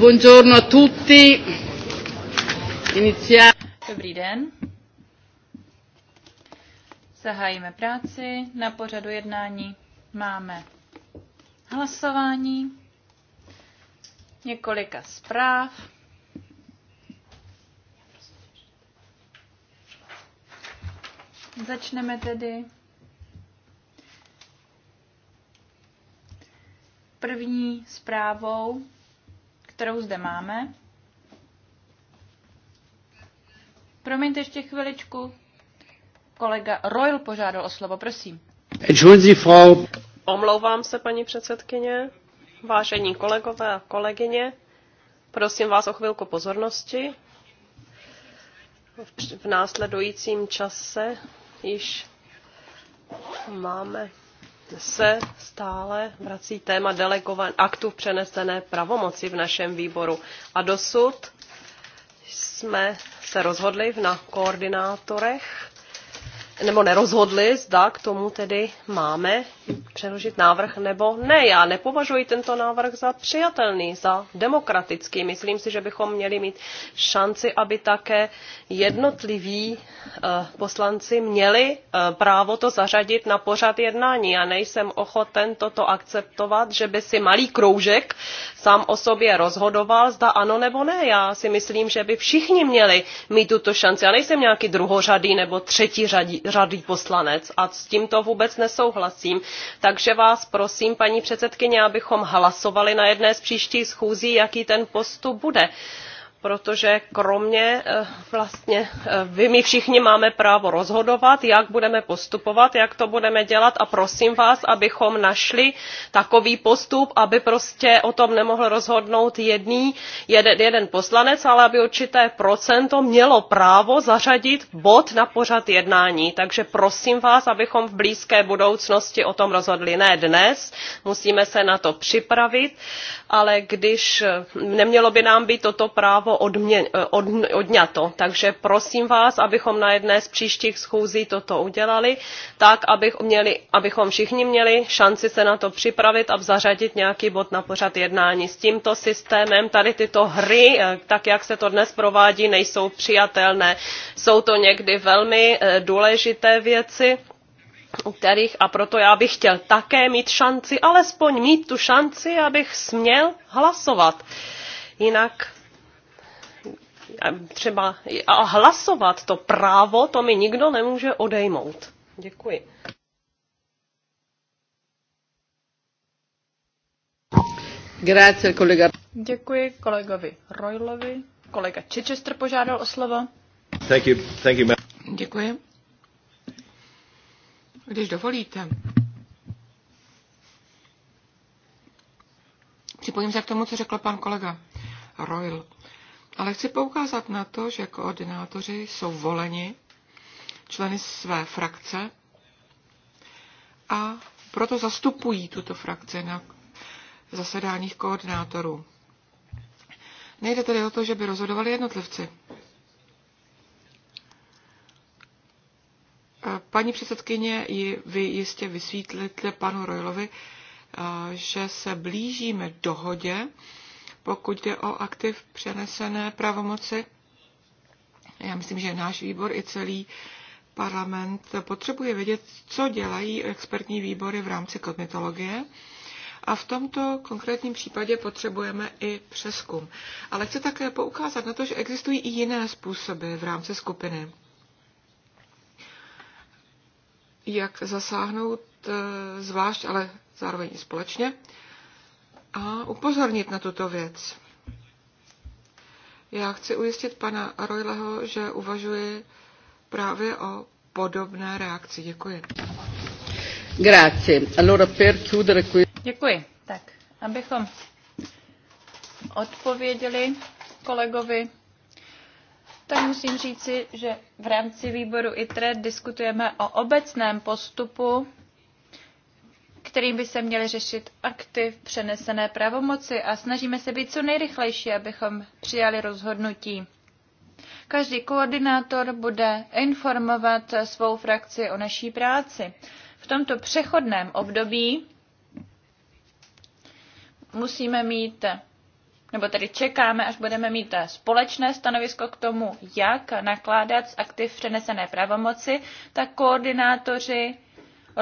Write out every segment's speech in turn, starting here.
Buongiorno a tutti. Iniziamo. Dobrý den. Zahájíme práci. Na pořadu jednání máme hlasování, několika zpráv. Začneme tedy první zprávou kterou zde máme. Promiňte ještě chviličku. Kolega Royal požádal o slovo, prosím. Omlouvám se, paní předsedkyně. Vážení kolegové a kolegyně, prosím vás o chvilku pozornosti. V následujícím čase již máme se stále vrací téma delegovan, aktu v přenesené pravomoci v našem výboru. A dosud jsme se rozhodli na koordinátorech, nebo nerozhodli, zda k tomu tedy máme přeložit návrh nebo ne. Já nepovažuji tento návrh za přijatelný, za demokratický. Myslím si, že bychom měli mít šanci, aby také jednotliví eh, poslanci měli eh, právo to zařadit na pořad jednání. Já nejsem ochoten toto akceptovat, že by si malý kroužek sám o sobě rozhodoval, zda ano nebo ne. Já si myslím, že by všichni měli mít tuto šanci. Já nejsem nějaký druhořadý nebo třetí řadí, řadý poslanec a s tímto vůbec nesouhlasím. Takže vás prosím, paní předsedkyně, abychom hlasovali na jedné z příštích schůzí, jaký ten postup bude protože kromě eh, vlastně eh, vy, my všichni máme právo rozhodovat, jak budeme postupovat, jak to budeme dělat a prosím vás, abychom našli takový postup, aby prostě o tom nemohl rozhodnout jedný, jeden, jeden poslanec, ale aby určité procento mělo právo zařadit bod na pořad jednání. Takže prosím vás, abychom v blízké budoucnosti o tom rozhodli. Ne dnes, musíme se na to připravit, ale když eh, nemělo by nám být toto právo právo eh, odňato. Takže prosím vás, abychom na jedné z příštích schůzí toto udělali, tak měli, abychom všichni měli šanci se na to připravit a zařadit nějaký bod na pořad jednání. S tímto systémem tady tyto hry, eh, tak jak se to dnes provádí, nejsou přijatelné. Jsou to někdy velmi eh, důležité věci u kterých a proto já bych chtěl také mít šanci, alespoň mít tu šanci, abych směl hlasovat. Jinak třeba a hlasovat to právo, to mi nikdo nemůže odejmout. Děkuji. Grazie, kolega. Děkuji kolegovi Rojlovi. Kolega Chichester požádal o slovo. Thank you, thank you, Děkuji. Když dovolíte, připojím se k tomu, co řekl pan kolega Royal. Ale chci poukázat na to, že koordinátoři jsou voleni členy své frakce a proto zastupují tuto frakci na zasedáních koordinátorů. Nejde tedy o to, že by rozhodovali jednotlivci. Paní předsedkyně, vy jistě vysvítlíte panu Rojlovi, že se blížíme dohodě pokud jde o aktiv přenesené pravomoci. Já myslím, že náš výbor i celý parlament potřebuje vědět, co dělají expertní výbory v rámci kognitologie. A v tomto konkrétním případě potřebujeme i přeskum. Ale chci také poukázat na to, že existují i jiné způsoby v rámci skupiny. Jak zasáhnout eh, zvlášť, ale zároveň i společně a upozornit na tuto věc. Já chci ujistit pana Arojleho, že uvažuji právě o podobné reakci. Děkuji. Grazie. Allora per chiudere qui... Děkuji. Tak, abychom odpověděli kolegovi, tak musím říci, že v rámci výboru ITRE diskutujeme o obecném postupu kterým by se měly řešit aktiv přenesené pravomoci a snažíme se být co nejrychlejší, abychom přijali rozhodnutí. Každý koordinátor bude informovat svou frakci o naší práci. V tomto přechodném období musíme mít, nebo tedy čekáme, až budeme mít společné stanovisko k tomu, jak nakládat s aktiv přenesené pravomoci, tak koordinátoři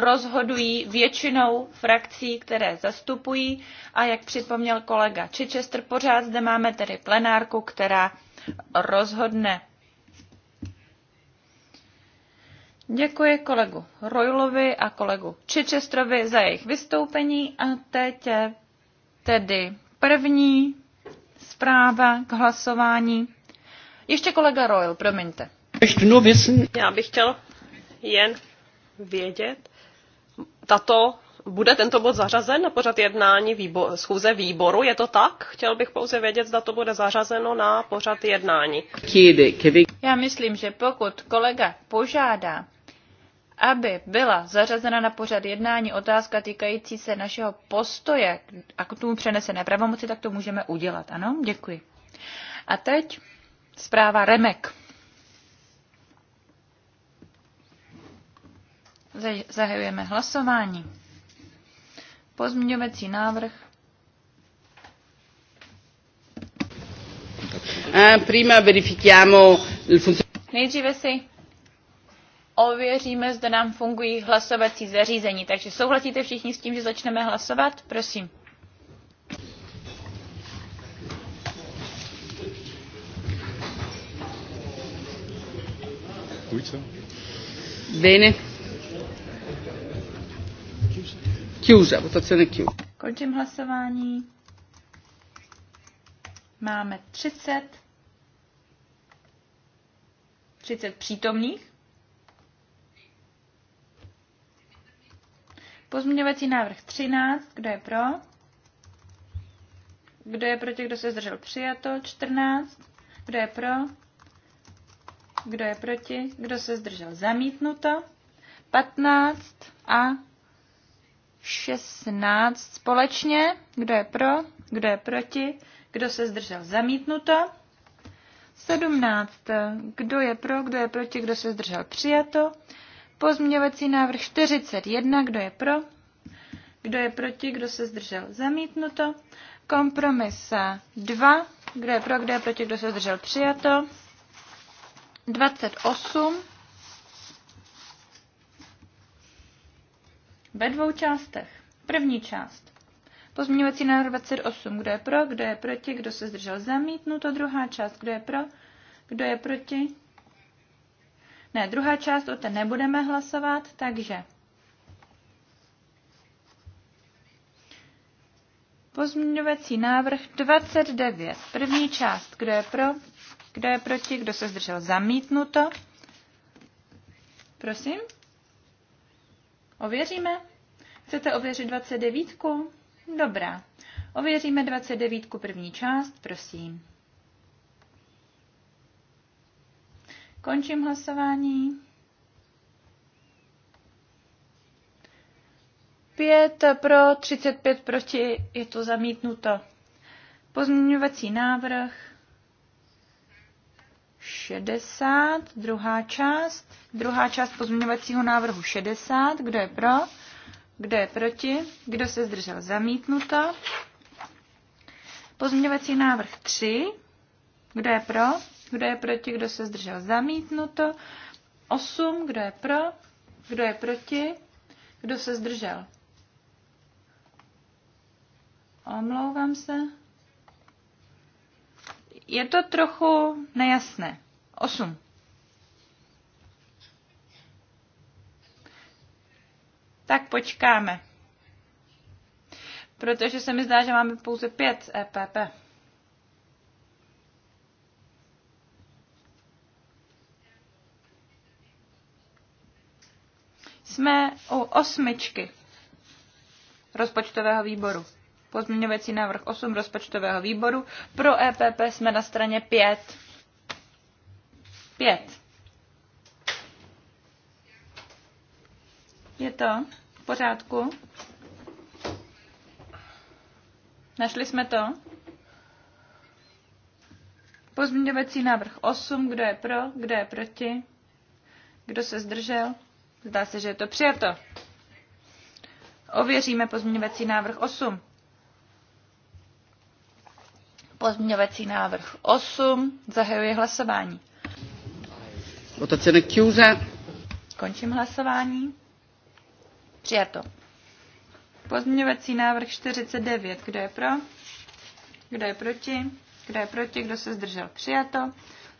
rozhodují většinou frakcí, které zastupují. A jak připomněl kolega Chichester, pořád zde máme tedy plenárku, která rozhodne. Děkuji kolegu Roylovi a kolegu Chichesterovi za jejich vystoupení a teď je tedy první zpráva k hlasování. Ještě kolega Royal, promiňte. Já bych chtěl jen vědět, tato bude tento bod zařazen na pořad jednání výbo- schůze výboru, je to tak? Chtěl bych pouze vědět, zda to bude zařazeno na pořad jednání. Já myslím, že pokud kolega požádá, aby byla zařazena na pořad jednání otázka týkající se našeho postoje a k tomu přenesené pravomoci, tak to můžeme udělat. Ano, děkuji. A teď zpráva Remek. Zahajujeme hlasování. Pozměňovací návrh. Eh, prima verifichiamo Nejdříve si ověříme, zda nám fungují hlasovací zařízení. Takže souhlasíte všichni s tím, že začneme hlasovat? Prosím. Bene. chiusa, votazione chiusa. Končím hlasování. Máme 30 30 přítomných. Pozměňovací návrh 13, kdo je pro? Kdo je proti, kdo se zdržel přijato? 14, kdo je pro? Kdo je proti, kdo se zdržel zamítnuto? 15 a 16 společně. Kdo je pro? Kdo je proti? Kdo se zdržel? Zamítnuto. 17. Kdo je pro? Kdo je proti? Kdo se zdržel? Přijato. Pozměňovací návrh 41. Kdo je pro? Kdo je proti? Kdo se zdržel? Zamítnuto. Kompromis 2. Kdo je pro? Kdo je proti? Kdo se zdržel? Přijato. 28. Ve dvou částech. První část. Pozměňovací návrh 28. Kdo je pro, kdo je proti, kdo se zdržel zamítnuto. Druhá část. Kdo je pro, kdo je proti. Ne, druhá část o té nebudeme hlasovat, takže Pozměňovací návrh 29. První část. Kdo je pro? Kdo je proti? Kdo se zdržel? Zamítnuto. Prosím. Ověříme? Chcete ověřit 29? Dobrá. Ověříme 29 první část, prosím. Končím hlasování. Pět pro, 35 proti, je to zamítnuto. Pozměňovací návrh 60, druhá část, druhá část pozměňovacího návrhu 60, kdo je pro, kdo je proti, kdo se zdržel zamítnuto. Pozměňovací návrh 3, kdo je pro, kdo je proti, kdo se zdržel zamítnuto. 8, kdo je pro, kdo je proti, kdo se zdržel. Omlouvám se. Je to trochu nejasné. 8. Tak počkáme. Protože se mi zdá, že máme pouze pět EPP. Jsme u osmičky rozpočtového výboru. Pozměňovací návrh 8 rozpočtového výboru. Pro EPP jsme na straně 5. 5. Je to v pořádku? Našli jsme to? Pozměňovací návrh 8. Kdo je pro? Kdo je proti? Kdo se zdržel? Zdá se, že je to přijato. Ověříme pozměňovací návrh 8. Pozměňovací návrh 8. Zahajuji hlasování. Votazione chiusa. Končím hlasování. Přijato. Pozměňovací návrh 49. Kdo je pro? Kdo je proti? Kdo je proti? Kdo se zdržel? Přijato.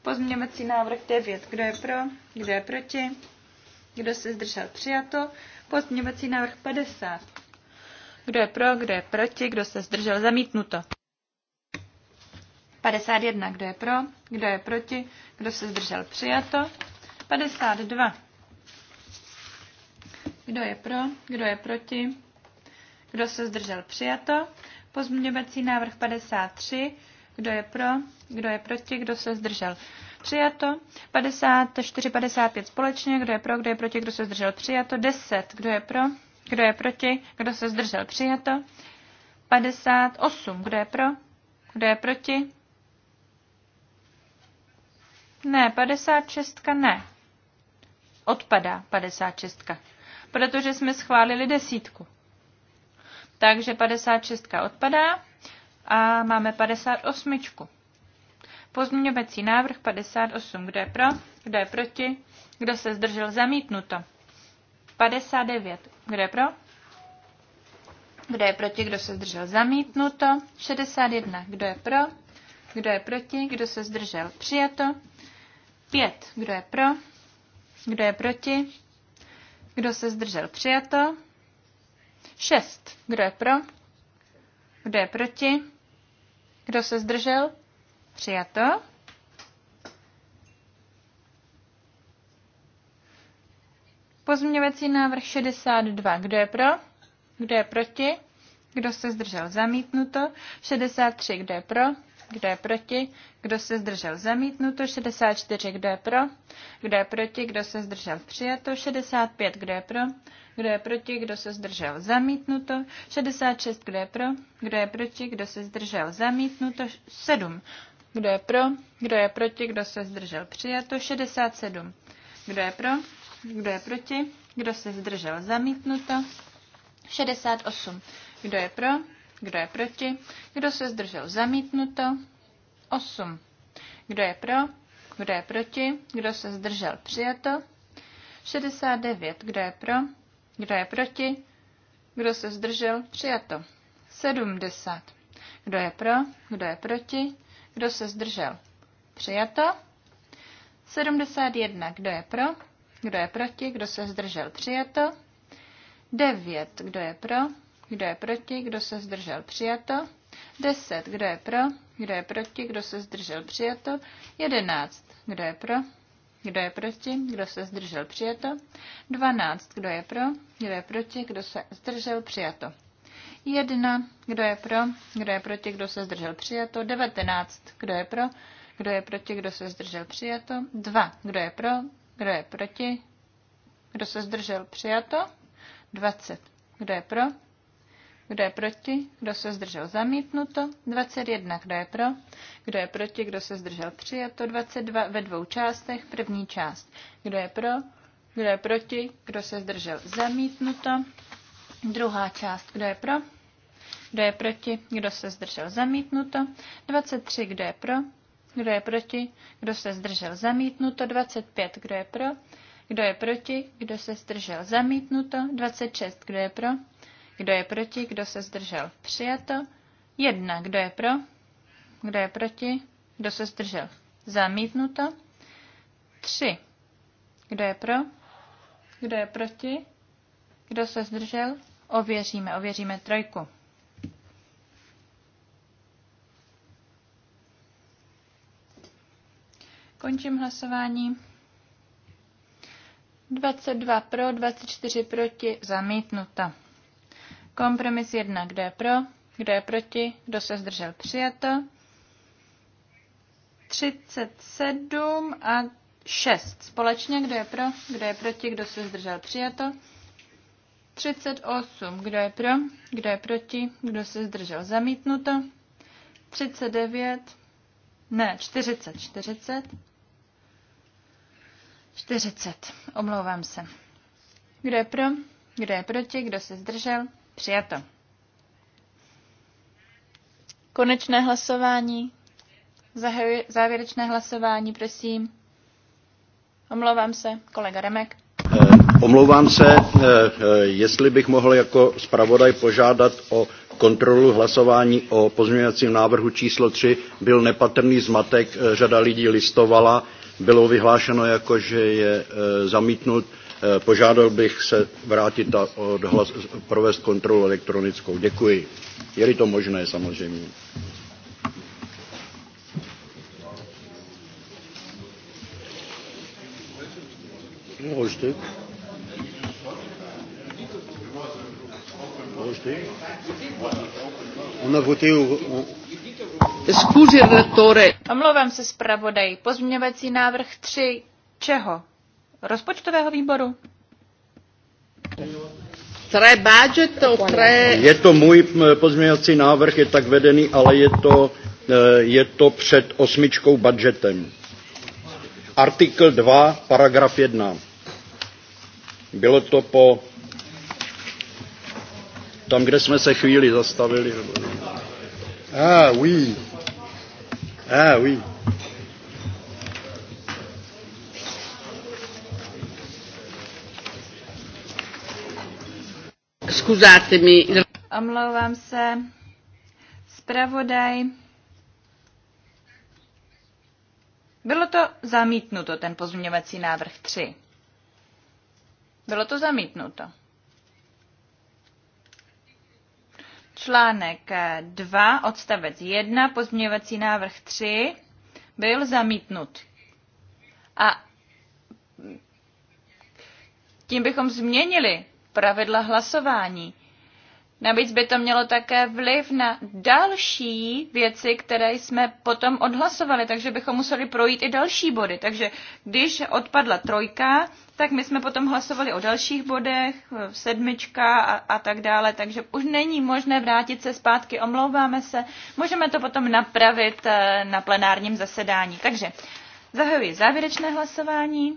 Pozměňovací návrh 9. Kdo je pro? Kdo je proti? Kdo se zdržel? Přijato. Pozměňovací návrh 50. Kdo je pro? Kdo je proti? Kdo se zdržel? Zamítnuto. 51, kdo je pro, kdo je proti, kdo se zdržel přijato. 52. Kdo je pro, kdo je proti, kdo se zdržel přijato. Pozměňovací návrh 53. Kdo je pro, kdo je proti, kdo se zdržel přijato. 54, 55 společně. Kdo je pro, kdo je proti, kdo se zdržel přijato. 10. Kdo je pro, kdo je proti, kdo se zdržel přijato. 58. Kdo je pro, kdo je proti, ne, 56 ne. Odpadá 56, protože jsme schválili desítku. Takže 56 odpadá a máme 58. Pozměňovací návrh 58. Kdo je pro? Kdo je proti? Kdo se zdržel? Zamítnuto. 59. Kdo je pro? Kdo je proti? Kdo se zdržel? Zamítnuto. 61. Kdo je pro? Kdo je proti? Kdo se zdržel? Přijato. 5. Kdo je pro? Kdo je proti? Kdo se zdržel? Přijato. 6. Kdo je pro? Kdo je proti? Kdo se zdržel? Přijato. Pozměňovací návrh 62. Kdo je pro? Kdo je proti? Kdo se zdržel? Zamítnuto. 63. Kdo je pro? kdo je proti, kdo se zdržel zamítnuto, 64, kdo je pro, kdo je proti, kdo se zdržel přijato, 65, kdo je pro, kdo je proti, kdo se zdržel zamítnuto, 66, kdo je pro, kdo je proti, kdo se zdržel zamítnuto, 7, kdo je pro, kdo je proti, kdo se zdržel přijato, 67, kdo je pro, kdo je proti, kdo se zdržel zamítnuto, 68, kdo je pro, kdo je proti? Kdo se zdržel? Zamítnuto. 8. Kdo je pro? Kdo je proti? Kdo se zdržel? Přijato. 69. Kdo je pro? Kdo je proti? Kdo se zdržel? Přijato. 70. Kdo je pro? Kdo je proti? Kdo se zdržel? Přijato. 71. Kdo je pro? Kdo je proti? Kdo se zdržel? Přijato. 9. Kdo je pro? kdo je proti, kdo se zdržel přijato, 10, kdo je pro, kdo je proti, kdo se zdržel přijato, 11, kdo je pro, kdo je proti, kdo se zdržel přijato, 12, kdo je pro, kdo je proti, kdo se zdržel přijato. 1. Kdo je pro? Kdo je proti? Kdo se zdržel? Přijato. 19. Kdo je pro? Kdo je proti? Kdo se zdržel? Přijato. 2. Kdo je pro? Kdo je proti? Kdo se zdržel? Přijato. 20. Kdo je pro? Kdo je proti? Kdo se zdržel? Zamítnuto. 21. Kdo je pro? Kdo je proti? Kdo se zdržel? Přijato. 22 ve dvou částech. První část. Kdo je pro? Kdo je proti? Kdo se zdržel? Zamítnuto. Druhá část. Kdo je pro? Kdo je proti? Kdo se zdržel? Zamítnuto. 23. Kdo je pro? Kdo je proti? Kdo se zdržel? Zamítnuto. 25. Kdo je pro? Kdo je proti? Kdo se zdržel? Zamítnuto. 26. Kdo je pro? Kdo je proti? Kdo se zdržel? Přijato. Jedna. Kdo je pro? Kdo je proti? Kdo se zdržel? Zamítnuto. Tři. Kdo je pro? Kdo je proti? Kdo se zdržel? Ověříme. Ověříme trojku. Končím hlasování. 22 pro, 24 proti, zamítnuta. Kompromis 1, kdo je pro, kdo je proti, kdo se zdržel přijato. 37 a 6 společně, kdo je pro, kdo je proti, kdo se zdržel přijato. 38, kdo je pro, kdo je proti, kdo se zdržel zamítnuto. 39, ne, 40, 40. 40, omlouvám se. Kdo je pro, kdo je proti, kdo se zdržel, Přijato. Konečné hlasování. Zahajuji závěrečné hlasování, prosím. Omlouvám se, kolega Remek. Eh, omlouvám se, eh, eh, jestli bych mohl jako zpravodaj požádat o kontrolu hlasování o pozměňovacím návrhu číslo 3. Byl nepatrný zmatek, řada lidí listovala, bylo vyhlášeno jako, že je zamítnut Eh, požádal bych se vrátit a odhlas, provést kontrolu elektronickou. Děkuji. Je-li to možné, samozřejmě. Rustig. Rustig. Omlouvám se zpravodaj. Pozměňovací návrh 3. Čeho? rozpočtového výboru? Je to můj pozměňovací návrh, je tak vedený, ale je to, e, je to před osmičkou budžetem. Artikl 2, paragraf 1. Bylo to po tam, kde jsme se chvíli zastavili. Ah, oui. Ah, oui. Scusatemi. Omlouvám se. Spravodaj. Bylo to zamítnuto, ten pozměňovací návrh 3. Bylo to zamítnuto. Článek 2, odstavec 1, pozměňovací návrh 3 byl zamítnut. A tím bychom změnili pravidla hlasování. Navíc by to mělo také vliv na další věci, které jsme potom odhlasovali, takže bychom museli projít i další body. Takže když odpadla trojka, tak my jsme potom hlasovali o dalších bodech, sedmička a, a tak dále, takže už není možné vrátit se zpátky, omlouváme se, můžeme to potom napravit eh, na plenárním zasedání. Takže zahajuji závěrečné hlasování.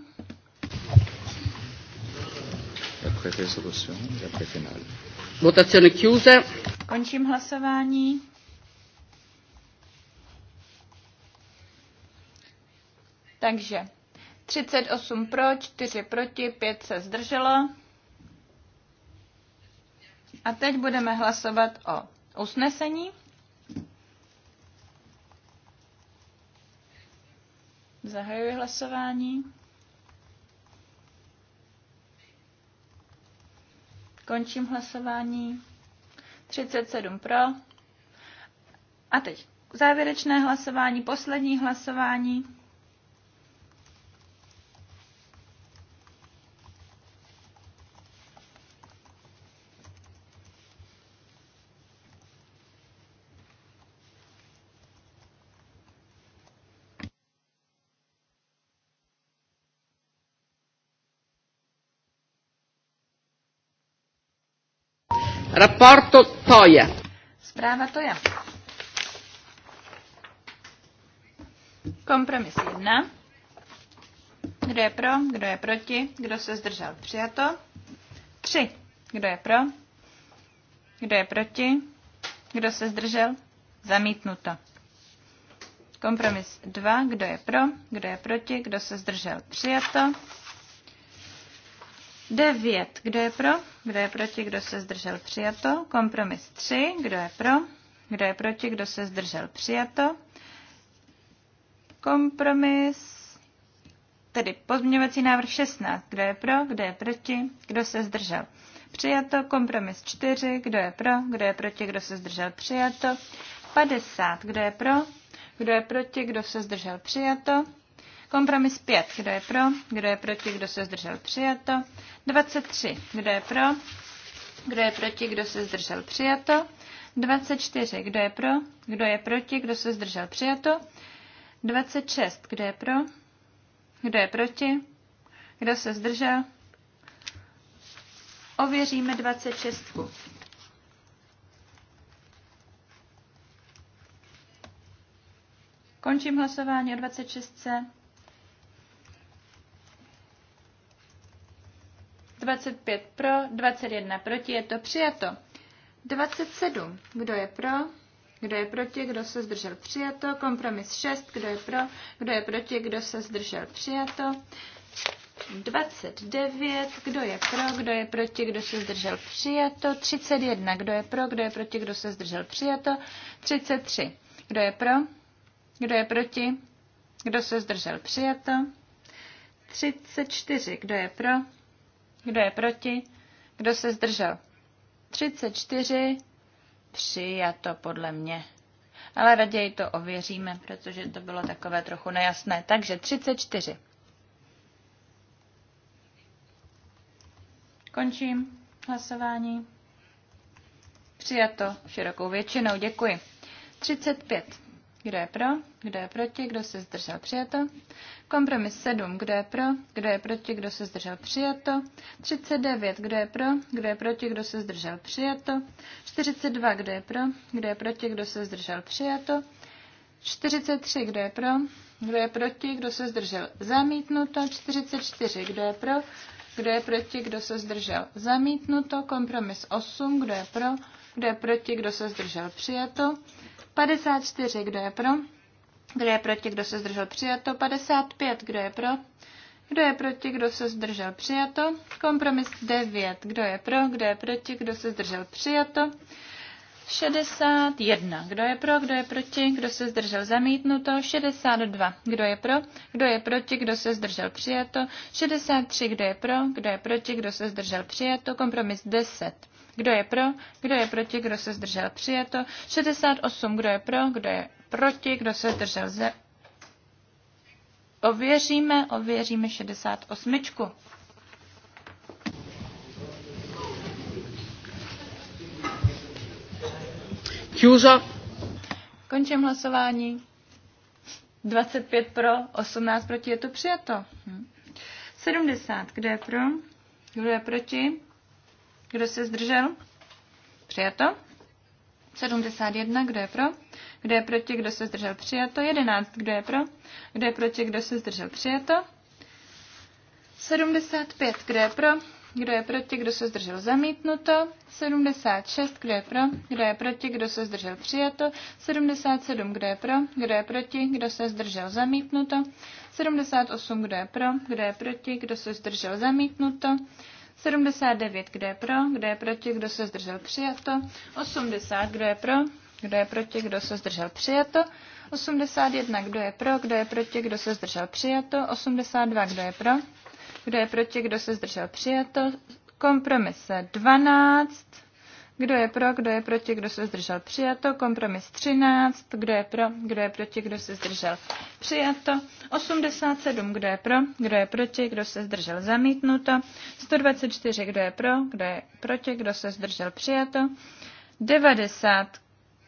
Votazione chiusa. Končím hlasování. Takže 38 pro, 4 proti, 5 se zdrželo. A teď budeme hlasovat o usnesení. Zahajuji hlasování. Končím hlasování. 37 pro. A teď závěrečné hlasování, poslední hlasování. Rapporto Toja. Zpráva Toja. Kompromis 1. Kdo je pro, kdo je proti, kdo se zdržel? Přijato. 3. Kdo je pro, kdo je proti, kdo se zdržel? Zamítnuto. Kompromis 2. Kdo je pro, kdo je proti, kdo se zdržel? Přijato. 9. Kdo je pro? Kdo je proti? Kdo se zdržel? Přijato. Kompromis 3. Kdo je pro? Kdo je proti? Kdo se zdržel? Přijato. Kompromis, tedy pozměňovací návrh 16. Kdo je pro? Kdo je proti? Kdo se zdržel? Přijato. Kompromis 4. Kdo je pro? Kdo je proti? Kdo se zdržel? Přijato. 50. Kdo je pro? Kdo je proti? Kdo se zdržel? Přijato. Kompromis 5. Kdo je pro? Kdo je proti? Kdo se zdržel? Přijato. 23. Kdo je pro? Kdo je proti? Kdo se zdržel? Přijato. 24. Kdo je pro? Kdo je proti? Kdo se zdržel? Přijato. 26. Kdo je pro? Kdo je proti? Kdo se zdržel? Ověříme 26. Končím hlasování o 26. 25 pro, 21 proti, je to přijato. 27. Kdo je pro? Kdo je proti? Kdo se zdržel? Přijato. Kompromis 6. Kdo je pro? Kdo je proti? Kdo se zdržel? Přijato. 29. Kdo je pro? Kdo je proti? Kdo se zdržel? Přijato. 31. Kdo je pro? Kdo je proti? Kdo se zdržel? Přijato. 33. Kdo je pro? Kdo je proti? Kdo se zdržel? Přijato. 34. Kdo je pro? Kdo je proti? Kdo se zdržel? 34. Přijato podle mě. Ale raději to ověříme, protože to bylo takové trochu nejasné. Takže 34. Končím hlasování. Přijato širokou většinou. Děkuji. 35. Kdo je pro? Kdo je proti? Kdo se zdržel? Přijato. Kompromis 7. Kdo je pro? Kdo je proti? Kdo se zdržel? Přijato. 39. Kdo je pro? Kdo je proti? Kdo se zdržel? Přijato. 42. Kdo je pro? Kdo je proti? Kdo se zdržel? Přijato. 43. Kdo je pro? Kdo je proti? Kdo se zdržel? Zamítnuto. 44. Kdo je pro? Kdo je proti? Kdo se zdržel? Zamítnuto. Kompromis 8. Kdo je pro? Kdo je proti? Kdo se zdržel? Přijato. 54, kdo je pro? Kdo je proti, kdo se zdržel přijato? 55, kdo je pro? Kdo je proti, kdo se zdržel přijato? Kompromis 9, kdo je pro? Kdo je proti, kdo se zdržel přijato? 61. Kdo je pro, kdo je proti, kdo se zdržel zamítnuto? 62. Kdo je pro, kdo je proti, kdo se zdržel přijato? 63. Kdo je pro, kdo je proti, kdo se zdržel přijato? Kompromis 10. Kdo je pro? Kdo je proti? Kdo se zdržel? Přijeto. 68. Kdo je pro? Kdo je proti? Kdo se zdržel? Ze... Ověříme, ověříme 68. Chiuso. Končím hlasování. 25 pro, 18 proti, je to přijato. Hm. 70, kdo je pro? Kdo je proti? Kdo se zdržel? Přijato. 71, kdo je pro? Kdo je proti, kdo se zdržel přijato? 11, kdo je pro? Kdo je proti, kdo se zdržel přijato? 75, kdo je pro? Kdo je proti, kdo se zdržel zamítnuto? 76, kdo je pro? Kdo je proti, kdo se zdržel přijato? 77, kdo je pro? Kdo je proti, kdo se zdržel zamítnuto? 78, kdo je pro? Kdo je proti, kdo se zdržel zamítnuto? 79, kdo je pro, kdo je proti, kdo se zdržel přijato. 80, kdo je pro, kdo je proti, kdo se zdržel přijato. 81, kdo je pro, kdo je proti, kdo se zdržel přijato. 82, kdo je pro, kdo je proti, kdo se zdržel přijato. Kompromise 12. Kdo je pro, kdo je proti, kdo se zdržel přijato. Kompromis 13. Kdo je pro, kdo je proti, kdo se zdržel přijato. 87. Kdo je pro, kdo je proti, kdo se zdržel zamítnuto. 124. Kdo je pro, kdo je proti, kdo se zdržel přijato. 90.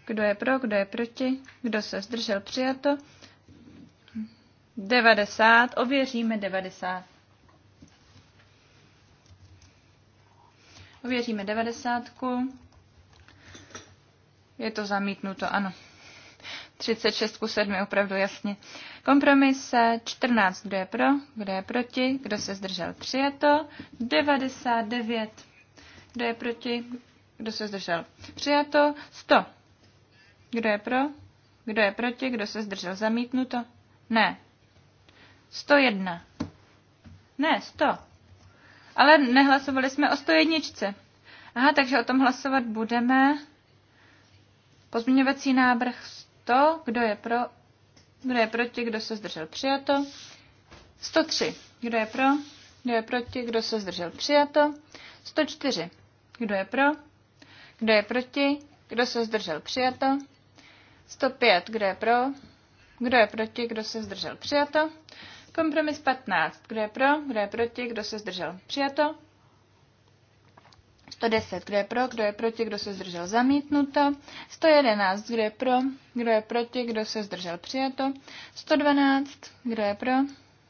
Kdo je pro, kdo je proti, kdo se zdržel přijato. 90. Ověříme 90. Ověříme devadesátku. Je to zamítnuto, ano. 36 ku 7, opravdu jasně. Kompromis 14, kdo je pro, kdo je proti, kdo se zdržel, přijato. 99, kdo je proti, kdo se zdržel, přijato. 100, kdo je pro, kdo je proti, kdo se zdržel, zamítnuto. Ne. 101. Ne, 100. Ale nehlasovali jsme o 101. Aha, takže o tom hlasovat budeme. Pozměňovací návrh 100, kdo je pro, kdo je proti, kdo se zdržel přijato. 103, kdo je pro, kdo je proti, kdo se zdržel přijato. 104, kdo je pro, kdo je proti, kdo se zdržel přijato. 105, kdo je pro, kdo je proti, kdo se zdržel přijato. Kompromis 15, kdo je pro, kdo je proti, kdo se zdržel přijato. 110, kdo je pro, kdo je proti, kdo se zdržel zamítnuto. 111, kdo je pro, kdo je proti, kdo se zdržel přijato. 112, kdo je pro,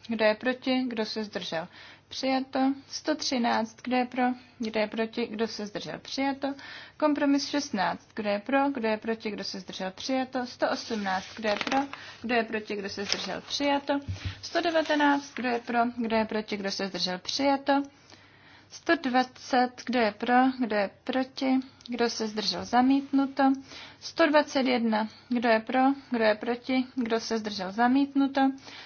kdo je proti, kdo se zdržel přijato. 113, kdo je pro, kdo je proti, kdo se zdržel přijato. Kompromis 16, kdo je pro, kdo je proti, kdo se zdržel přijato. 118, kdo je pro, kdo je proti, kdo se zdržel přijato. 119, kdo je pro, kdo je proti, kdo se zdržel přijato. 120, kdo je pro, kdo je proti, kdo se zdržel zamítnuto. 121, kdo je pro, kdo je proti, kdo se zdržel zamítnuto.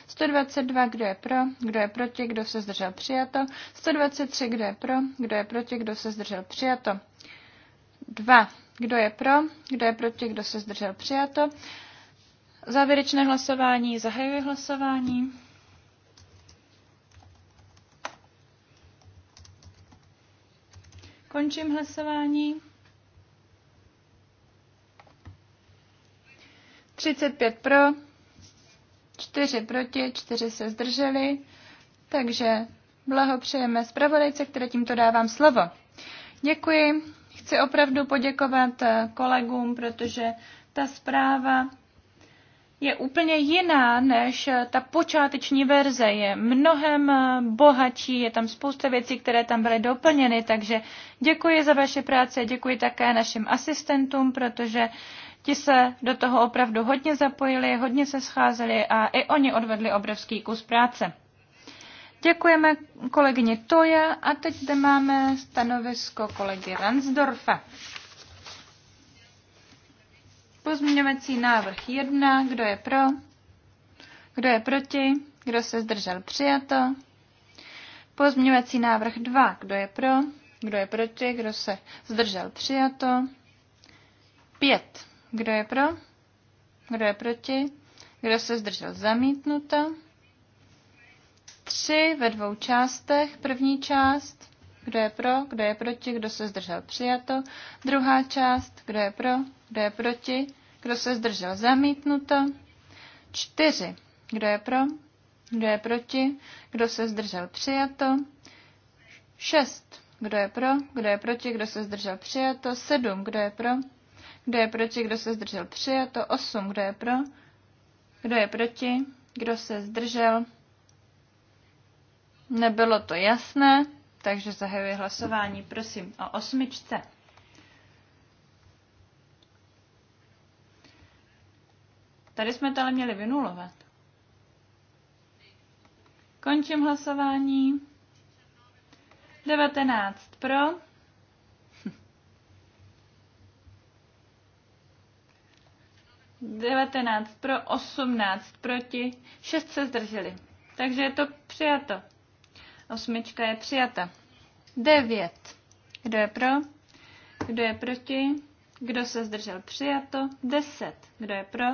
122, kdo je pro, kdo je proti, kdo se zdržel přijato. 123, kdo je pro, kdo je proti, kdo se zdržel přijato. 2, kdo je pro, kdo je proti, kdo se zdržel přijato. Závěrečné hlasování, zahajuje hlasování. Končím hlasování. 35 pro, 4 proti, 4 se zdrželi, takže blahopřejeme zpravodajce, které tímto dávám slovo. Děkuji. Chci opravdu poděkovat kolegům, protože ta zpráva je úplně jiná než ta počáteční verze. Je mnohem eh, bohatší, je tam spousta věcí, které tam byly doplněny, takže děkuji za vaše práce, děkuji také našim asistentům, protože ti se do toho opravdu hodně zapojili, hodně se scházeli a i oni odvedli obrovský kus práce. Děkujeme kolegyně Toja a teď zde máme stanovisko kolegy Ransdorfa. Pozměňovací návrh 1. Kdo je pro? Kdo je proti? Kdo se zdržel? Přijato. Pozměňovací návrh 2. Kdo je pro? Kdo je proti? Kdo se zdržel? Přijato. 5. Kdo je pro? Kdo je proti? Kdo se zdržel? Zamítnuto. 3 ve dvou částech. První část. Kdo je pro? Kdo je proti? Kdo se zdržel? Přijato. Druhá část. Kdo je pro? Kdo je proti? Kdo se zdržel? Zamítnuto. Čtyři. Kdo je pro? Kdo je proti? Kdo se zdržel? Přijato. Šest. Kdo je pro? Kdo je proti? Kdo se zdržel? Přijato. Sedm. Kdo je pro? Kdo je proti? Kdo se zdržel? Přijato. Osm. Kdo je pro? Kdo je proti? Kdo se zdržel? Nebylo to jasné, takže zahajuji hlasování. Prosím o osmičce. Tady jsme to ale měli vynulovat. Končím hlasování. 19 pro. Devatenáct pro, osmnáct proti, šest se zdrželi. Takže je to přijato. Osmička je přijata. Devět. Kdo je pro? Kdo je proti? Kdo se zdržel? Přijato. Deset. Kdo je pro?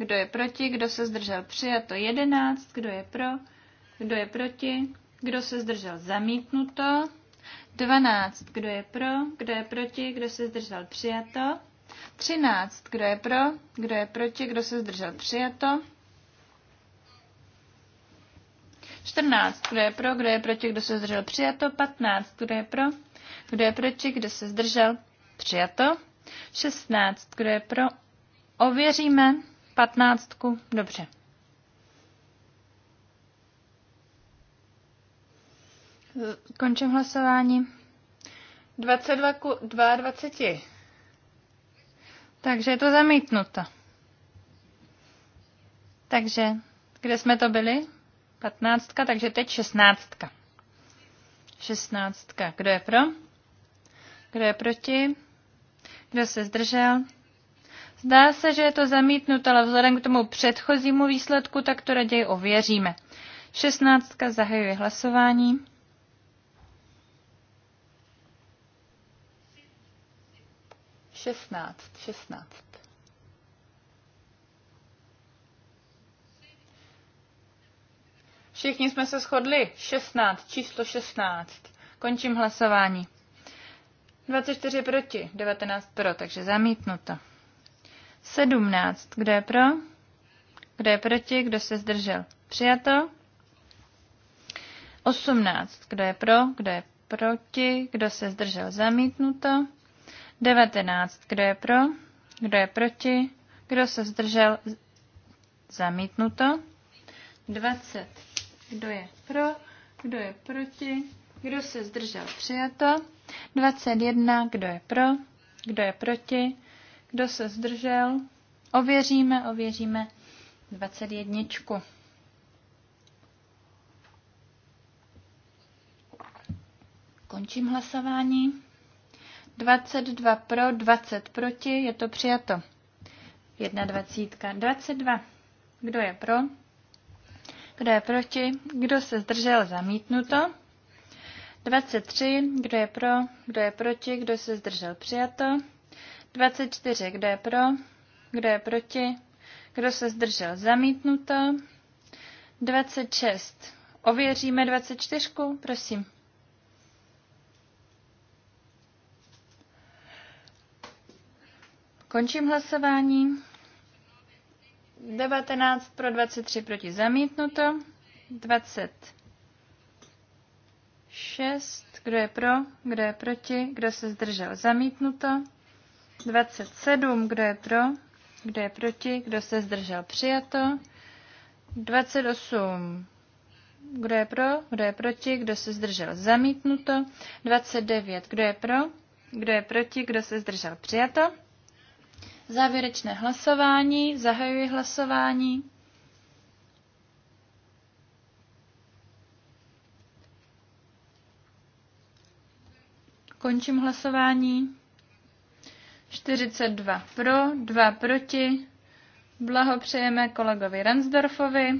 Kdo je proti? Kdo se zdržel? Přijato 11. Kdo je pro? Kdo je proti? Kdo se zdržel? Zamítnuto. 12. Kdo je pro? Kdo je proti? Kdo se zdržel? Přijato. 13. Kdo je pro? Kdo je proti? Kdo se zdržel? Přijato. 14. Kdo je pro? Kdo je proti? Kdo se zdržel? Přijato. 15. Kdo je pro? Kdo je proti? Kdo se zdržel? Přijato. 16. Kdo je pro? Ověříme. Patnáctku, dobře. Končím hlasování. 22 ku 22. Takže je to zamítnuto. Takže, kde jsme to byli? 15, takže teď 16. 16. Kdo je pro? Kdo je proti? Kdo se zdržel? Zdá se, že je to zamítnuto, ale vzhledem k tomu předchozímu výsledku, tak to raději ověříme. 16. zahajuje hlasování. Šestnáct, šestnáct. Všichni jsme se shodli. 16, číslo 16. Končím hlasování. 24 proti, 19 pro, takže zamítnuto. 17. Kdo je pro? Kdo je proti? Kdo se zdržel? Přijato. 18. Kdo je pro? Kdo je proti? Kdo se zdržel? Zamítnuto. 19. Kdo je pro? Kdo je proti? Kdo se zdržel? Zamítnuto. 20. Kdo je pro? Kdo je proti? Kdo se zdržel? Přijato. 21. Kdo je pro? Kdo je proti? Kdo se zdržel? Ověříme, ověříme 21. Končím hlasování. 22 pro, 20 proti, je to přijato. 21. 22. Kdo je pro? Kdo je proti? Kdo se zdržel? Zamítnuto. 23. Kdo je pro? Kdo je proti? Kdo se zdržel? Přijato. 24. Kdo je pro? Kdo je proti? Kdo se zdržel? Zamítnuto. 26. Ověříme 24, prosím. Končím hlasování. 19 pro 23 proti zamítnuto. 26. Kdo je pro? Kdo je proti? Kdo se zdržel? Zamítnuto. 27, kdo je pro, kdo je proti, kdo se zdržel, přijato. 28, kdo je pro, kdo je proti, kdo se zdržel, zamítnuto. 29, kdo je pro, kdo je proti, kdo se zdržel, přijato. Závěrečné hlasování, zahajuji hlasování. Končím hlasování. 42 pro, 2 proti. Blahopřejeme kolegovi Ransdorfovi.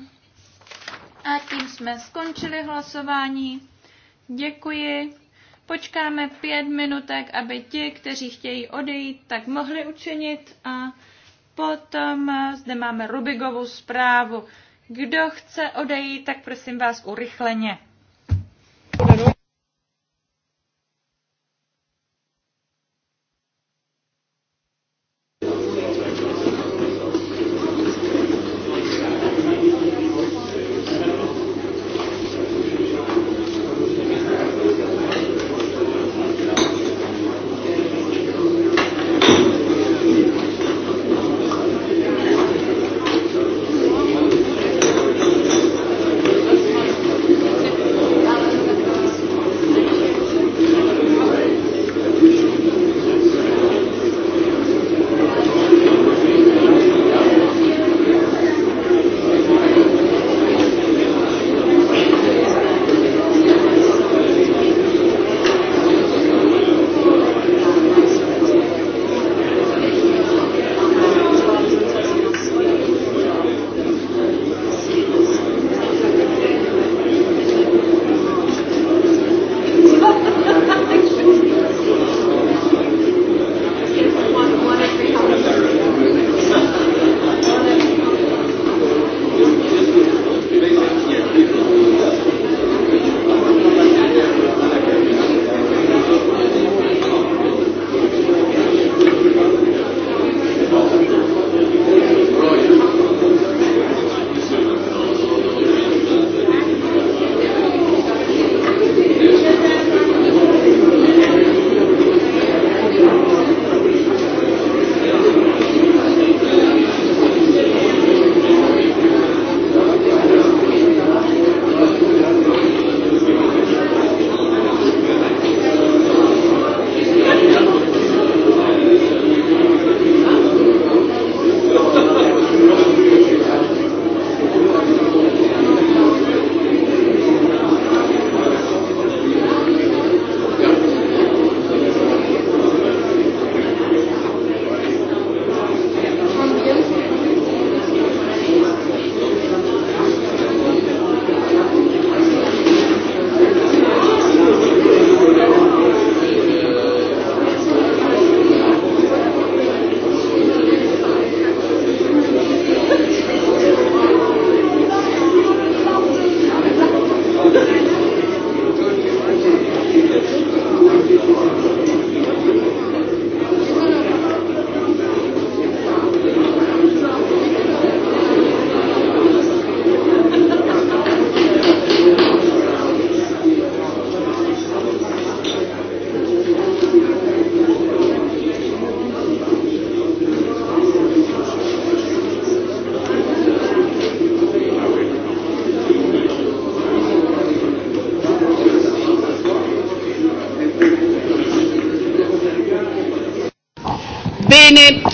A tím jsme skončili hlasování. Děkuji. Počkáme pět minutek, aby ti, kteří chtějí odejít, tak mohli učinit. A potom eh, zde máme Rubigovou zprávu. Kdo chce odejít, tak prosím vás urychleně.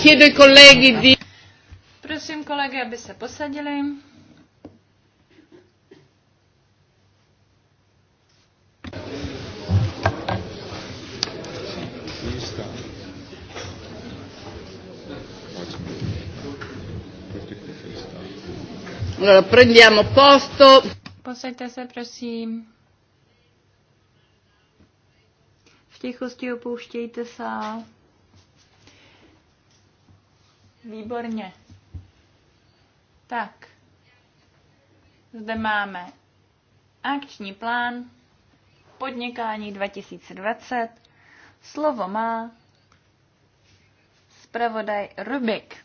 chiedo ai colleghi di... Prosím kolegy, aby se posadili. Allora, prendiamo posto. Posaďte se, prosím. V tichosti opouštějte sál. Výborně. Tak. Zde máme akční plán podnikání 2020. Slovo má zpravodaj Rubik.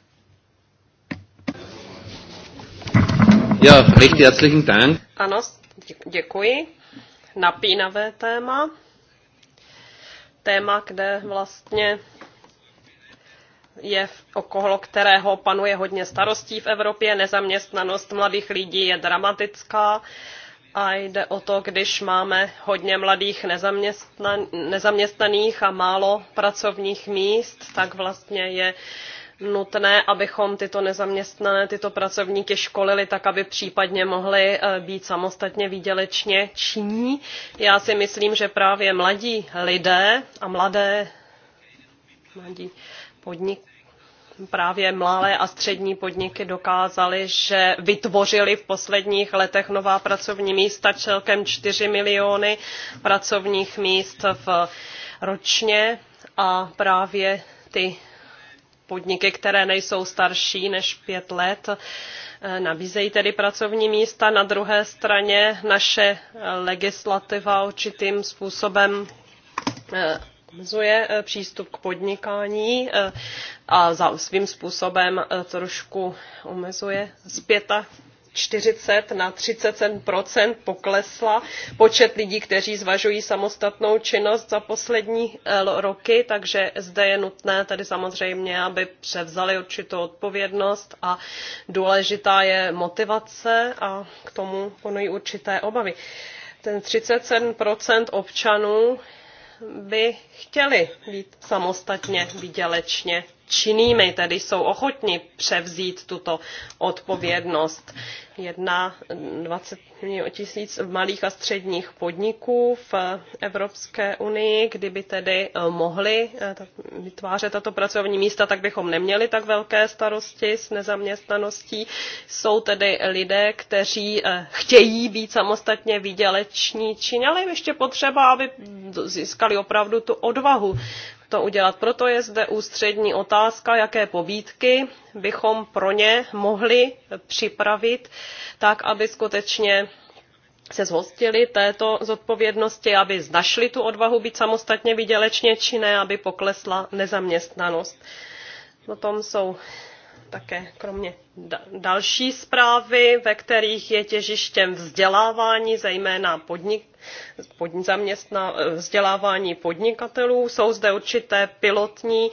Ja, recht herzlichen Dank. Ano, děkuji. Napínavé téma. Téma, kde vlastně je okolo kterého panuje hodně starostí v Evropě. Nezaměstnanost mladých lidí je dramatická a jde o to, když máme hodně mladých nezaměstnaných a málo pracovních míst, tak vlastně je nutné, abychom tyto nezaměstnané, tyto pracovníky školili tak, aby případně mohli eh, být samostatně výdělečně činní. Já si myslím, že právě mladí lidé a mladé, mladí podnik, právě malé a střední podniky dokázaly, že vytvořily v posledních letech nová pracovní místa, celkem 4 miliony pracovních míst v ročně a právě ty podniky, které nejsou starší než pět let, eh, nabízejí tedy pracovní místa. Na druhé straně naše legislativa určitým způsobem eh, omezuje eh, přístup k podnikání eh, a za svým způsobem eh, trošku omezuje z 40 na 30 poklesla počet lidí, kteří zvažují samostatnou činnost za poslední roky, takže zde je nutné tady samozřejmě, aby převzali určitou odpovědnost a důležitá je motivace a k tomu ponují určité obavy. Ten 37 občanů by chtěli být samostatně výdělečně činnými, tedy jsou ochotni převzít tuto odpovědnost. Jedna 20 tisíc malých a středních podniků v Evropské unii, kdyby tedy eh, mohli eh, vytvářet tato pracovní místa, tak bychom neměli tak velké starosti s nezaměstnaností. Jsou tedy lidé, kteří eh, chtějí být samostatně výděleční čin, ale ještě potřeba, aby získali opravdu tu odvahu to udělat. Proto je zde ústřední otázka, jaké pobídky bychom pro ně mohli připravit, tak aby skutečně se zhostili této zodpovědnosti, aby znašli tu odvahu být samostatně vydělečně činné, aby poklesla nezaměstnanost. Potom jsou také kromě další zprávy, ve kterých je těžištěm vzdělávání, zejména podnik, pod, zaměstna, vzdělávání podnikatelů. Jsou zde určité pilotní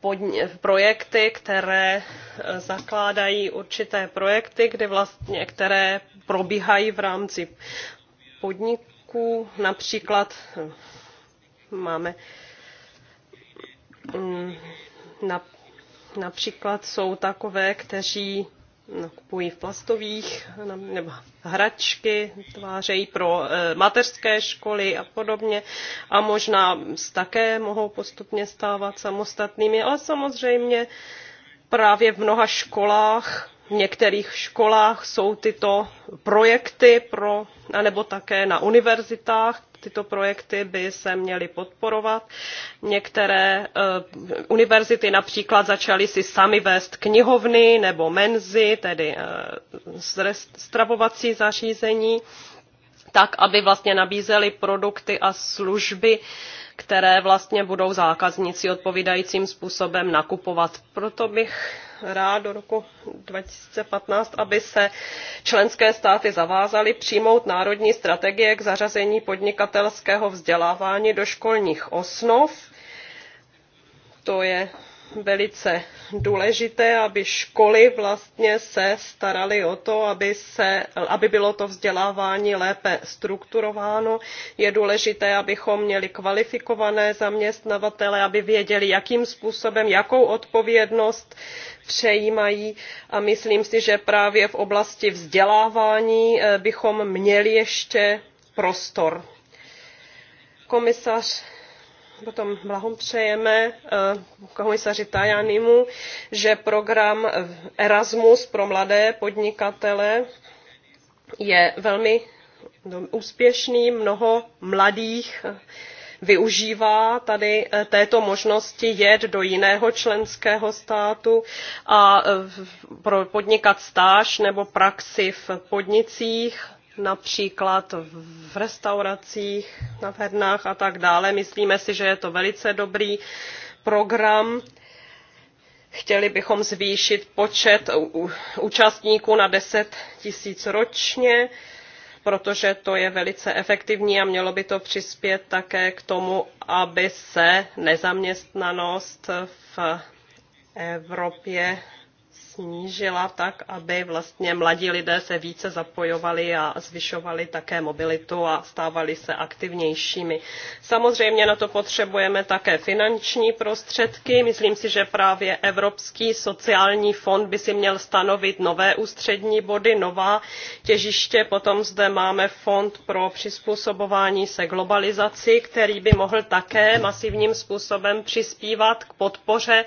pod, projekty, které eh, zakládají určité projekty, kdy vlastně, které probíhají v rámci podniků. Například eh, máme mm, na Například jsou takové, kteří kupují v plastových nebo hračky, tvářejí pro eh, mateřské školy a podobně a možná také mohou postupně stávat samostatnými, ale samozřejmě právě v mnoha školách, v některých školách jsou tyto projekty pro, anebo také na univerzitách, tyto projekty by se měly podporovat. Některé eh, univerzity například začaly si sami vést knihovny nebo menzy, tedy eh, stravovací zařízení tak, aby vlastně nabízely produkty a služby které vlastně budou zákazníci odpovídajícím způsobem nakupovat. Proto bych rád do roku 2015, aby se členské státy zavázaly přijmout národní strategie k zařazení podnikatelského vzdělávání do školních osnov. To je velice důležité, aby školy vlastně se staraly o to, aby, se, aby bylo to vzdělávání lépe strukturováno. Je důležité, abychom měli kvalifikované zaměstnavatele, aby věděli, jakým způsobem, jakou odpovědnost přejímají a myslím si, že právě v oblasti vzdělávání eh, bychom měli ještě prostor. Komisař potom blahopřejeme eh, komisaři Tajanimu, že program Erasmus pro mladé podnikatele je velmi úspěšný. Mnoho mladých využívá tady eh, této možnosti jet do jiného členského státu a eh, podnikat stáž nebo praxi v podnicích například v restauracích, na hernách a tak dále. Myslíme si, že je to velice dobrý program. Chtěli bychom zvýšit počet účastníků na 10 tisíc ročně, protože to je velice efektivní a mělo by to přispět také k tomu, aby se nezaměstnanost v Evropě snížila tak, aby vlastně mladí lidé se více zapojovali a zvyšovali také mobilitu a stávali se aktivnějšími. Samozřejmě na to potřebujeme také finanční prostředky. Myslím si, že právě Evropský sociální fond by si měl stanovit nové ústřední body, nová těžiště. Potom zde máme fond pro přizpůsobování se globalizaci, který by mohl také masivním způsobem přispívat k podpoře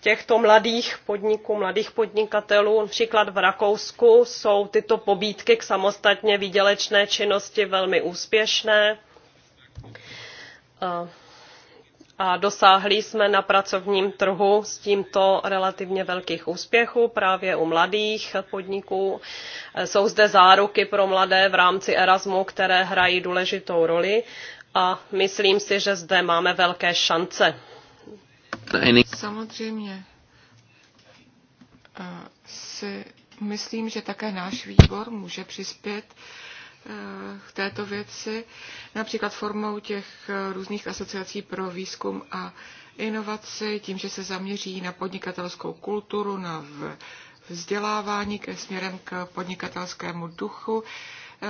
těchto mladých podniků, mladých podniků podnikatelů. Například v Rakousku jsou tyto pobídky k samostatně výdělečné činnosti velmi úspěšné. A dosáhli jsme na pracovním trhu s tímto relativně velkých úspěchů právě u mladých podniků. Jsou zde záruky pro mladé v rámci Erasmu, které hrají důležitou roli a myslím si, že zde máme velké šance. Samozřejmě si myslím, že také náš výbor může přispět eh, k této věci, například formou těch eh, různých asociací pro výzkum a inovaci, tím, že se zaměří na podnikatelskou kulturu, na vzdělávání ke směrem k podnikatelskému duchu, eh,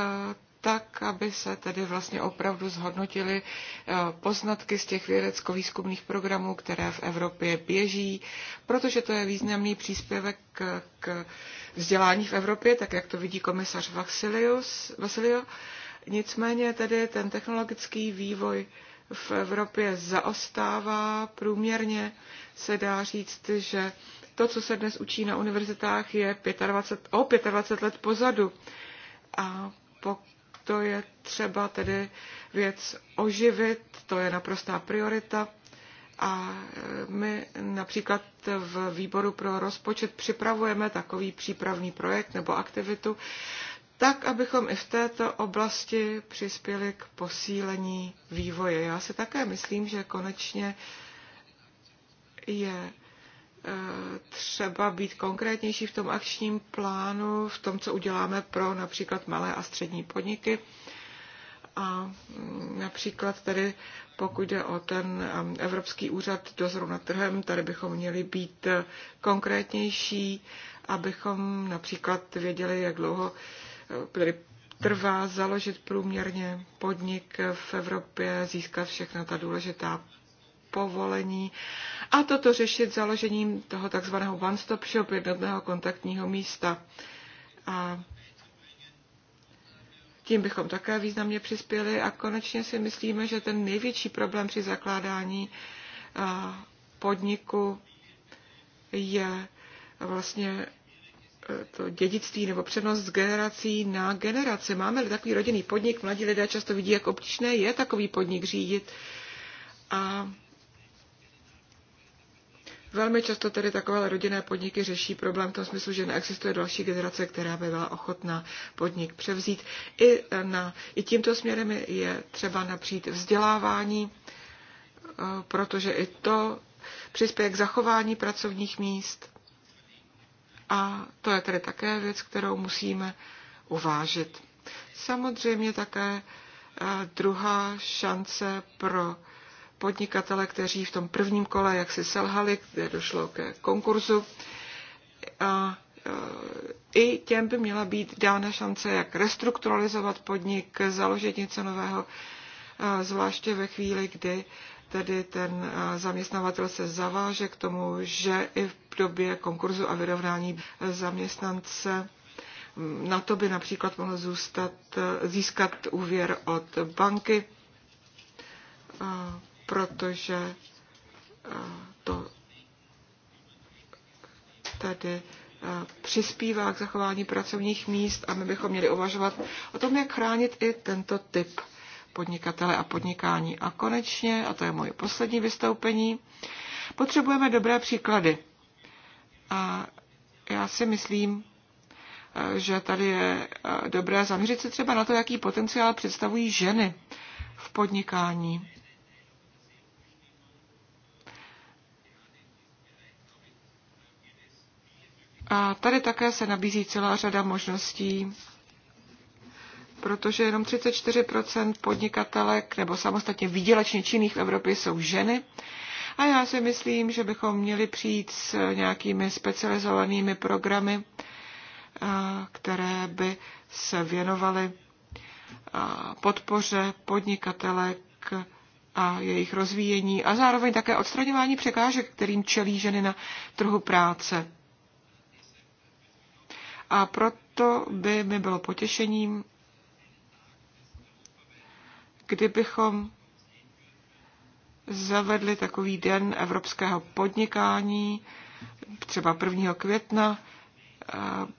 tak, aby se tedy vlastně opravdu zhodnotily eh, poznatky z těch vědecko-výzkumných programů, které v Evropě běží, protože to je významný příspěvek k, vzdělání v Evropě, tak jak to vidí komisař Vasilius, Vasilio. Nicméně tedy ten technologický vývoj v Evropě zaostává průměrně, se dá říct, že to, co se dnes učí na univerzitách, je 25, o 25 let pozadu. A pokud to je třeba tedy věc oživit, to je naprostá priorita. A e, my například v výboru pro rozpočet připravujeme takový přípravný projekt nebo aktivitu, tak, abychom i v této oblasti přispěli k posílení vývoje. Já si také myslím, že konečně je třeba být konkrétnější v tom akčním plánu, v tom, co uděláme pro například malé a střední podniky. A mm, například tady, pokud jde o ten um, Evropský úřad dozoru nad trhem, tady bychom měli být konkrétnější, abychom například věděli, jak dlouho eh, tedy trvá založit průměrně podnik v Evropě, získat všechna ta důležitá povolení a toto řešit založením toho takzvaného one-stop shop, jednotného kontaktního místa. A tím bychom také významně přispěli a konečně si myslíme, že ten největší problém při zakládání podniku je vlastně e, to dědictví nebo přenos z generací na generaci. Máme-li takový rodinný podnik, mladí lidé často vidí, jak obtížné je takový podnik řídit. A Velmi často tedy takové rodinné podniky řeší problém v tom smyslu, že neexistuje další generace, která by byla ochotná podnik převzít. I, eh, na, i tímto směrem je třeba napřít vzdělávání, eh, protože i to přispěje k zachování pracovních míst. A to je tedy také věc, kterou musíme uvážit. Samozřejmě také eh, druhá šance pro podnikatele, kteří v tom prvním kole jaksi selhali, kde došlo ke konkurzu. A i těm by měla být dána šance, jak restrukturalizovat podnik, založit něco nového, zvláště ve chvíli, kdy tedy ten zaměstnavatel se zaváže k tomu, že i v době konkurzu a vyrovnání zaměstnance na to by například mohl zůstat, získat úvěr od banky protože eh, to tady eh, přispívá k zachování pracovních míst a my bychom měli uvažovat o tom, jak chránit i tento typ podnikatele a podnikání. A konečně, a to je moje poslední vystoupení, potřebujeme dobré příklady. A já si myslím, eh, že tady je dobré zaměřit se třeba na to, jaký potenciál představují ženy v podnikání. A tady také se nabízí celá řada možností, protože jenom 34% podnikatelek nebo samostatně výdělečně činných v Evropě jsou ženy. A já si myslím, že bychom měli přijít s nějakými specializovanými programy, které by se věnovaly podpoře podnikatelek a jejich rozvíjení a zároveň také odstraňování překážek, kterým čelí ženy na trhu práce. A proto by mi bylo potěšením, kdybychom zavedli takový den evropského podnikání, třeba 1. května.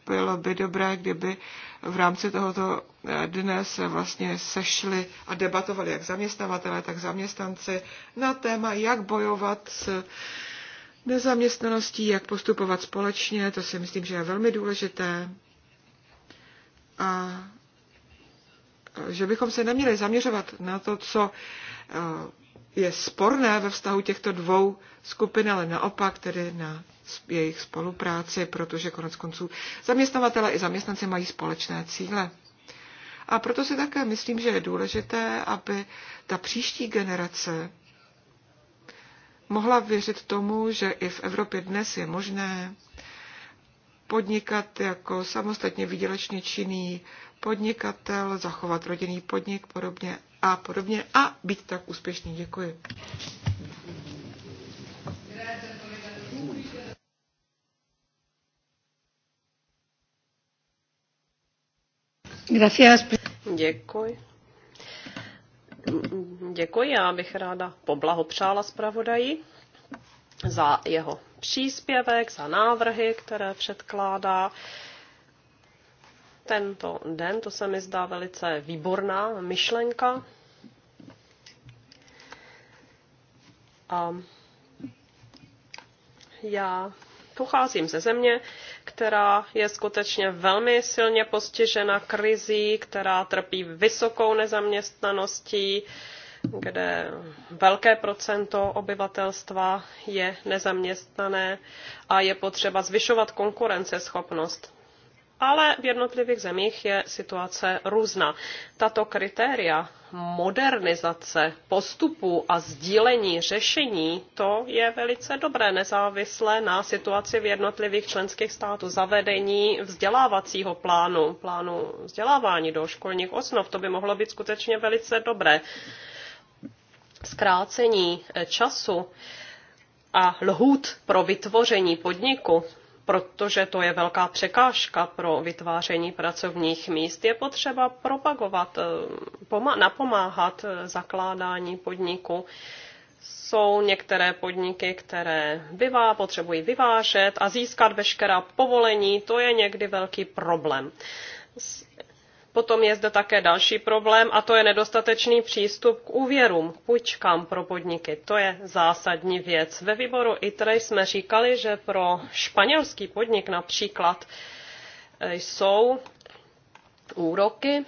Bylo by dobré, kdyby v rámci tohoto e, dne se vlastně sešli a debatovali jak zaměstnavatele, tak zaměstnanci na téma, jak bojovat s nezaměstnaností, jak postupovat společně, to si myslím, že je velmi důležité. A že bychom se neměli zaměřovat na to, co eh, je sporné ve vztahu těchto dvou skupin, ale naopak tedy na jejich spolupráci, protože konec konců zaměstnavatele i zaměstnanci mají společné cíle. A proto si také myslím, že je důležité, aby ta příští generace mohla věřit tomu, že i v Evropě dnes je možné podnikat jako samostatně výdělečně činný podnikatel, zachovat rodinný podnik podobně a podobně a být tak úspěšný. Děkuji. Gracias. Děkuji. Děkuji, já bych ráda poblahopřála zpravodaji za jeho příspěvek, za návrhy, které předkládá. Tento den, to se mi zdá velice výborná myšlenka. A já Pocházím ze země, která je skutečně velmi silně postižena krizí, která trpí vysokou nezaměstnaností, kde velké procento obyvatelstva je nezaměstnané a je potřeba zvyšovat konkurenceschopnost ale v jednotlivých zemích je situace různá. Tato kritéria modernizace postupů a sdílení řešení, to je velice dobré, nezávisle na situaci v jednotlivých členských států. Zavedení vzdělávacího plánu, plánu vzdělávání do školních osnov, to by mohlo být skutečně velice dobré. Zkrácení času a lhůt pro vytvoření podniku, protože to je velká překážka pro vytváření pracovních míst. Je potřeba propagovat, eh, napomáhat eh, zakládání podniku. Jsou některé podniky, které vyvá, potřebují vyvážet a získat veškerá povolení, to je někdy velký problém. Potom je zde také další problém a to je nedostatečný přístup k úvěrům, k půjčkám pro podniky. To je zásadní věc. Ve výboru ITRE jsme říkali, že pro španělský podnik například e, jsou úroky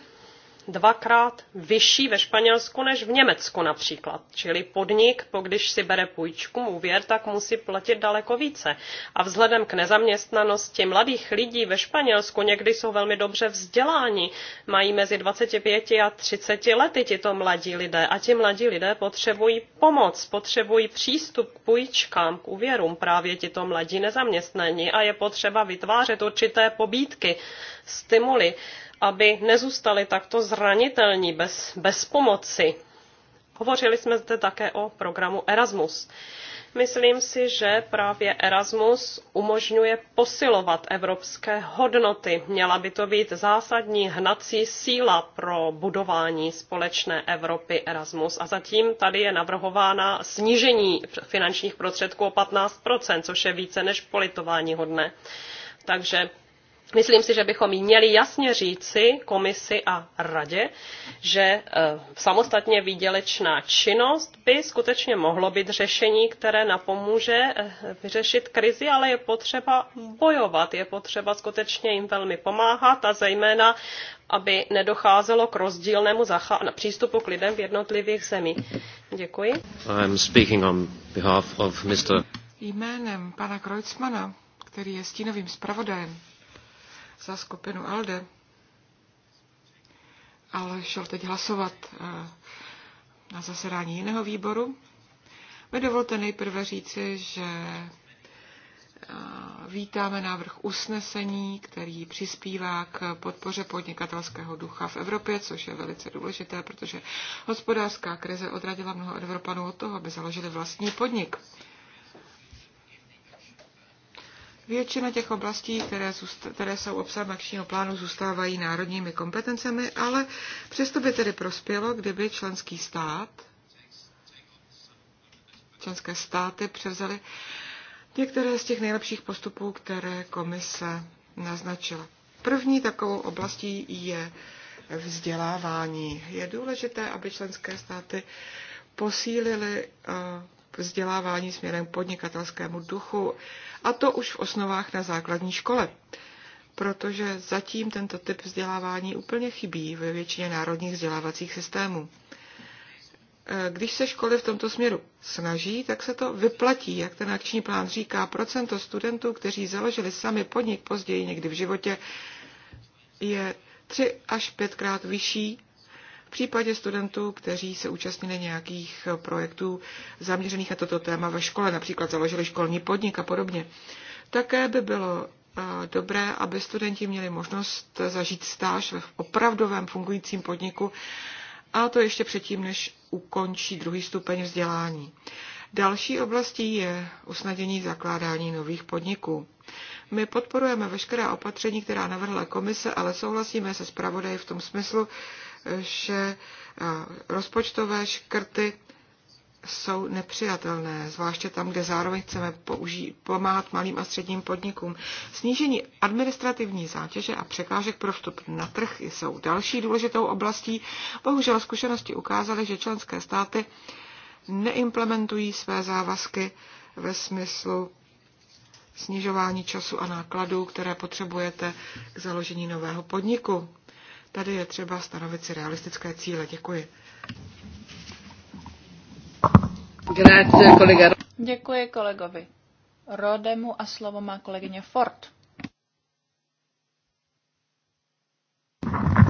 dvakrát vyšší ve Španělsku než v Německu například. Čili podnik, když si bere půjčku, úvěr, tak musí platit daleko více. A vzhledem k nezaměstnanosti mladých lidí ve Španělsku někdy jsou velmi dobře vzděláni, mají mezi 25 a 30 lety tito mladí lidé a ti mladí lidé potřebují pomoc, potřebují přístup k půjčkám, k úvěrům právě tito mladí nezaměstnaní a je potřeba vytvářet určité pobídky, stimuly aby nezůstali takto zranitelní bez, bez pomoci. Hovořili jsme zde také o programu Erasmus. Myslím si, že právě Erasmus umožňuje posilovat evropské hodnoty. Měla by to být zásadní hnací síla pro budování společné Evropy Erasmus. A zatím tady je navrhována snížení finančních prostředků o 15%, což je více než politování hodné. Takže Myslím si, že bychom měli jasně říci komisi a radě, že eh, samostatně výdělečná činnost by skutečně mohlo být řešení, které napomůže eh, vyřešit krizi, ale je potřeba bojovat, je potřeba skutečně jim velmi pomáhat a zejména, aby nedocházelo k rozdílnému přístupu k lidem v jednotlivých zemích. Děkuji. I'm speaking on behalf of Mr. Jménem pana Kreutzmana, který je stínovým zpravodajem za skupinu ALDE, ale šel teď hlasovat eh, na zasedání jiného výboru. Mi dovolte nejprve říci, že eh, vítáme návrh usnesení, který přispívá k podpoře podnikatelského ducha v Evropě, což je velice důležité, protože hospodářská krize odradila mnoho Evropanů od toho, aby založili vlastní podnik. Většina těch oblastí, které, zůsta- které jsou obsahem akčního plánu, zůstávají národními kompetencemi, ale přesto by tedy prospělo, kdyby členský stát, členské státy převzaly některé z těch nejlepších postupů, které komise naznačila. První takovou oblastí je vzdělávání. Je důležité, aby členské státy posílily eh, vzdělávání směrem k podnikatelskému duchu, a to už v osnovách na základní škole, protože zatím tento typ vzdělávání úplně chybí ve většině národních vzdělávacích systémů. E, když se školy v tomto směru snaží, tak se to vyplatí, jak ten akční plán říká. Procento studentů, kteří založili sami podnik později někdy v životě, je tři až pětkrát vyšší případě studentů, kteří se účastnili nějakých projektů zaměřených na toto téma ve škole, například založili školní podnik a podobně. Také by bylo eh, dobré, aby studenti měli možnost zažít stáž v opravdovém fungujícím podniku, a to ještě předtím, než ukončí druhý stupeň vzdělání. Další oblastí je usnadění zakládání nových podniků. My podporujeme veškerá opatření, která navrhla komise, ale souhlasíme se zpravodaji v tom smyslu, že eh, rozpočtové škrty jsou nepřijatelné, zvláště tam, kde zároveň chceme použít, pomáhat malým a středním podnikům. Snížení administrativní zátěže a překážek pro vstup na trh jsou další důležitou oblastí. Bohužel zkušenosti ukázaly, že členské státy neimplementují své závazky ve smyslu snižování času a nákladů, které potřebujete k založení nového podniku. Tady je třeba stanovit si realistické cíle. Děkuji. Grazie, kolega. Děkuji kolegovi Rodemu a slovo má kolegyně Ford.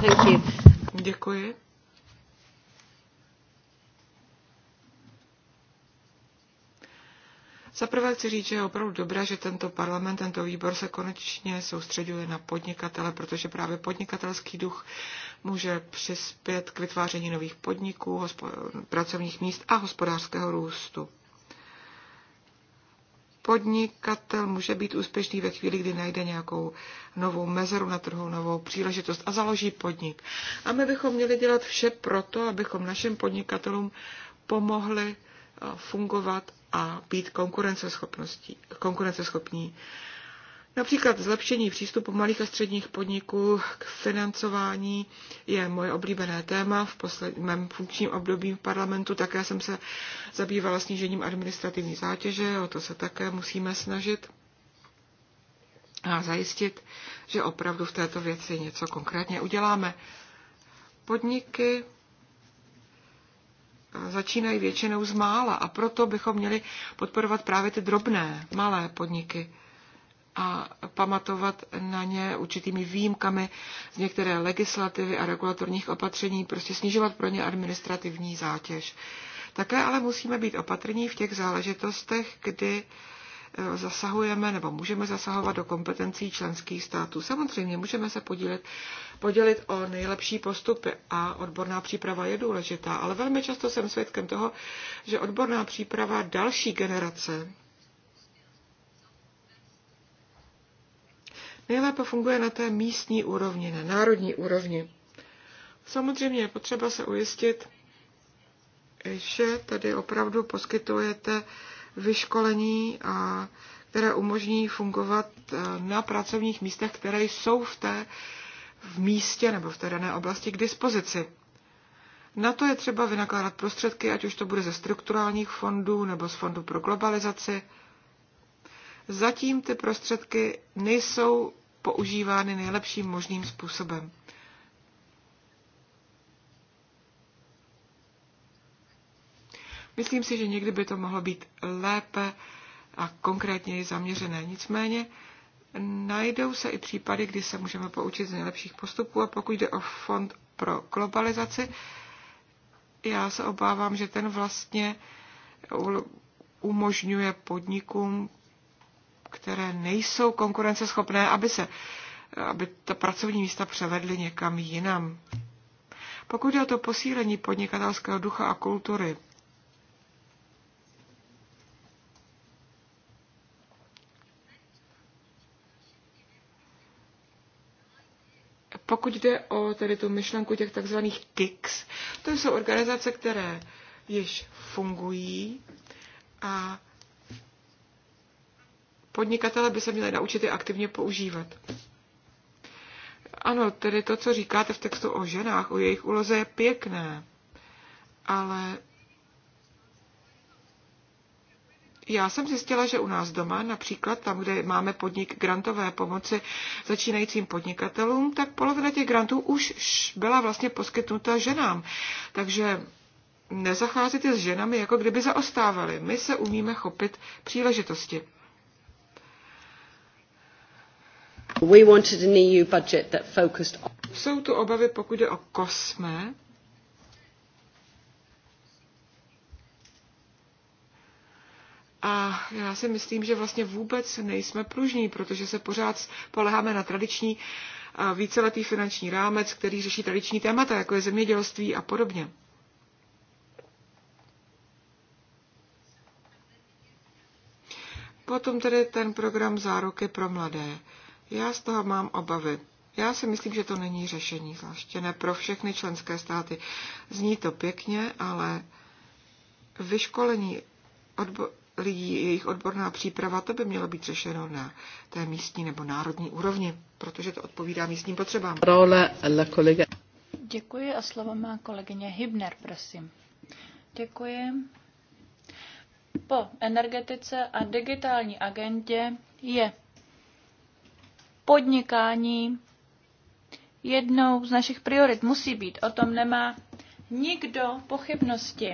Děkuji. Děkuji. prvé chci říct, že je opravdu dobré, že tento parlament, tento výbor se konečně soustředuje na podnikatele, protože právě podnikatelský duch může přispět k vytváření nových podniků, pracovních míst a hospodářského růstu. Podnikatel může být úspěšný ve chvíli, kdy najde nějakou novou mezeru na trhu, novou příležitost a založí podnik. A my bychom měli dělat vše proto, abychom našim podnikatelům pomohli eh, fungovat a být konkurenceschopní. Například zlepšení přístupu malých a středních podniků k financování je moje oblíbené téma. V posledním mém funkčním období v parlamentu také jsem se zabývala snížením administrativní zátěže, o to se také musíme snažit a zajistit, že opravdu v této věci něco konkrétně uděláme. Podniky začínají většinou z mála a proto bychom měli podporovat právě ty drobné, malé podniky a pamatovat na ně určitými výjimkami z některé legislativy a regulatorních opatření, prostě snižovat pro ně administrativní zátěž. Také ale musíme být opatrní v těch záležitostech, kdy Eh, zasahujeme nebo můžeme zasahovat do kompetencí členských států. Samozřejmě můžeme se podílet, podělit o nejlepší postupy a odborná příprava je důležitá, ale velmi často jsem svědkem toho, že odborná příprava další generace nejlépe funguje na té místní úrovni, na národní úrovni. Samozřejmě je potřeba se ujistit, že tady opravdu poskytujete vyškolení, a které umožní fungovat eh, na pracovních místech, které jsou v té v místě nebo v té dané oblasti k dispozici. Na to je třeba vynakládat prostředky, ať už to bude ze strukturálních fondů nebo z fondu pro globalizaci. Zatím ty prostředky nejsou používány nejlepším možným způsobem. Myslím si, že někdy by to mohlo být lépe a konkrétněji zaměřené. Nicméně najdou se i případy, kdy se můžeme poučit z nejlepších postupů a pokud jde o fond pro globalizaci, já se obávám, že ten vlastně umožňuje podnikům, které nejsou konkurenceschopné, aby se aby ta pracovní místa převedly někam jinam. Pokud je o to posílení podnikatelského ducha a kultury, Pokud jde o tedy tu myšlenku těch takzvaných TICS, to jsou organizace, které již fungují a podnikatele by se měli naučit je aktivně používat. Ano, tedy to, co říkáte v textu o ženách, o jejich úloze je pěkné, ale Já jsem zjistila, že u nás doma, například tam, kde máme podnik grantové pomoci začínajícím podnikatelům, tak polovina těch grantů už byla vlastně poskytnuta ženám. Takže nezacházet je s ženami, jako kdyby zaostávali. My se umíme chopit příležitosti. We wanted an EU budget that focused on... Jsou tu obavy, pokud jde o kosme, A já si myslím, že vlastně vůbec nejsme pružní, protože se pořád poleháme na tradiční eh, víceletý finanční rámec, který řeší tradiční témata, jako je zemědělství a podobně. Potom tedy ten program záruky pro mladé. Já z toho mám obavy. Já si myslím, že to není řešení, zvláště ne pro všechny členské státy. Zní to pěkně, ale vyškolení odbo- lidí, jejich odborná příprava, to by mělo být řešeno na té místní nebo národní úrovni, protože to odpovídá místním potřebám. Děkuji a slovo má kolegyně Hybner, prosím. Děkuji. Po energetice a digitální agentě je podnikání jednou z našich priorit musí být. O tom nemá nikdo pochybnosti.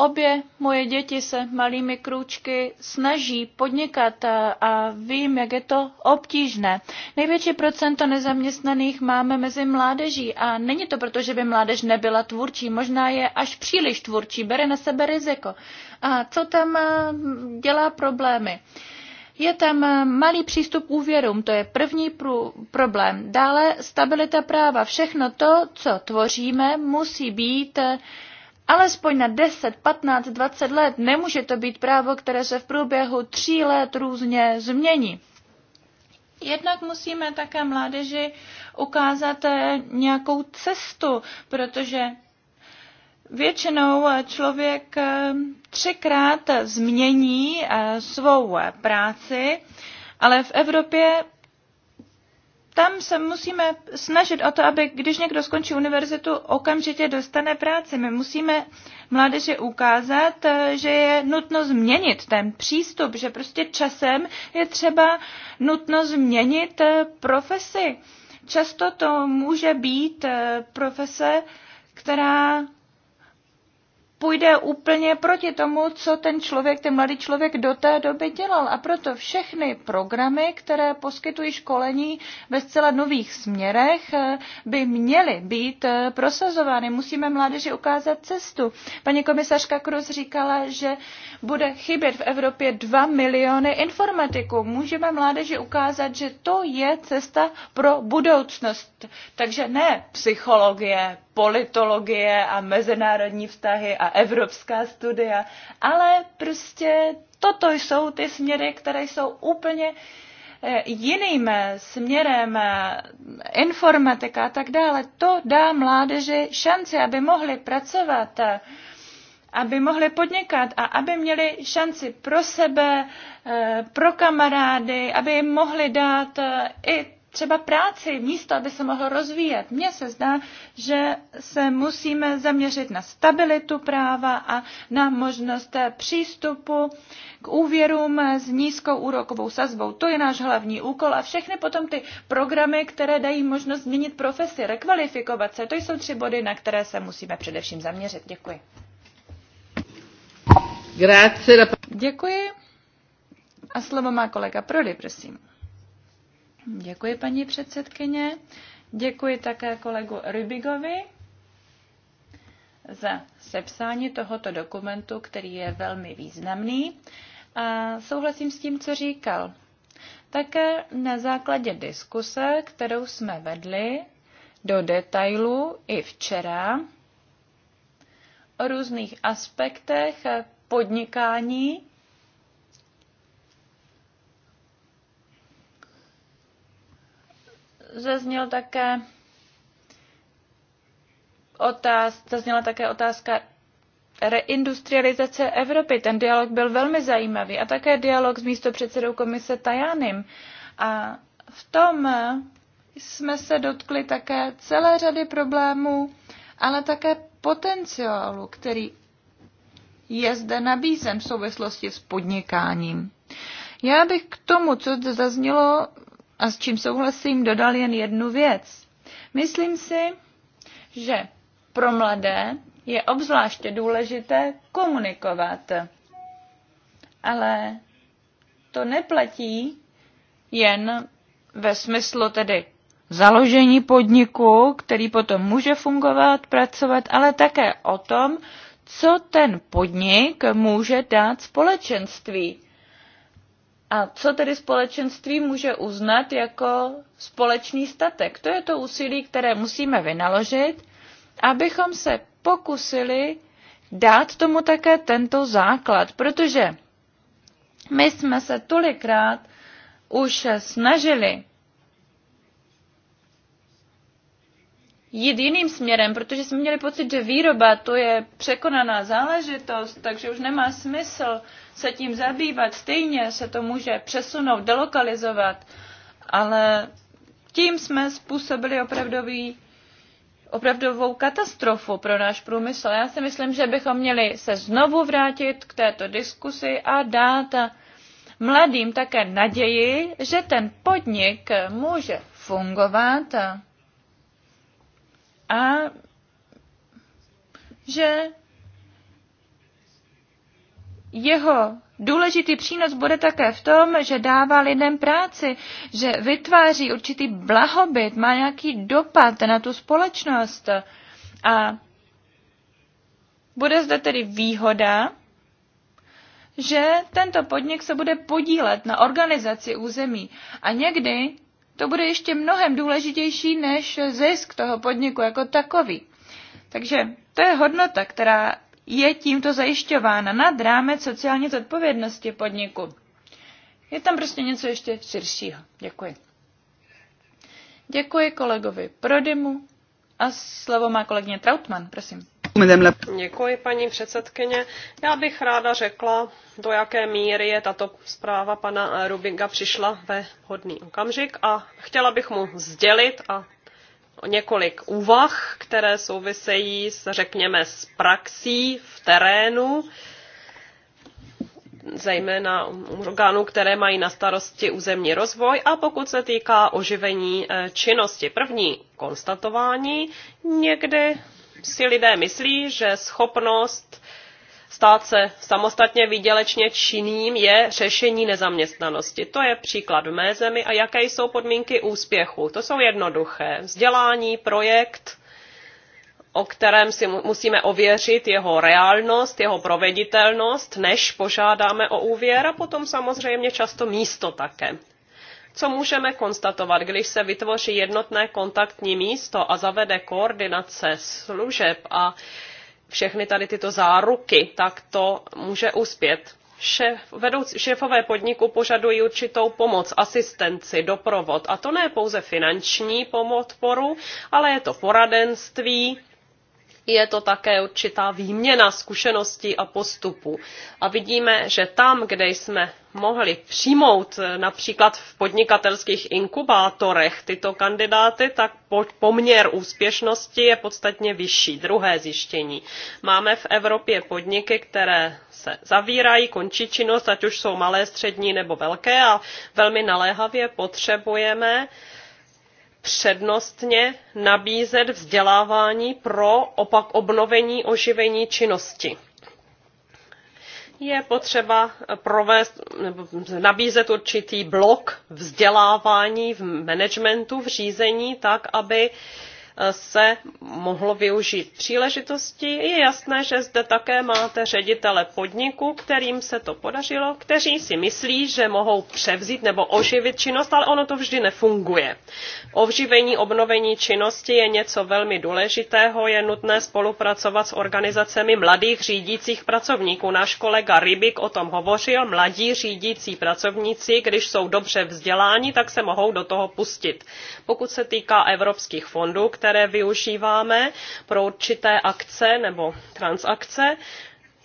Obě moje děti se malými krůčky snaží podnikat a vím, jak je to obtížné. Největší procento nezaměstnaných máme mezi mládeží a není to proto, že by mládež nebyla tvůrčí, možná je až příliš tvůrčí, bere na sebe riziko. A co tam dělá problémy? Je tam malý přístup k úvěrům, to je první prů, problém. Dále stabilita práva. Všechno to, co tvoříme, musí být alespoň na 10, 15, 20 let. Nemůže to být právo, které se v průběhu tří let různě změní. Jednak musíme také mládeži ukázat eh, nějakou cestu, protože většinou eh, člověk eh, třikrát změní svou práci, ale v Evropě tam se musíme snažit o to, aby když někdo skončí univerzitu, okamžitě dostane práci. My musíme mládeži ukázat, eh, že je nutno změnit ten přístup, že prostě časem je třeba nutno změnit eh, profesi. Často to může být eh, profese, která půjde úplně proti tomu, co ten člověk, ten mladý člověk do té doby dělal. A proto všechny programy, které poskytují školení ve zcela nových směrech, by měly být eh, prosazovány. Musíme mládeži ukázat cestu. Paní komisařka Kruz říkala, že bude chybět v Evropě 2 miliony informatiků. Můžeme mládeži ukázat, že to je cesta pro budoucnost. Takže ne psychologie, politologie a mezinárodní vztahy a evropská studia, ale prostě toto jsou ty směry, které jsou úplně eh, jiným eh, směrem, eh, informatika a tak dále. To dá mládeži šanci, aby mohli pracovat aby mohli podnikat a aby měli šanci pro sebe, pro kamarády, aby jim mohli dát i třeba práci, místo, aby se mohl rozvíjet. Mně se zdá, že se musíme zaměřit na stabilitu práva a na možnost přístupu k úvěrům s nízkou úrokovou sazbou. To je náš hlavní úkol a všechny potom ty programy, které dají možnost změnit profesi, rekvalifikovat se, to jsou tři body, na které se musíme především zaměřit. Děkuji. Děkuji. A slovo má kolega Prody, prosím. Děkuji, paní předsedkyně. Děkuji také kolegu Rybigovi za sepsání tohoto dokumentu, který je velmi významný. A souhlasím s tím, co říkal. Také na základě diskuse, kterou jsme vedli do detailu i včera, o různých aspektech podnikání Zazněl také otázka, zazněla také otázka reindustrializace Evropy. Ten dialog byl velmi zajímavý a také dialog s místopředsedou komise Tajánem. A v tom jsme se dotkli také celé řady problémů, ale také potenciálu, který je zde nabízen v souvislosti s podnikáním. Já bych k tomu, co zde zaznělo, a s čím souhlasím, dodal jen jednu věc. Myslím si, že pro mladé je obzvláště důležité komunikovat. Ale to neplatí jen ve smyslu tedy založení podniku, který potom může fungovat, pracovat, ale také o tom, co ten podnik může dát společenství. A co tedy společenství může uznat jako společný statek? To je to úsilí, které musíme vynaložit, abychom se pokusili dát tomu také tento základ, protože my jsme se tolikrát už snažili jít jiným směrem, protože jsme měli pocit, že výroba to je překonaná záležitost, takže už nemá smysl se tím zabývat. Stejně se to může přesunout, delokalizovat, ale tím jsme způsobili opravdový opravdovou katastrofu pro náš průmysl. Já si myslím, že bychom měli se znovu vrátit k této diskusi a dát mladým také naději, že ten podnik může fungovat a že jeho důležitý přínos bude také v tom, že dává lidem práci, že vytváří určitý blahobyt, má nějaký dopad na tu společnost. A bude zde tedy výhoda, že tento podnik se bude podílet na organizaci území. A někdy to bude ještě mnohem důležitější než zisk toho podniku jako takový. Takže to je hodnota, která je tímto zajišťována nad rámec sociální zodpovědnosti podniku. Je tam prostě něco ještě širšího. Děkuji. Děkuji kolegovi Prodymu a slovo má kolegyně Trautmann, prosím. Děkuji, paní předsedkyně. Já bych ráda řekla, do jaké míry je tato zpráva pana Rubiga přišla ve hodný okamžik a chtěla bych mu sdělit a několik úvah, které souvisejí s, řekněme, s praxí v terénu, zejména orgánů, které mají na starosti územní rozvoj a pokud se týká oživení eh, činnosti. První konstatování, někdy si lidé myslí, že schopnost stát se samostatně výdělečně činným je řešení nezaměstnanosti. To je příklad v mé zemi a jaké jsou podmínky úspěchu. To jsou jednoduché. Vzdělání, projekt, o kterém si musíme ověřit jeho reálnost, jeho proveditelnost, než požádáme o úvěr a potom samozřejmě často místo také. Co můžeme konstatovat, když se vytvoří jednotné kontaktní místo a zavede koordinace služeb a všechny tady tyto záruky, tak to může uspět. Šéf, vedoucí, šéfové podniku požadují určitou pomoc, asistenci, doprovod. A to ne pouze finanční pomoc, ale je to poradenství, je to také určitá výměna zkušeností a postupů. A vidíme, že tam, kde jsme mohli přijmout eh, například v podnikatelských inkubátorech tyto kandidáty, tak poměr úspěšnosti je podstatně vyšší. Druhé zjištění. Máme v Evropě podniky, které se zavírají, končí činnost, ať už jsou malé, střední nebo velké a velmi naléhavě potřebujeme přednostně nabízet vzdělávání pro opak obnovení oživení činnosti. Je potřeba provést, nabízet určitý blok vzdělávání v managementu, v řízení, tak, aby se mohlo využít příležitosti. Je jasné, že zde také máte ředitele podniku, kterým se to podařilo, kteří si myslí, že mohou převzít nebo oživit činnost, ale ono to vždy nefunguje. Ovživení, obnovení činnosti je něco velmi důležitého. Je nutné spolupracovat s organizacemi mladých řídících pracovníků. Náš kolega Rybik o tom hovořil. Mladí řídící pracovníci, když jsou dobře vzděláni, tak se mohou do toho pustit. Pokud se týká evropských fondů, které které využíváme pro určité akce nebo transakce,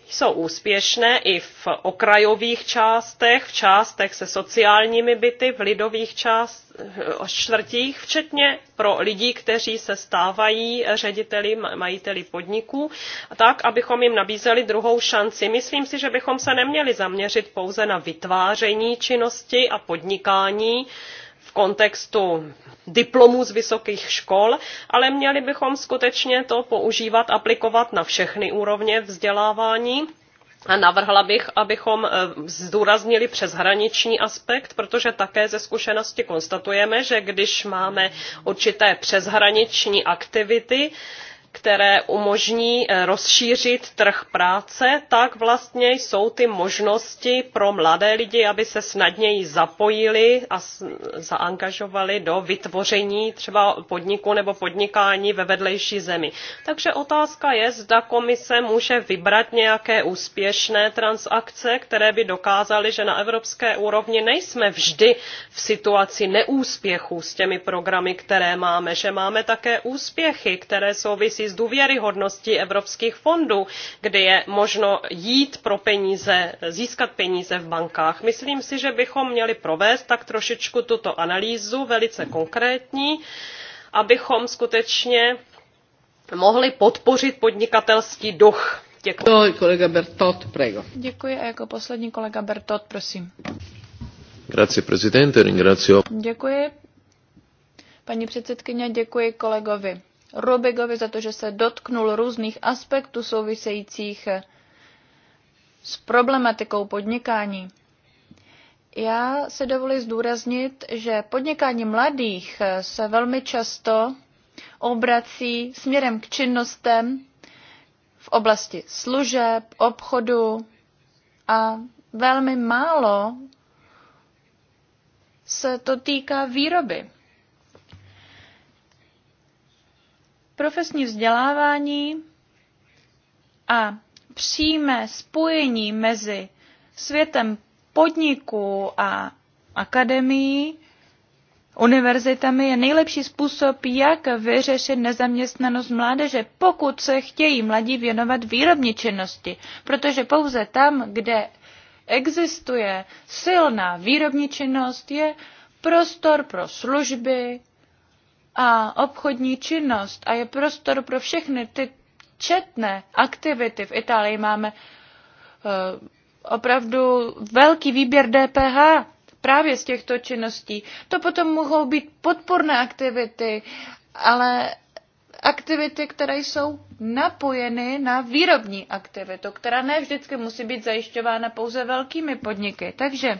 jsou úspěšné i v okrajových částech, v částech se sociálními byty, v lidových část, čtvrtích, včetně pro lidi, kteří se stávají řediteli, majiteli podniků, tak, abychom jim nabízeli druhou šanci. Myslím si, že bychom se neměli zaměřit pouze na vytváření činnosti a podnikání, kontextu diplomů z vysokých škol, ale měli bychom skutečně to používat, aplikovat na všechny úrovně vzdělávání. A navrhla bych, abychom e, zdůraznili přeshraniční aspekt, protože také ze zkušenosti konstatujeme, že když máme určité přeshraniční aktivity, které umožní eh, rozšířit trh práce, tak vlastně jsou ty možnosti pro mladé lidi, aby se snadněji zapojili a zaangažovali do vytvoření třeba podniku nebo podnikání ve vedlejší zemi. Takže otázka je, zda komise může vybrat nějaké úspěšné transakce, které by dokázaly, že na evropské úrovni nejsme vždy v situaci neúspěchu s těmi programy, které máme, že máme také úspěchy, které souvisí z důvěryhodnosti evropských fondů, kdy je možno jít pro peníze, získat peníze v bankách. Myslím si, že bychom měli provést tak trošičku tuto analýzu, velice konkrétní, abychom skutečně mohli podpořit podnikatelský duch. Děkuji. Kolega Bertot, prego. Děkuji a jako poslední kolega Bertot, prosím. Grazie, prezidente, ringrazio. Děkuji. Paní předsedkyně, děkuji kolegovi Rubigovi za to, že se dotknul různých aspektů souvisejících s problematikou podnikání. Já se dovolím zdůraznit, že podnikání mladých se velmi často obrací směrem k činnostem v oblasti služeb, obchodu a velmi málo se to týká výroby. Profesní vzdělávání a přímé spojení mezi světem podniků a akademií, univerzitami je nejlepší způsob, jak vyřešit nezaměstnanost mládeže, pokud se chtějí mladí věnovat výrobní činnosti, protože pouze tam, kde existuje silná výrobní činnost, je prostor pro služby, a obchodní činnost a je prostor pro všechny ty četné aktivity. V Itálii máme eh, opravdu velký výběr DPH právě z těchto činností. To potom mohou být podporné aktivity, ale aktivity, které jsou napojeny na výrobní aktivitu, která ne vždycky musí být zajišťována pouze velkými podniky. Takže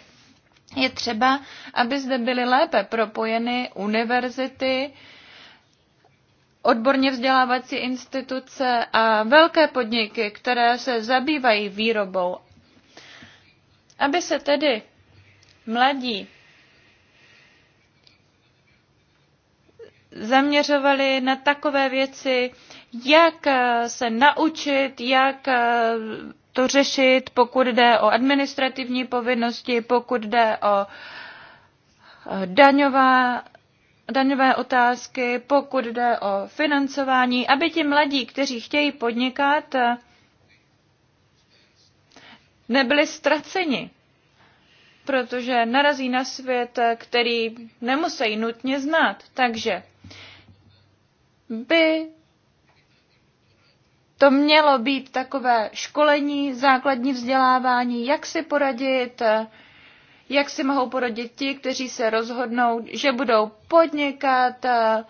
je třeba, aby zde byly lépe propojeny univerzity, odborně vzdělávací instituce a velké podniky, které se zabývají výrobou. Aby se tedy mladí zaměřovali na takové věci, jak se naučit, jak to řešit, pokud jde o administrativní povinnosti, pokud jde o eh, daňová, daňové otázky, pokud jde o financování, aby ti mladí, kteří chtějí podnikat, eh, nebyli ztraceni, protože narazí na svět, eh, který nemusí nutně znát. Takže by to mělo být takové školení, základní vzdělávání, jak si poradit, jak si mohou poradit ti, kteří se rozhodnou, že budou podnikat eh,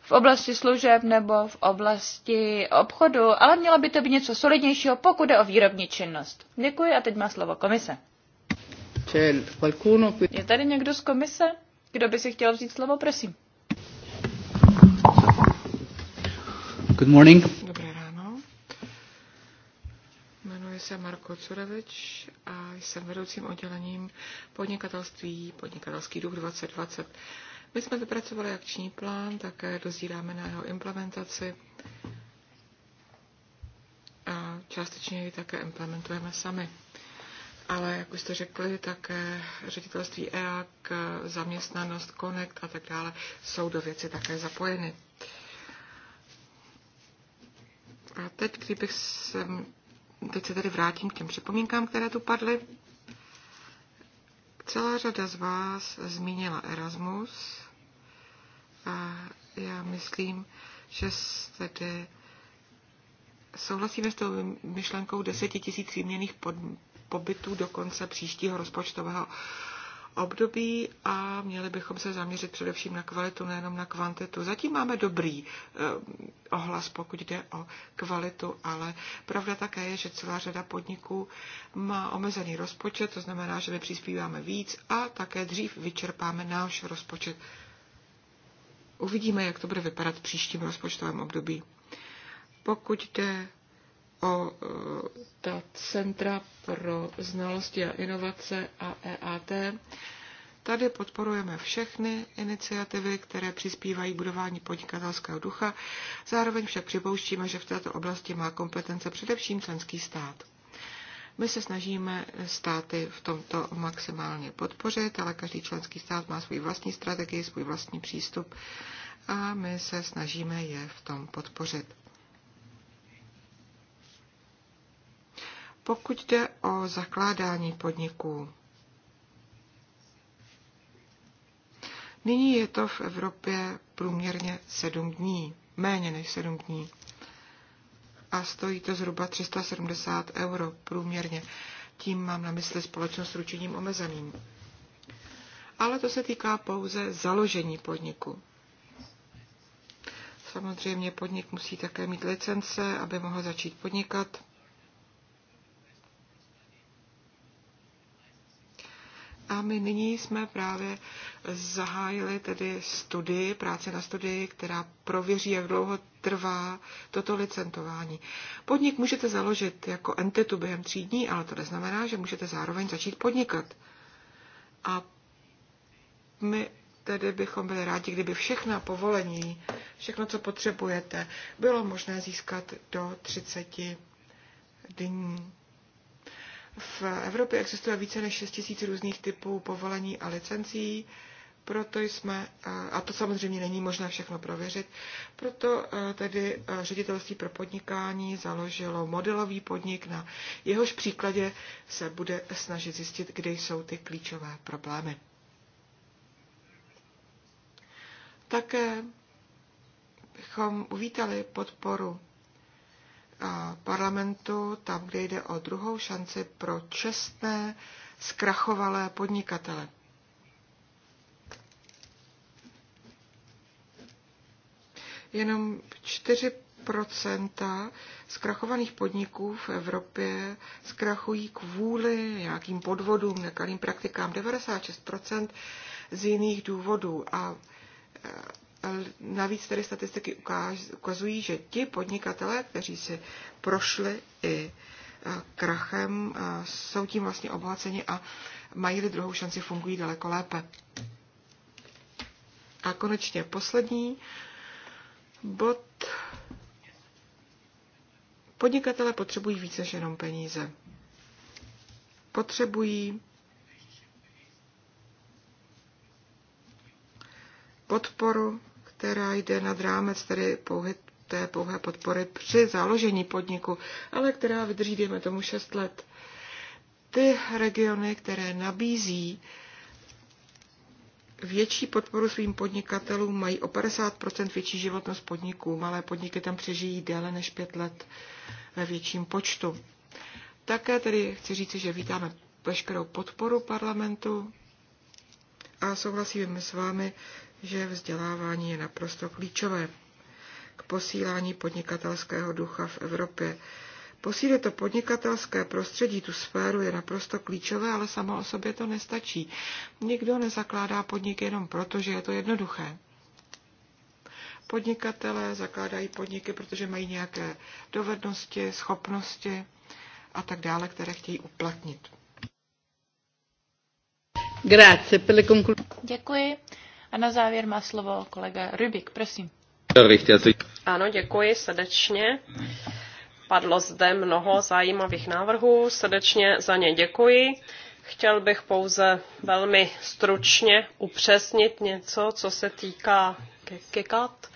v oblasti služeb nebo v oblasti obchodu, ale mělo by to být něco solidnějšího, pokud jde o výrobní činnost. Děkuji a teď má slovo komise. Je tady někdo z komise, kdo by si chtěl vzít slovo, prosím. Good morning. jsem Marko Curevič a jsem vedoucím oddělením podnikatelství Podnikatelský duch 2020. My jsme vypracovali akční plán, také dozíráme na jeho implementaci a částečně ji také implementujeme sami. Ale jak už jste řekli, také ředitelství EAK, zaměstnanost Connect a tak dále jsou do věci také zapojeny. A teď, kdybych se Teď se tedy vrátím k těm připomínkám, které tu padly. Celá řada z vás zmínila Erasmus a já myslím, že tedy souhlasíme s tou myšlenkou 10 tisíc výměných pobytů do konce příštího rozpočtového období a měli bychom se zaměřit především na kvalitu, nejenom na kvantitu. Zatím máme dobrý eh, ohlas, pokud jde o kvalitu, ale pravda také je, že celá řada podniků má omezený rozpočet, to znamená, že my přispíváme víc a také dřív vyčerpáme náš rozpočet. Uvidíme, jak to bude vypadat v příštím rozpočtovém období. Pokud jde o ta Centra pro znalosti a inovace a EAT. Tady podporujeme všechny iniciativy, které přispívají budování podnikatelského ducha, zároveň však připouštíme, že v této oblasti má kompetence především členský stát. My se snažíme státy v tomto maximálně podpořit, ale každý členský stát má svůj vlastní strategii, svůj vlastní přístup a my se snažíme je v tom podpořit. Pokud jde o zakládání podniků, nyní je to v Evropě průměrně 7 dní, méně než 7 dní. A stojí to zhruba 370 euro průměrně. Tím mám na mysli společnost s ručením omezeným. Ale to se týká pouze založení podniku. Samozřejmě podnik musí také mít licence, aby mohl začít podnikat. A my nyní jsme právě zahájili tedy studii, práci na studii, která prověří, jak dlouho trvá toto licentování. Podnik můžete založit jako entitu během tří dní, ale to neznamená, že můžete zároveň začít podnikat. A my tedy bychom byli rádi, kdyby všechna povolení, všechno, co potřebujete, bylo možné získat do 30 dní. V Evropě existuje více než 6 000 různých typů povolení a licencí, proto jsme, a to samozřejmě není možné všechno prověřit, proto tedy ředitelství pro podnikání založilo modelový podnik, na jehož příkladě se bude snažit zjistit, kde jsou ty klíčové problémy. Také bychom uvítali podporu parlamentu, tam, kde jde o druhou šanci pro čestné, zkrachovalé podnikatele. Jenom 4 zkrachovaných podniků v Evropě zkrachují kvůli nějakým podvodům, nekalým praktikám. 96 z jiných důvodů. A Navíc tedy statistiky ukazují, že ti podnikatelé, kteří si prošli i e, krachem, e, jsou tím vlastně obohaceni a mají-li druhou šanci, fungují daleko lépe. A konečně poslední bod. Podnikatele potřebují více než jenom peníze. Potřebují podporu která jde nad rámec tedy pouhy, té pouhé podpory při založení podniku, ale která vydrží, dejme tomu, 6 let. Ty regiony, které nabízí větší podporu svým podnikatelům, mají o 50% větší životnost podniků. Malé podniky tam přežijí déle než 5 let ve větším počtu. Také tedy chci říci, že vítáme veškerou podporu parlamentu a souhlasíme s vámi, že vzdělávání je naprosto klíčové k posílání podnikatelského ducha v Evropě. Posílit to podnikatelské prostředí, tu sféru je naprosto klíčové, ale samo o sobě to nestačí. Nikdo nezakládá podnik jenom proto, že je to jednoduché. Podnikatelé zakládají podniky, protože mají nějaké dovednosti, schopnosti a tak dále, které chtějí uplatnit. Grazie per le Děkuji. A na závěr má slovo kolega Rybik, prosím. Ano, děkuji srdečně. Padlo zde mnoho zajímavých návrhů, srdečně za ně děkuji. Chtěl bych pouze velmi stručně upřesnit něco, co se týká KIKAT.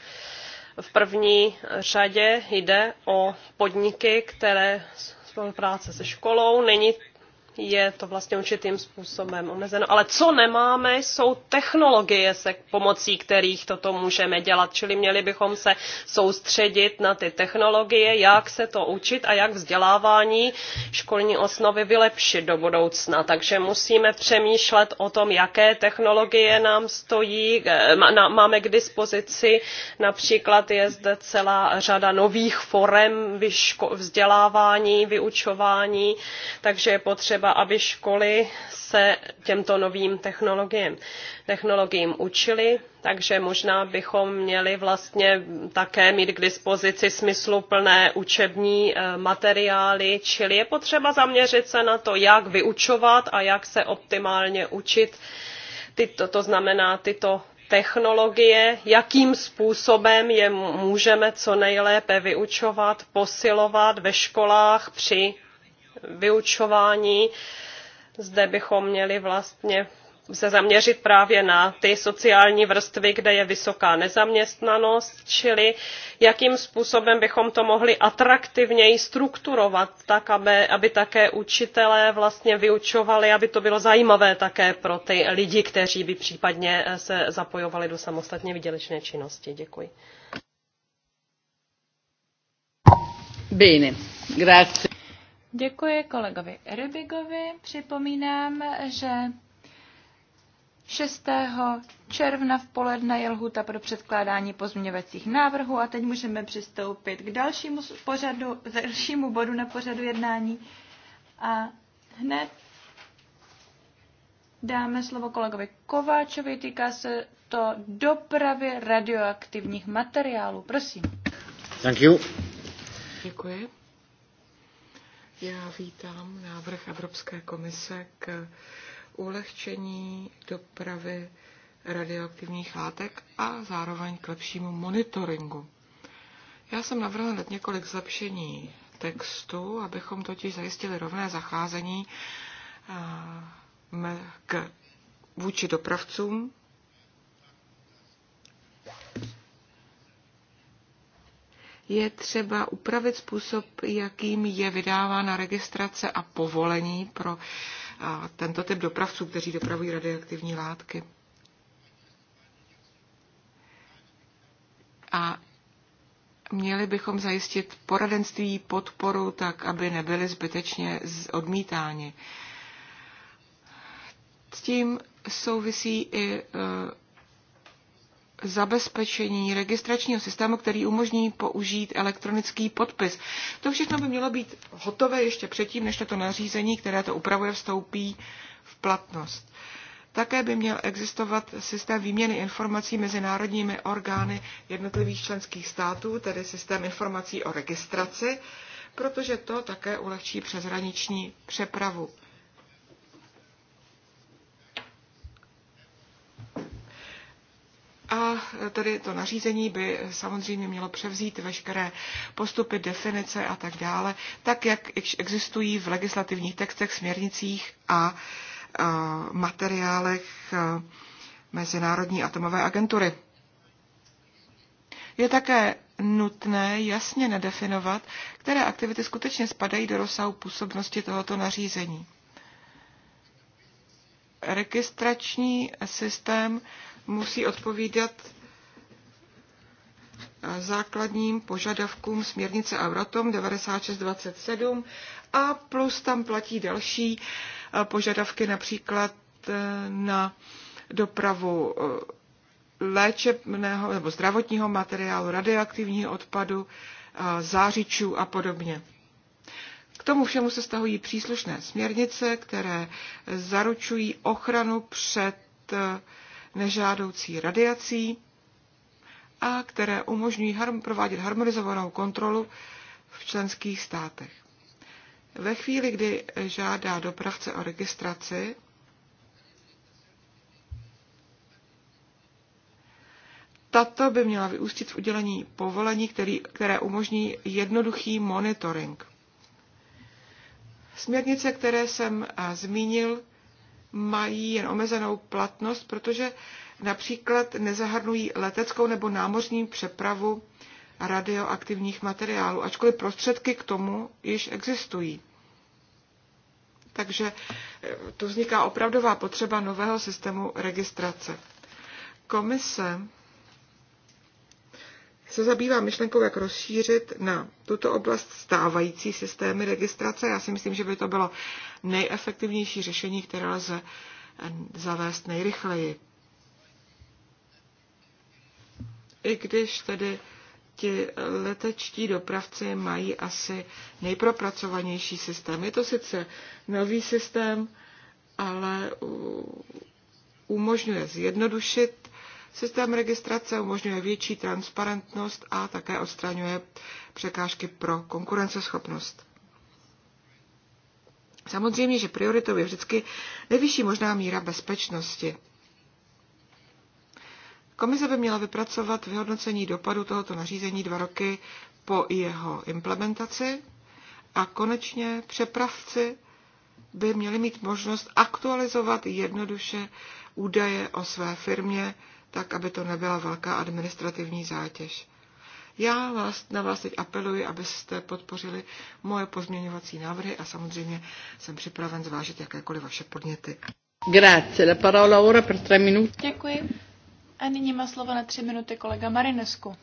V první řadě jde o podniky, které spolupráce se školou. Není je to vlastně určitým způsobem omezeno. Ale co nemáme, jsou technologie, se pomocí kterých toto můžeme dělat. Čili měli bychom se soustředit na ty technologie, jak se to učit a jak vzdělávání školní osnovy vylepšit do budoucna. Takže musíme přemýšlet o tom, jaké technologie nám stojí. Eh, máme k dispozici například je zde celá řada nových forem vzdělávání, vyučování, takže je potřeba třeba, aby školy se těmto novým technologiím, technologiím učily, takže možná bychom měli vlastně také mít k dispozici smysluplné učební eh, materiály, čili je potřeba zaměřit se na to, jak vyučovat a jak se optimálně učit. Tyto, to znamená tyto technologie, jakým způsobem je můžeme co nejlépe vyučovat, posilovat ve školách při vyučování. Zde bychom měli vlastně se zaměřit právě na ty sociální vrstvy, kde je vysoká nezaměstnanost, čili jakým způsobem bychom to mohli atraktivněji strukturovat, tak aby, aby také učitelé vlastně vyučovali, aby to bylo zajímavé také pro ty lidi, kteří by případně eh, se zapojovali do samostatně vydělečné činnosti. Děkuji. Bene, grazie. Děkuji kolegovi Rybigovi. Připomínám, že 6. června v poledne je lhuta pro předkládání pozměňovacích návrhů a teď můžeme přistoupit k dalšímu, pořadu, dalšímu bodu na pořadu jednání a hned dáme slovo kolegovi Kováčovi, týká se to dopravy radioaktivních materiálů. Prosím. Thank you. Děkuji. Já vítám návrh Evropské komise k ulehčení dopravy radioaktivních látek a zároveň k lepšímu monitoringu. Já jsem navrhla hned několik zlepšení textu, abychom totiž zajistili rovné zacházení k, vůči dopravcům je třeba upravit způsob, jakým je vydávána registrace a povolení pro tento typ dopravců, kteří dopravují radioaktivní látky. A měli bychom zajistit poradenství, podporu, tak aby nebyli zbytečně odmítáni. S tím souvisí i e, zabezpečení registračního systému, který umožní použít elektronický podpis. To všechno by mělo být hotové ještě předtím, než toto nařízení, které to upravuje, vstoupí v platnost. Také by měl existovat systém výměny informací mezi národními orgány jednotlivých členských států, tedy systém informací o registraci, protože to také ulehčí přeshraniční přepravu. A tedy to nařízení by samozřejmě mělo převzít veškeré postupy, definice a tak dále, tak jak existují v legislativních textech, směrnicích a materiálech Mezinárodní atomové agentury. Je také nutné jasně nedefinovat, které aktivity skutečně spadají do rozsahu působnosti tohoto nařízení. Registrační systém musí odpovídat základním požadavkům směrnice Euratom 9627 a plus tam platí další eh, požadavky například eh, na dopravu eh, léčebného nebo zdravotního materiálu, radioaktivního odpadu, zářičů a podobně. K tomu všemu se stahují příslušné směrnice, které zaručují ochranu před nežádoucí radiací a které umožňují provádět harmonizovanou kontrolu v členských státech. Ve chvíli, kdy žádá dopravce o registraci, Tato by měla vyústit v udělení povolení, který, které umožní jednoduchý monitoring. Směrnice, které jsem zmínil, mají jen omezenou platnost, protože například nezahrnují leteckou nebo námořní přepravu radioaktivních materiálů, ačkoliv prostředky k tomu již existují. Takže eh, tu vzniká opravdová potřeba nového systému registrace. Komise se zabývá myšlenkou, jak rozšířit na tuto oblast stávající systémy registrace. Já si myslím, že by to bylo nejefektivnější řešení, které lze eh, zavést nejrychleji. I když tedy ti letečtí dopravci mají asi nejpropracovanější systém. Je to sice nový systém, ale umožňuje zjednodušit Systém registrace umožňuje větší transparentnost a také odstraňuje překážky pro konkurenceschopnost. Samozřejmě, že prioritou je vždycky nejvyšší možná míra bezpečnosti. Komise by měla vypracovat vyhodnocení dopadu tohoto nařízení dva roky po jeho implementaci a konečně přepravci by měli mít možnost aktualizovat jednoduše údaje o své firmě tak aby to nebyla velká administrativní zátěž. Já vás, na vás teď apeluji, abyste podpořili moje pozměňovací návrhy a samozřejmě jsem připraven zvážit jakékoliv vaše podněty. Grazie, la parola ora per tre minuti. Děkuji. A nyní má slovo na tři minuty kolega Marinesku.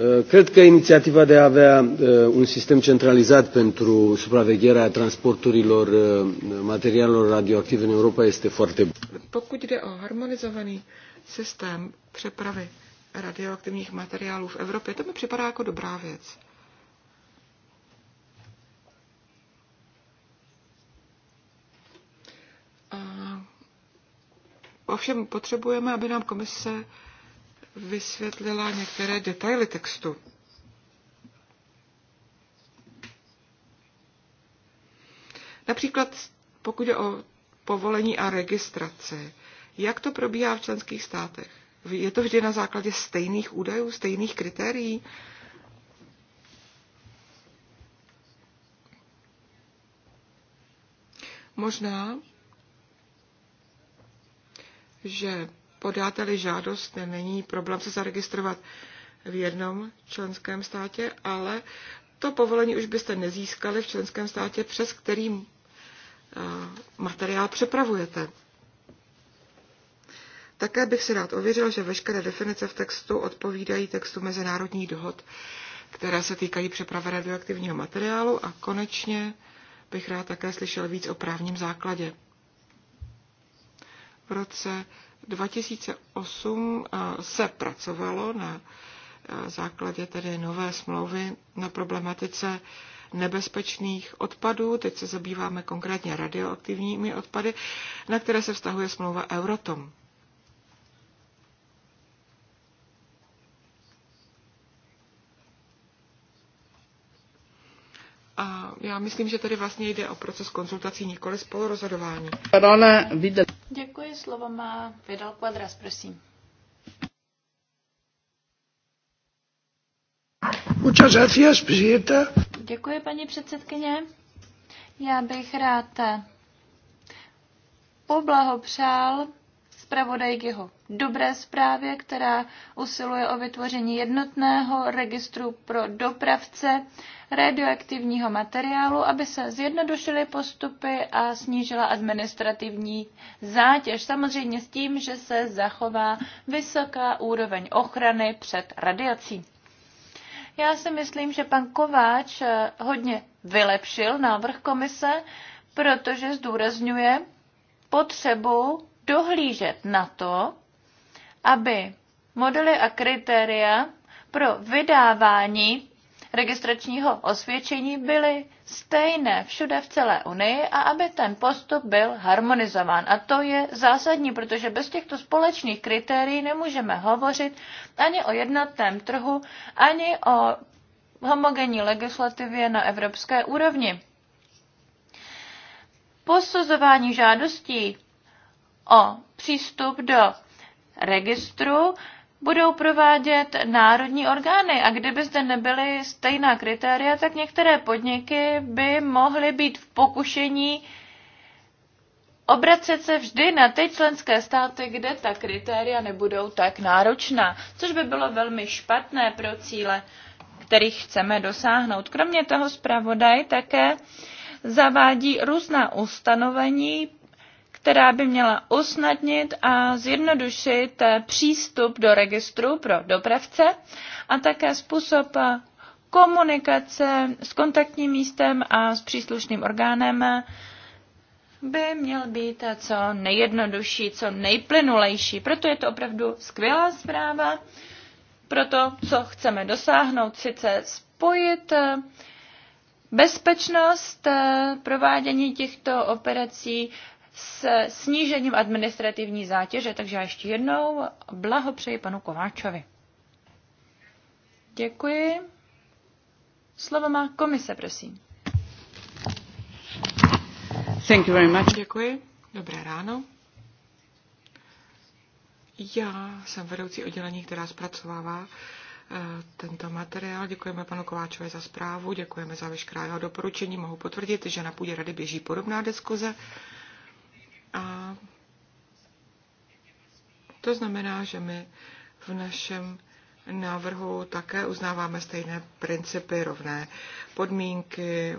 Eh, cred că inițiativa de a avea eh, un sistem centralizat pentru supravegherea transporturilor eh, materialelor radioactive în Europa este foarte bună. Pokud jde o harmonizovaný systém přepravy radioaktivních materiálů v Evropě, to mi připadá jako dobrá věc. ovšem potřebujeme, aby nám komise vysvětlila některé detaily textu. Například pokud je o povolení a registraci, jak to probíhá v členských státech? Je to vždy na základě stejných údajů, stejných kritérií? Možná, že podáte-li žádost, není problém se zaregistrovat v jednom členském státě, ale to povolení už byste nezískali v členském státě, přes kterým eh, materiál přepravujete. Také bych si rád ověřil, že veškeré definice v textu odpovídají textu mezinárodních dohod, které se týkají přepravy radioaktivního materiálu a konečně bych rád také slyšel víc o právním základě. V roce 2008 eh, se pracovalo na eh, základě tedy nové smlouvy na problematice nebezpečných odpadů. Teď se zabýváme konkrétně radioaktivními odpady, na které se vztahuje smlouva Euratom. já myslím, že tady vlastně jde o proces konzultací, nikoli spolurozhodování. Děkuji, slovo má Vidal Quadras, prosím. Děkuji, paní předsedkyně. Já bych rád poblahopřál zpravodaj k jeho dobré zprávě, která usiluje o vytvoření jednotného registru pro dopravce radioaktivního materiálu, aby se zjednodušily postupy a snížila administrativní zátěž. Samozřejmě s tím, že se zachová vysoká úroveň ochrany před radiací. Já si myslím, že pan Kováč eh, hodně vylepšil návrh komise, protože zdůrazňuje potřebu dohlížet na to, aby modely a kritéria pro vydávání registračního osvědčení byly stejné všude v celé Unii a aby ten postup byl harmonizován. A to je zásadní, protože bez těchto společných kritérií nemůžeme hovořit ani o jednotném trhu, ani o homogenní legislativě na evropské úrovni. Posuzování žádostí o přístup do registru budou provádět národní orgány a kdyby zde nebyly stejná kritéria, tak některé podniky by mohly být v pokušení obracet se vždy na ty členské státy, kde ta kritéria nebudou tak náročná, což by bylo velmi špatné pro cíle, kterých chceme dosáhnout. Kromě toho zpravodaj také zavádí různá ustanovení která by měla usnadnit a zjednodušit eh, přístup do registru pro dopravce a také způsob eh, komunikace s kontaktním místem a s příslušným orgánem eh, by měl být co nejjednodušší, co nejplynulejší. Proto je to opravdu skvělá zpráva pro to, co chceme dosáhnout, sice spojit bezpečnost provádění těchto operací s snížením administrativní zátěže. Takže já ještě jednou blahopřeji panu Kováčovi. Děkuji. Slovo má komise, prosím. Thank you very much. Děkuji. Dobré ráno. Já jsem vedoucí oddělení, která zpracovává eh, tento materiál. Děkujeme panu Kováčovi za zprávu, děkujeme za veškerá jeho doporučení. Mohu potvrdit, že na půdě rady běží podobná diskuze a to znamená, že my v našem návrhu také uznáváme stejné principy, rovné podmínky,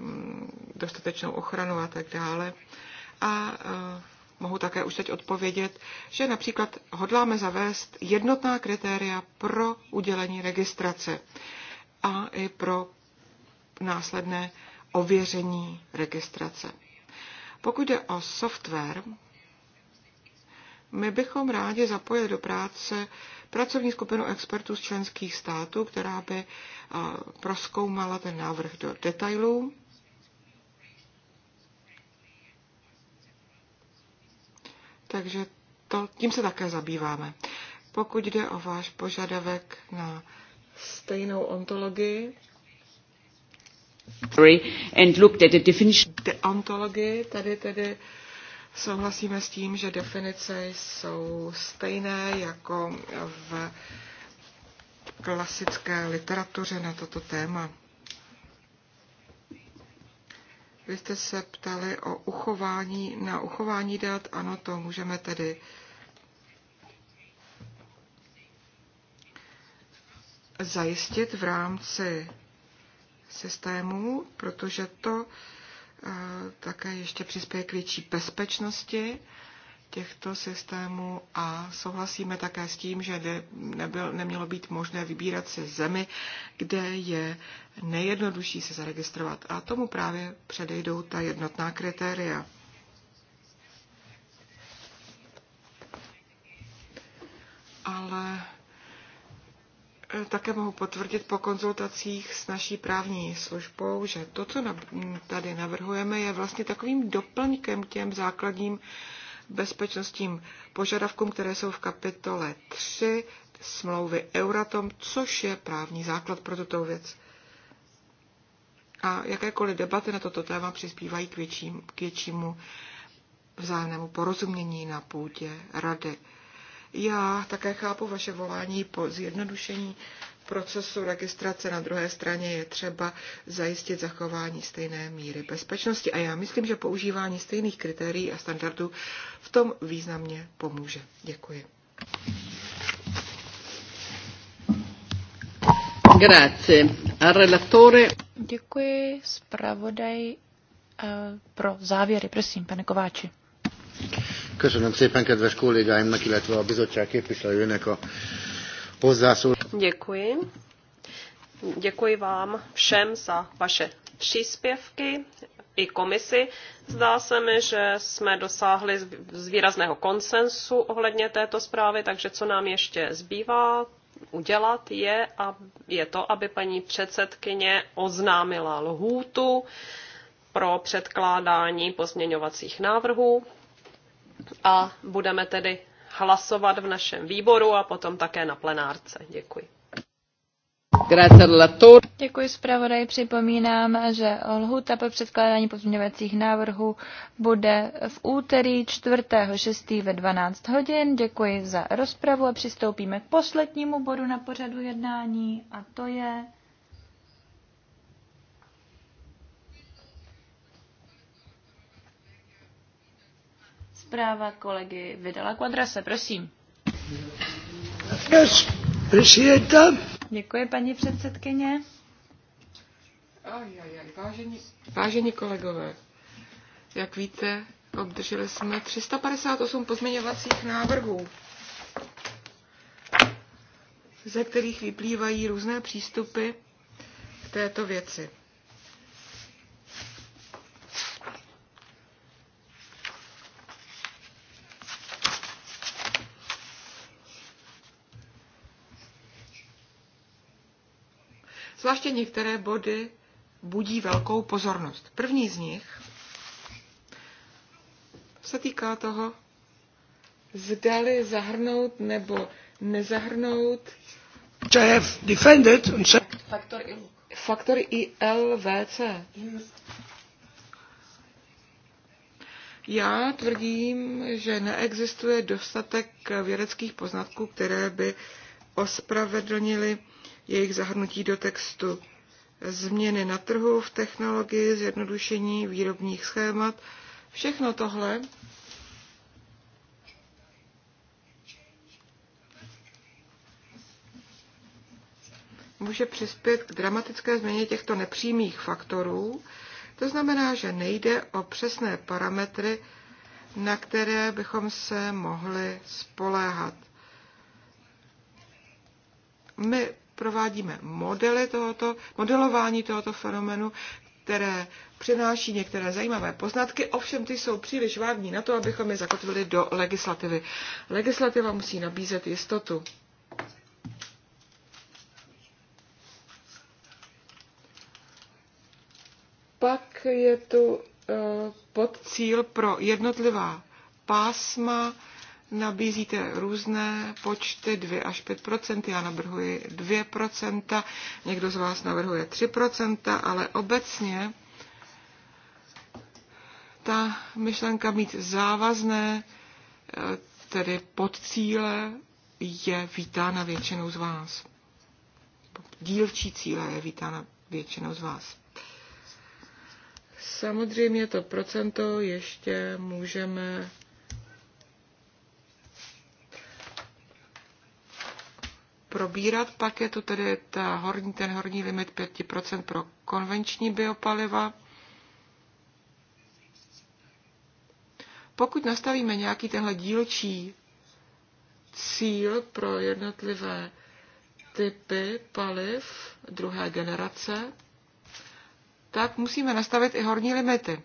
dostatečnou ochranu a tak dále. A e, mohu také už teď odpovědět, že například hodláme zavést jednotná kritéria pro udělení registrace a i pro následné ověření registrace. Pokud jde o software, my bychom rádi zapojili do práce pracovní skupinu expertů z členských států, která by eh, proskoumala ten návrh do detailů. Takže to, tím se také zabýváme. Pokud jde o váš požadavek na stejnou ontologii, and looked at the definition. ontology, tady tedy souhlasíme s tím, že definice jsou stejné jako v klasické literatuře na toto téma. Vy jste se ptali o uchování, na uchování dat, ano, to můžeme tedy zajistit v rámci systémů, protože to eh, také ještě přispěje k větší bezpečnosti těchto systémů a souhlasíme také s tím, že nebyl, nemělo být možné vybírat si zemi, kde je nejjednodušší se zaregistrovat. A tomu právě předejdou ta jednotná kritéria. Ale také mohu potvrdit po konzultacích s naší právní službou, že to, co tady navrhujeme, je vlastně takovým doplňkem těm základním bezpečnostním požadavkům, které jsou v kapitole 3 smlouvy Euratom, což je právní základ pro tuto věc. A jakékoliv debaty na toto téma přispívají k, větším, k většímu vzájemnému porozumění na půdě rady. Já také chápu vaše volání po zjednodušení procesu registrace. Na druhé straně je třeba zajistit zachování stejné míry bezpečnosti a já myslím, že používání stejných kritérií a standardů v tom významně pomůže. Děkuji. Grazie. A relatore... Děkuji. Zpravodaj eh, pro závěry. Prosím, pane Kováči. Köszönöm szépen kedves kollégáimnak, illetve a bizottság képviselőjének a hozzászólást. Děkuji. Děkuji vám všem za vaše příspěvky i komisi. Zdá se mi, že jsme dosáhli z výrazného konsensu ohledně této zprávy, takže co nám ještě zbývá udělat je, a je to, aby paní předsedkyně oznámila lhůtu pro předkládání pozměňovacích návrhů a budeme tedy hlasovat v našem výboru a potom také na plenárce. Děkuji. Děkuji zpravodaj. Připomínám, že lhuta po předkládání pozměňovacích návrhů bude v úterý 4.6. ve 12 hodin. Děkuji za rozpravu a přistoupíme k poslednímu bodu na pořadu jednání a to je Zpráva kolegy Vydala Quadrase, prosím. Děkuji, paní předsedkyně. Aj, aj, aj. Vážení, vážení kolegové, jak víte, obdrželi jsme 358 pozměňovacích návrhů, ze kterých vyplývají různé přístupy k této věci. Zvláště některé body budí velkou pozornost. První z nich se týká toho, zdali zahrnout nebo nezahrnout defended faktory, faktory ILVC. Já tvrdím, že neexistuje dostatek vědeckých poznatků, které by ospravedlnili jejich zahrnutí do textu. Změny na trhu, v technologii, zjednodušení výrobních schémat, všechno tohle může přispět k dramatické změně těchto nepřímých faktorů. To znamená, že nejde o přesné parametry, na které bychom se mohli spoléhat. My provádíme modely tohoto, modelování tohoto fenomenu, které přináší některé zajímavé poznatky, ovšem ty jsou příliš vágní na to, abychom je zakotvili do legislativy. Legislativa musí nabízet jistotu. Pak je tu uh, eh, podcíl pro jednotlivá pásma nabízíte různé počty 2 až 5 já navrhuji 2 někdo z vás navrhuje 3 ale obecně ta myšlenka mít závazné, eh, tedy pod cíle, je vítána většinou z vás. Dílčí cíle je vítána většinou z vás. Samozřejmě to procento ještě můžeme probírat. Pak je tu tedy ta horní, ten horní limit 5% pro konvenční biopaliva. Pokud nastavíme nějaký tenhle dílčí cíl pro jednotlivé typy paliv druhé generace, tak musíme nastavit i horní limity.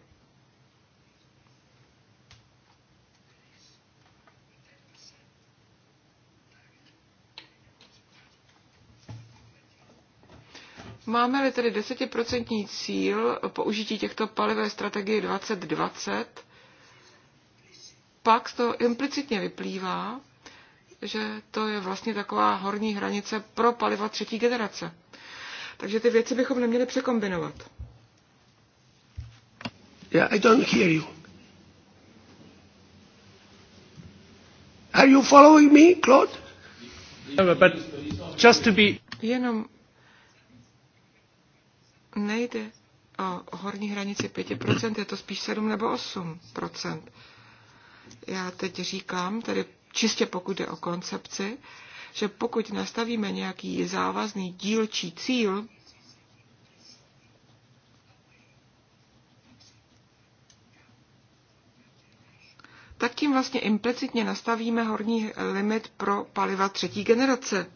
Máme-li tedy desetiprocentní cíl použití těchto paliv strategie strategii 2020, pak z toho implicitně vyplývá, že to je vlastně taková horní hranice pro paliva třetí generace. Takže ty věci bychom neměli překombinovat. Yeah, I don't hear you. Are you following me, Claude? Yeah, no, but just to be... Jenom nejde o horní hranici 5%, je to spíš 7 nebo 8%. Já teď říkám, tedy čistě pokud jde o koncepci, že pokud nastavíme nějaký závazný dílčí cíl, tak tím vlastně implicitně nastavíme horní limit pro paliva třetí generace.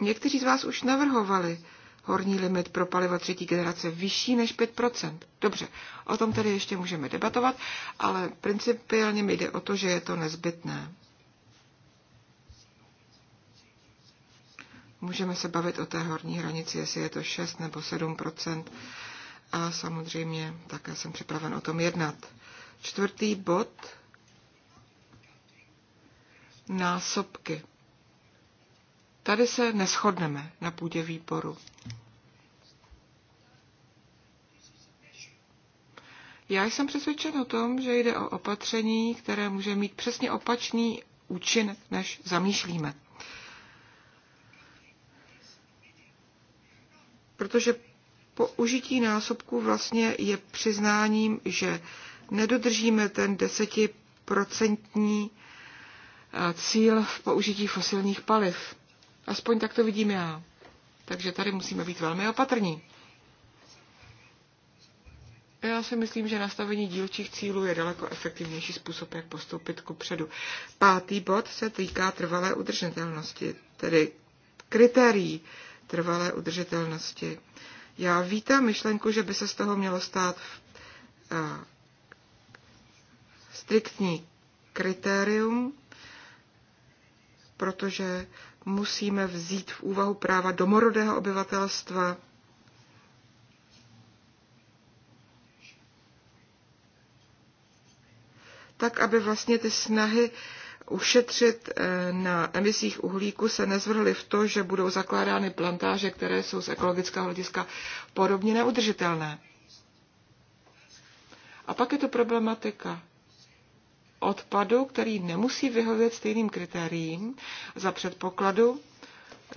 Někteří z vás už navrhovali horní limit pro paliva třetí generace vyšší než 5%. Dobře, o tom tedy ještě můžeme debatovat, ale principiálně mi jde o to, že je to nezbytné. Můžeme se bavit o té horní hranici, jestli je to 6 nebo 7 a samozřejmě také jsem připraven o tom jednat. Čtvrtý bod. Násobky. Tady se neschodneme na půdě výboru. Já jsem přesvědčen o tom, že jde o opatření, které může mít přesně opačný účinek, než zamýšlíme. Protože použití násobku vlastně je přiznáním, že nedodržíme ten desetiprocentní eh, cíl v použití fosilních paliv. Aspoň tak to vidím já. Takže tady musíme být velmi opatrní. Já si myslím, že nastavení dílčích cílů je daleko efektivnější způsob, jak postoupit ku předu. Pátý bod se týká trvalé udržitelnosti, tedy kritérií trvalé udržitelnosti. Já vítám myšlenku, že by se z toho mělo stát eh, striktní kritérium, protože musíme vzít v úvahu práva domorodého obyvatelstva, tak, aby vlastně ty snahy ušetřit eh, na emisích uhlíku se nezvrhly v to, že budou zakládány plantáže, které jsou z ekologického hlediska podobně neudržitelné. A pak je to problematika odpadu, který nemusí vyhovět stejným kritériím za předpokladu,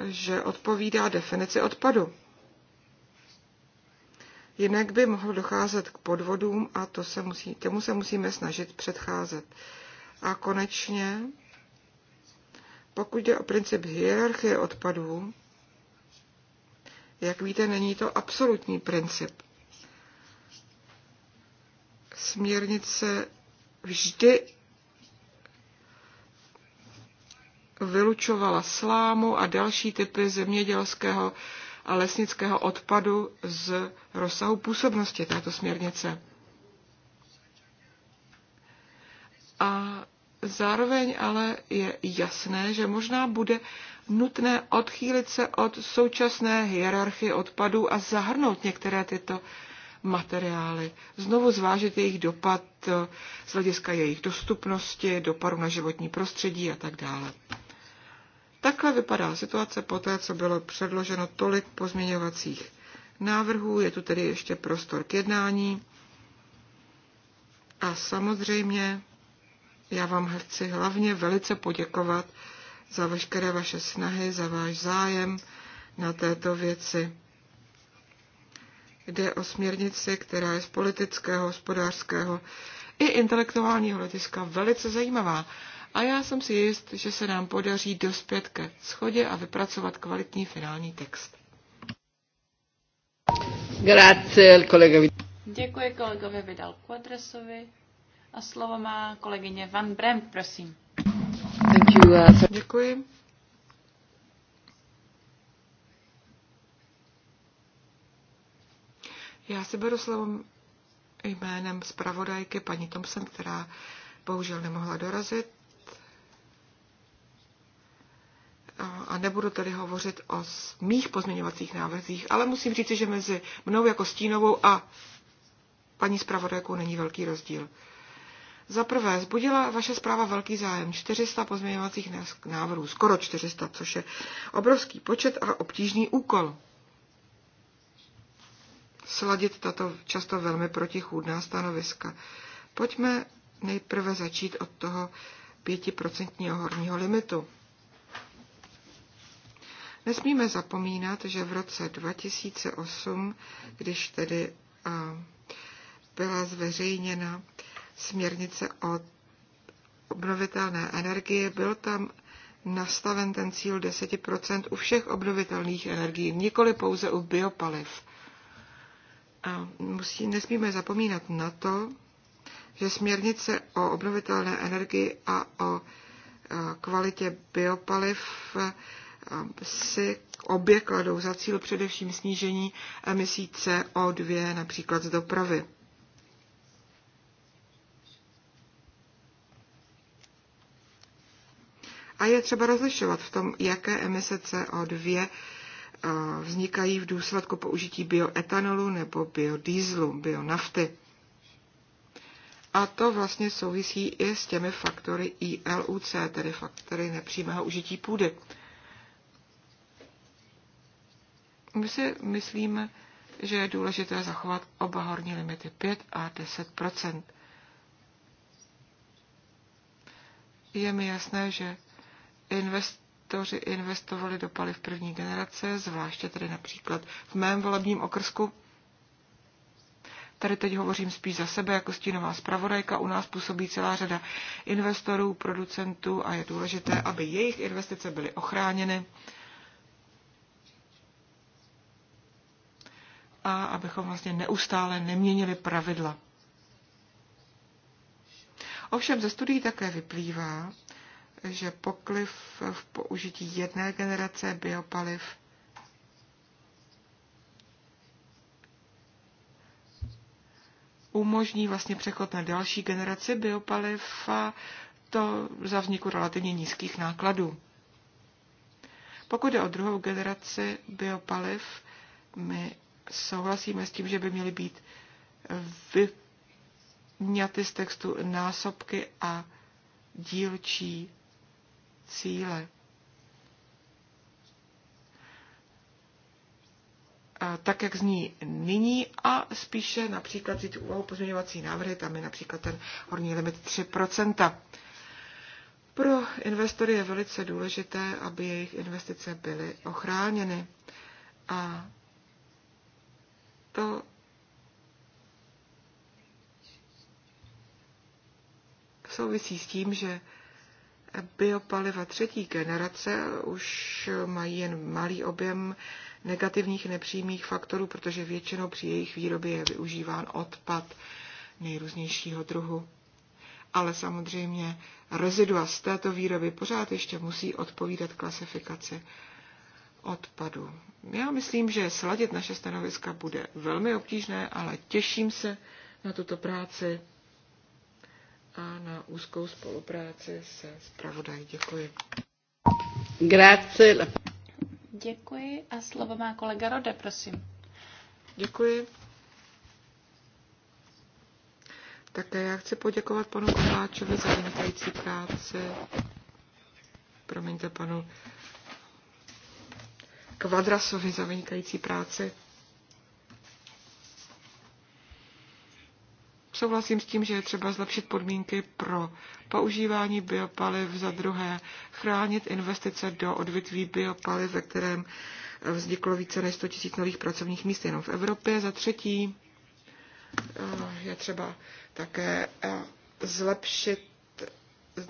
že odpovídá definici odpadu. Jinak by mohlo docházet k podvodům a to se musí, tomu se musíme snažit předcházet. A konečně, pokud jde o princip hierarchie odpadů, jak víte, není to absolutní princip. Směrnice vždy vylučovala slámu a další typy zemědělského a lesnického odpadu z rozsahu působnosti této směrnice. A zároveň ale je jasné, že možná bude nutné odchýlit se od současné hierarchie odpadů a zahrnout některé tyto materiály, znovu zvážit jejich dopad eh, z hlediska jejich dostupnosti, dopadu na životní prostředí a tak dále. Takhle vypadá situace poté, co bylo předloženo tolik pozměňovacích návrhů. Je tu tedy ještě prostor k jednání. A samozřejmě já vám chci hlavně velice poděkovat za veškeré vaše snahy, za váš zájem na této věci. Jde o směrnici, která je z politického, hospodářského i intelektuálního hlediska velice zajímavá. A já jsem si jist, že se nám podaří dospět ke schodě a vypracovat kvalitní finální text. Grazie, Děkuji kolegovi Vidal Quadresovi. A slovo má kolegyně Van Brem, prosím. Uh, Děkuji. Já si beru slovo jménem zpravodajky paní Thompson, která bohužel nemohla dorazit. A nebudu tedy hovořit o mých pozměňovacích návrzích, ale musím říci, že mezi mnou jako Stínovou a paní zpravodajkou není velký rozdíl. Za prvé, zbudila vaše zpráva velký zájem. 400 pozměňovacích návrhů, skoro 400, což je obrovský počet a obtížný úkol sladit tato často velmi protichůdná stanoviska. Pojďme nejprve začít od toho pětiprocentního horního limitu. Nesmíme zapomínat, že v roce 2008, když tedy byla zveřejněna směrnice o obnovitelné energie, byl tam nastaven ten cíl 10% u všech obnovitelných energií, nikoli pouze u biopaliv. A musí, nesmíme zapomínat na to, že směrnice o obnovitelné energii a o e, kvalitě biopaliv e, si obě kladou za cíl především snížení emisí CO2 například z dopravy. A je třeba rozlišovat v tom, jaké emise CO2 vznikají v důsledku použití bioetanolu nebo biodieslu, bionafty. A to vlastně souvisí i s těmi faktory ILUC, tedy faktory nepřímého užití půdy. My si myslíme, že je důležité zachovat oba horní limity 5 a 10 Je mi jasné, že invest, investoři investovali do paliv první generace, zvláště tedy například v mém volebním okrsku. Tady teď hovořím spíš za sebe jako stínová zpravodajka. U nás působí celá řada investorů, producentů a je důležité, aby jejich investice byly ochráněny. a abychom vlastně neustále neměnili pravidla. Ovšem ze studií také vyplývá, že pokliv v použití jedné generace biopaliv umožní vlastně přechod na další generaci biopaliv a to za vzniku relativně nízkých nákladů. Pokud je o druhou generaci biopaliv, my souhlasíme s tím, že by měly být vyňaty z textu násobky a dílčí cíle. tak, jak zní nyní a spíše například vzít úvahu pozměňovací návrhy, tam je například ten horní limit 3%. Pro investory je velice důležité, aby jejich investice byly ochráněny. A to souvisí s tím, že Biopaliva třetí generace už mají jen malý objem negativních nepřímých faktorů, protože většinou při jejich výrobě je využíván odpad nejrůznějšího druhu. Ale samozřejmě rezidua z této výroby pořád ještě musí odpovídat klasifikaci odpadu. Já myslím, že sladit naše stanoviska bude velmi obtížné, ale těším se na tuto práci a na úzkou spolupráci se zpravodají. Děkuji. Grazie. Děkuji a slovo má kolega Rode, prosím. Děkuji. Také já chci poděkovat panu Kováčovi za vynikající práci. Promiňte panu Kvadrasovi za vynikající práci. Souhlasím s tím, že je třeba zlepšit podmínky pro používání biopaliv, za druhé chránit investice do odvětví biopaliv, ve kterém vzniklo více než 100 000 nových pracovních míst jenom v Evropě, za třetí eh, je třeba také eh, zlepšit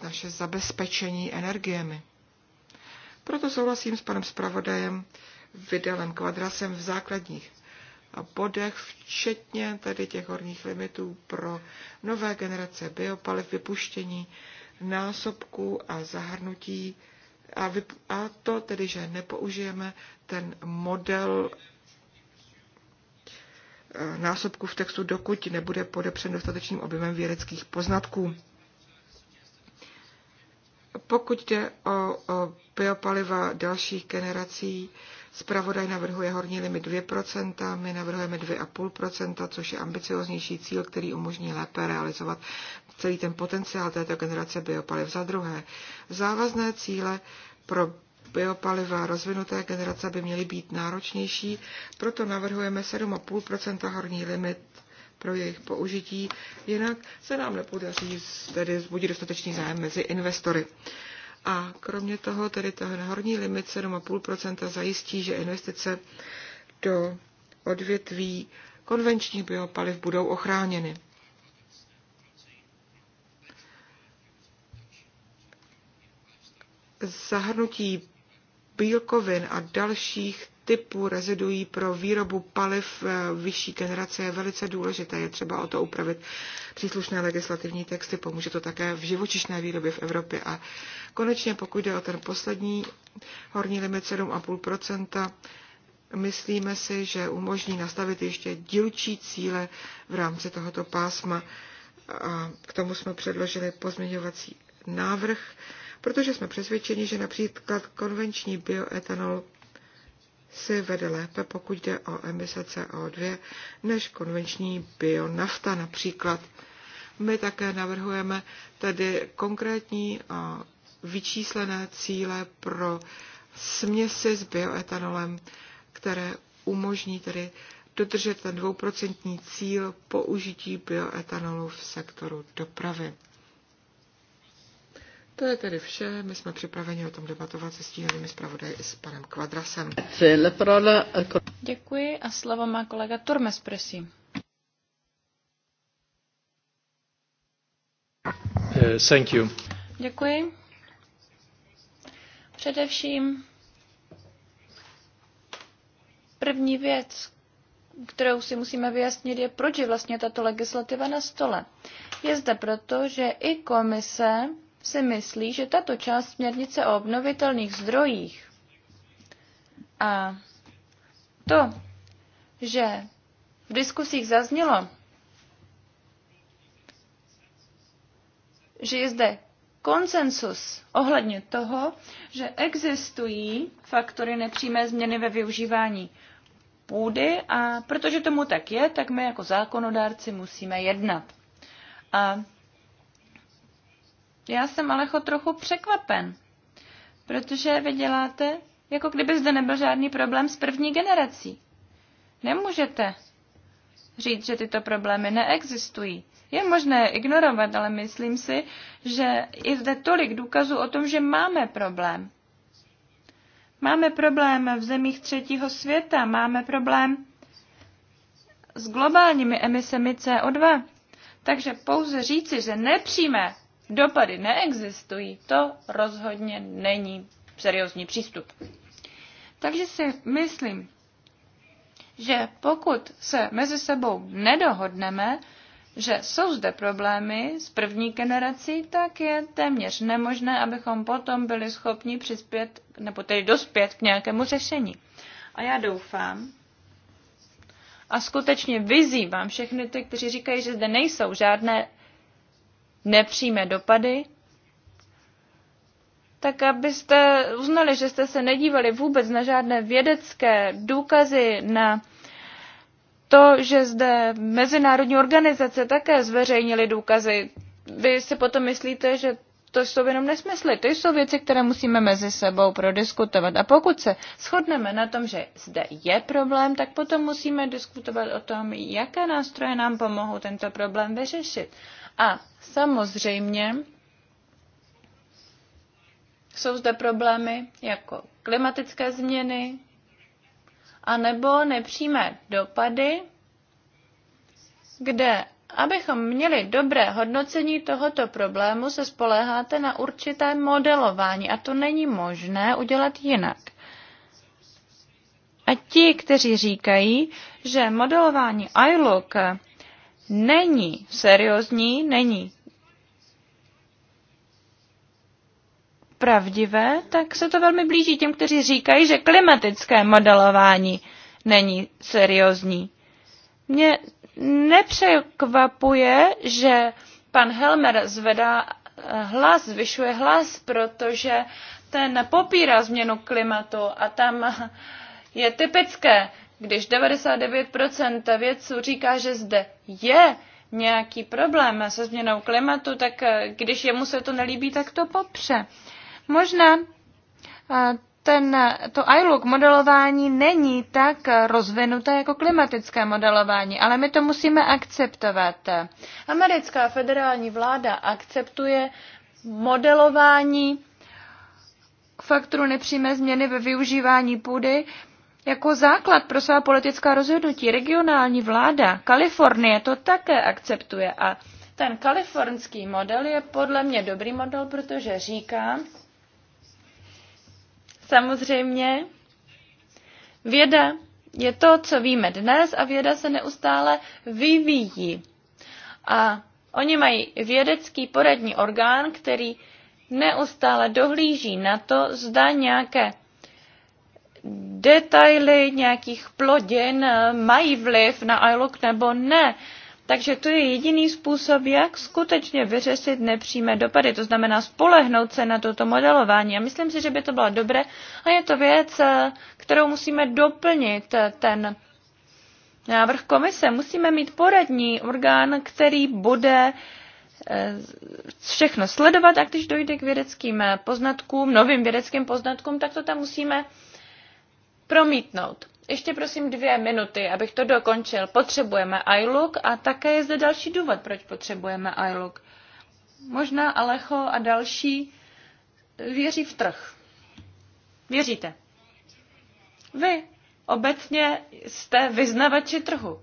naše zabezpečení energiemi. Proto souhlasím s panem zpravodajem Videlem Kvadrasem v základních bodech, včetně tedy těch horních limitů pro nové generace biopaliv, vypuštění násobků a zahrnutí a, vyp- a to tedy, že nepoužijeme ten model e, násobku v textu, dokud nebude podepřen dostatečným objemem vědeckých poznatků. Pokud jde o, o biopaliva dalších generací, Spravodaj navrhuje horní limit 2%, my navrhujeme 2,5%, což je ambicioznější cíl, který umožní lépe realizovat celý ten potenciál této generace biopaliv. Za druhé, závazné cíle pro biopaliva rozvinuté generace by měly být náročnější, proto navrhujeme 7,5% horní limit pro jejich použití, jinak se nám nepodaří tedy zbudit dostatečný zájem mezi investory. A kromě toho tedy ten horní limit 7,5% zajistí, že investice do odvětví konvenčních biopaliv budou ochráněny. Zahrnutí bílkovin a dalších Typu rezidují pro výrobu paliv eh, vyšší generace je velice důležité. Je třeba o to upravit příslušné legislativní texty. Pomůže to také v živočišné výrobě v Evropě. A konečně, pokud jde o ten poslední horní limit 7,5 myslíme si, že umožní nastavit ještě dílčí cíle v rámci tohoto pásma. A k tomu jsme předložili pozměňovací návrh, protože jsme přesvědčeni, že například konvenční bioetanol si vede lépe, pokud jde o emise CO2, než konvenční bionafta například. My také navrhujeme tedy konkrétní vyčíslené cíle pro směsi s bioetanolem, které umožní tedy dodržet ten dvouprocentní cíl použití bioetanolu v sektoru dopravy. To je tedy vše. My jsme připraveni o tom debatovat se stíhanými zpravodaji i s panem Kvadrasem. Děkuji a slovo má kolega Turmes, prosím. Eh, thank you. Děkuji. Především první věc, kterou si musíme vyjasnit, je, proč je vlastně tato legislativa na stole. Je zde proto, že i komise si myslí, že tato část směrnice o obnovitelných zdrojích a to, že v diskusích zaznělo, že je zde konsensus ohledně toho, že existují faktory nepřímé změny ve využívání půdy a protože tomu tak je, tak my jako zákonodárci musíme jednat. A já jsem Alecho trochu překvapen, protože vy děláte, jako kdyby zde nebyl žádný problém s první generací. Nemůžete říct, že tyto problémy neexistují. Je možné je ignorovat, ale myslím si, že je zde tolik důkazů o tom, že máme problém. Máme problém v zemích třetího světa, máme problém s globálními emisemi CO2. Takže pouze říci, že nepřímé dopady neexistují, to rozhodně není seriózní přístup. Takže si myslím, že pokud se mezi sebou nedohodneme, že jsou zde problémy s první generací, tak je téměř nemožné, abychom potom byli schopni přispět, nebo tedy dospět k nějakému řešení. A já doufám, a skutečně vyzývám všechny ty, kteří říkají, že zde nejsou žádné nepřímé dopady, tak abyste uznali, že jste se nedívali vůbec na žádné vědecké důkazy, na to, že zde mezinárodní organizace také zveřejnily důkazy. Vy si potom myslíte, že to jsou jenom nesmysly. To jsou věci, které musíme mezi sebou prodiskutovat. A pokud se shodneme na tom, že zde je problém, tak potom musíme diskutovat o tom, jaké nástroje nám pomohou tento problém vyřešit. A samozřejmě jsou zde problémy jako klimatické změny, a nebo nepřímé dopady, kde, abychom měli dobré hodnocení tohoto problému, se spoléháte na určité modelování a to není možné udělat jinak. A ti, kteří říkají, že modelování iLook není seriózní, není pravdivé, tak se to velmi blíží těm, kteří říkají, že klimatické modelování není seriózní. Mě nepřekvapuje, že pan Helmer zvedá eh, hlas, zvyšuje hlas, protože ten popírá změnu klimatu a tam je typické, když 99% vědců říká, že zde je nějaký problém se změnou klimatu, tak eh, když jemu se to nelíbí, tak to popře. Možná eh, ten, eh, to iLook modelování není tak rozvinuté jako klimatické modelování, ale my to musíme akceptovat. Americká federální vláda akceptuje modelování k faktoru nepřímé změny ve využívání půdy jako základ pro svá politická rozhodnutí. Regionální vláda Kalifornie to také akceptuje a ten kalifornský model je podle mě dobrý model, protože říká, samozřejmě, věda je to, co víme dnes a věda se neustále vyvíjí. A oni mají vědecký poradní orgán, který neustále dohlíží na to, zda nějaké detaily nějakých plodin eh, mají vliv na iLook nebo ne. Takže to je jediný způsob, jak skutečně vyřešit nepřímé dopady, to znamená spolehnout se na toto modelování. A myslím si, že by to bylo dobré a je to věc, eh, kterou musíme doplnit eh, ten návrh komise. Musíme mít poradní orgán, který bude všechno sledovat a když dojde k vědeckým poznatkům, novým vědeckým poznatkům, tak to tam musíme promítnout. Ještě prosím dvě minuty, abych to dokončil. Potřebujeme iLook a také je zde další důvod, proč potřebujeme iLook. Možná Alecho a další eh, věří v trh. Věříte? Vy obecně jste vyznavači trhu.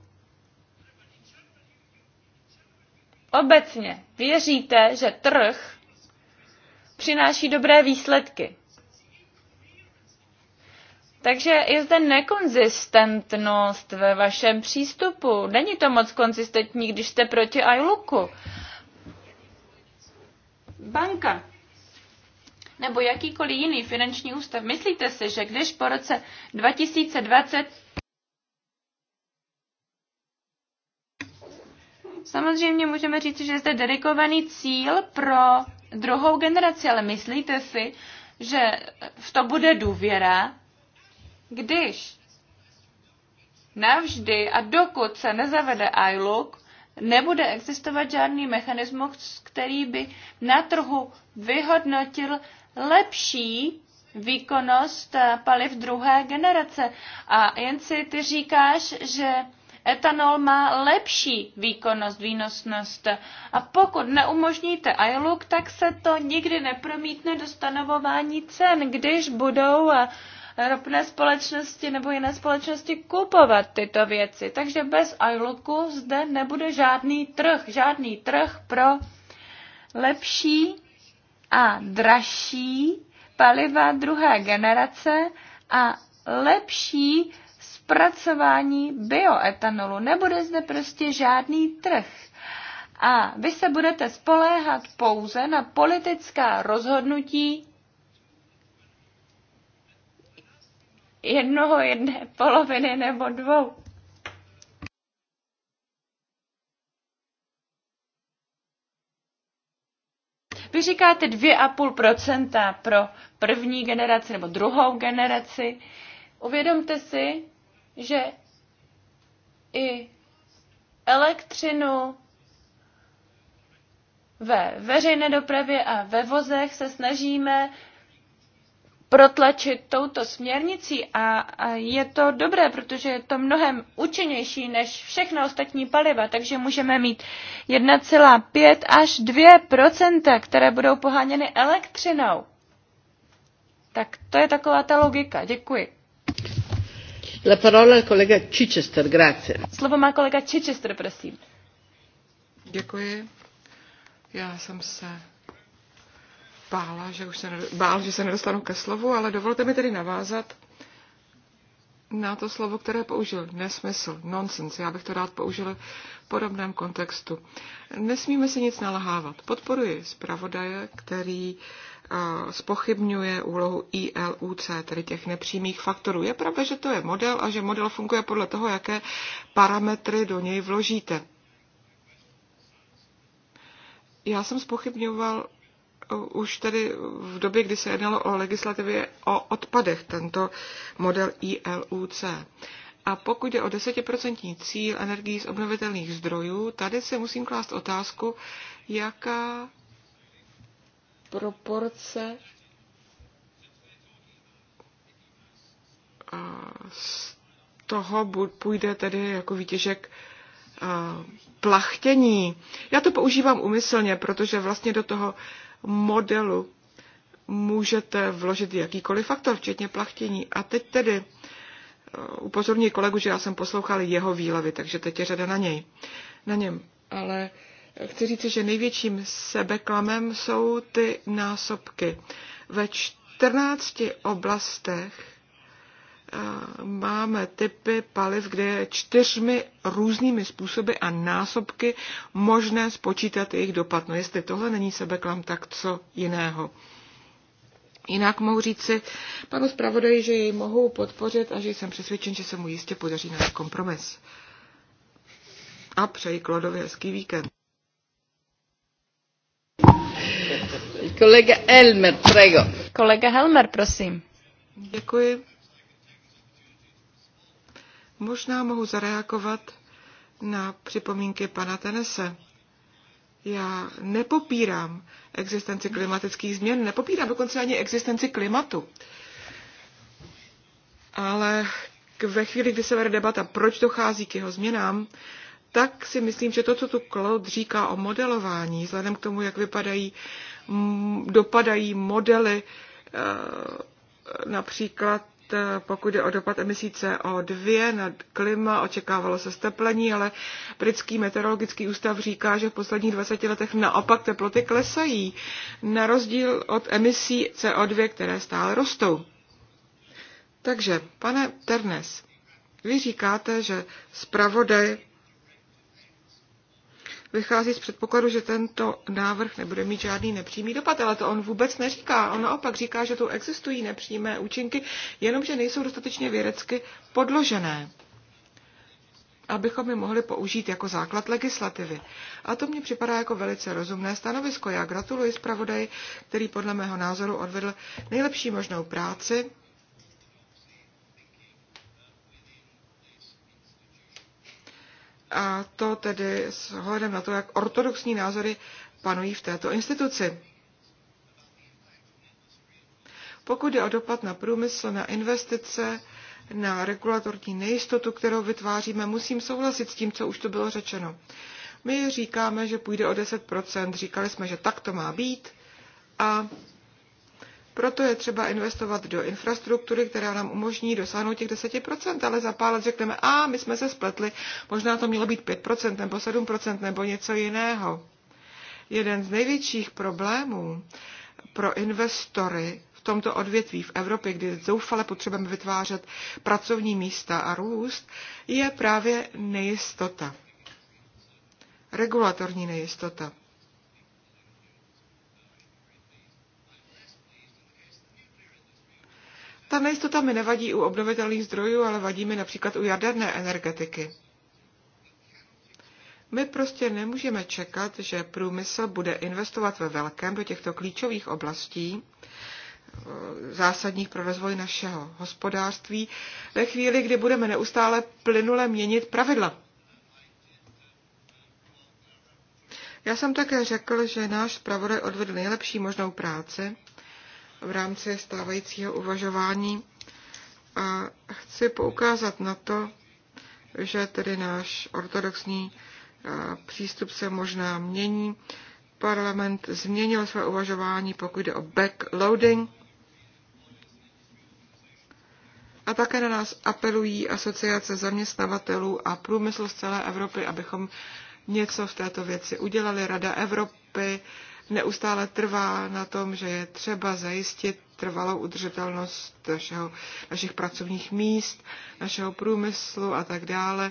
Obecně věříte, že trh přináší dobré výsledky. Takže je zde nekonzistentnost ve vašem přístupu. Není to moc konzistentní, když jste proti iLooku. Banka nebo jakýkoliv jiný finanční ústav. Myslíte si, že když po roce 2020 Samozřejmě můžeme říct, že je zde dedikovaný cíl pro druhou generaci, ale myslíte si, že v to bude důvěra, když navždy a dokud se nezavede iLook, nebude existovat žádný mechanismus, který by na trhu vyhodnotil lepší výkonnost eh, paliv druhé generace. A jen si ty říkáš, že etanol má lepší výkonnost, výnosnost. A pokud neumožníte iLook, tak se to nikdy nepromítne do stanovování cen, když budou eh, ropné společnosti nebo jiné společnosti kupovat tyto věci. Takže bez iLooku zde nebude žádný trh, žádný trh pro lepší a dražší paliva druhé generace a lepší zpracování bioetanolu. Nebude zde prostě žádný trh. A vy se budete spoléhat pouze na politická rozhodnutí jednoho, jedné poloviny nebo dvou. Vy říkáte 2,5% pro první generaci nebo druhou generaci. Uvědomte si, že i elektřinu ve veřejné dopravě a ve vozech se snažíme protlačit touto směrnicí a, a je to dobré, protože je to mnohem účinnější než všechna ostatní paliva, takže můžeme mít 1,5 až 2 které budou poháněny elektřinou. Tak to je taková ta logika. Děkuji. La parola kolega Chichester, grazie. Slovo má kolega Chichester, prosím. Děkuji. Já jsem se bála, že už se, bál, že se nedostanu ke slovu, ale dovolte mi tedy navázat na to slovo, které použil. Nesmysl, nonsense, já bych to rád použil v podobném kontextu. Nesmíme si nic nalahávat. Podporuji zpravodaje, který eh, spochybňuje úlohu ILUC, tedy těch nepřímých faktorů. Je pravda, že to je model a že model funguje podle toho, jaké parametry do něj vložíte. Já jsem spochybňoval Eh, už tedy v době, kdy se jednalo o legislativě o odpadech, tento model ILUC. A pokud je o desetiprocentní cíl energií z obnovitelných zdrojů, tady si musím klást otázku, jaká proporce eh, z toho půjde tedy jako výtěžek eh, plachtění. Já to používám umyslně, protože vlastně do toho modelu můžete vložit jakýkoliv faktor, včetně plachtění. A teď tedy eh, upozorní kolegu, že já jsem poslouchal jeho výlevy, takže teď je řada na něj. Na něm. Ale chci říct, že největším sebeklamem jsou ty násobky. Ve 14 oblastech máme typy paliv, kde je čtyřmi různými způsoby a násobky možné spočítat jejich dopad. No jestli tohle není sebeklam, tak co jiného. Jinak mohu říci panu zpravodaji, že jej mohu podpořit a že jsem přesvědčen, že se mu jistě podaří na kompromis. A přeji Klodovi hezký víkend. Kolega Elmer, prego. Kolega Helmer, prosím. Děkuji. Možná mohu zareagovat na připomínky pana Tenese. Já nepopírám existenci klimatických změn, nepopírám dokonce ani existenci klimatu. Ale ve chvíli, kdy se vede debata, proč dochází k jeho změnám, tak si myslím, že to, co tu Claude říká o modelování, vzhledem k tomu, jak vypadají, dopadají modely eh, například Eh, pokud je o dopad emisí CO2 na klima, očekávalo se steplení, ale britský meteorologický ústav říká, že v posledních 20 letech naopak teploty klesají, na rozdíl od emisí CO2, které stále rostou. Takže, pane Ternes, vy říkáte, že zpravodaj vychází z předpokladu, že tento návrh nebude mít žádný nepřímý dopad, ale to on vůbec neříká. On naopak říká, že tu existují nepřímé účinky, jenomže nejsou dostatečně vědecky podložené abychom je mohli použít jako základ legislativy. A to mně připadá jako velice rozumné stanovisko. Já gratuluji zpravodaji, který podle mého názoru odvedl nejlepší možnou práci A to tedy s ohledem na to, jak ortodoxní názory panují v této instituci. Pokud je o dopad na průmysl, na investice, na regulatorní nejistotu, kterou vytváříme, musím souhlasit s tím, co už tu bylo řečeno. My říkáme, že půjde o 10%, říkali jsme, že tak to má být a proto je třeba investovat do infrastruktury, která nám umožní dosáhnout těch 10%, ale za pár let řekneme, a my jsme se spletli, možná to mělo být 5% nebo 7% nebo něco jiného. Jeden z největších problémů pro investory v tomto odvětví v Evropě, kdy zoufale potřebujeme vytvářet pracovní místa a růst, je právě nejistota. Regulatorní nejistota. Ta nejistota mi nevadí u obnovitelných zdrojů, ale vadí mi například u jaderné energetiky. My prostě nemůžeme čekat, že průmysl bude investovat ve velkém do těchto klíčových oblastí, eh, zásadních pro rozvoj našeho hospodářství, ve chvíli, kdy budeme neustále plynule měnit pravidla. Já jsem také řekl, že náš zpravodaj odvedl nejlepší možnou práci v rámci stávajícího uvažování. A chci poukázat na to, že tedy náš ortodoxní přístup se možná mění. Parlament změnil své uvažování, pokud jde o backloading. A také na nás apelují asociace zaměstnavatelů a průmysl z celé Evropy, abychom něco v této věci udělali. Rada Evropy neustále trvá na tom, že je třeba zajistit trvalou udržitelnost našeho, našich pracovních míst, našeho průmyslu a tak dále. E,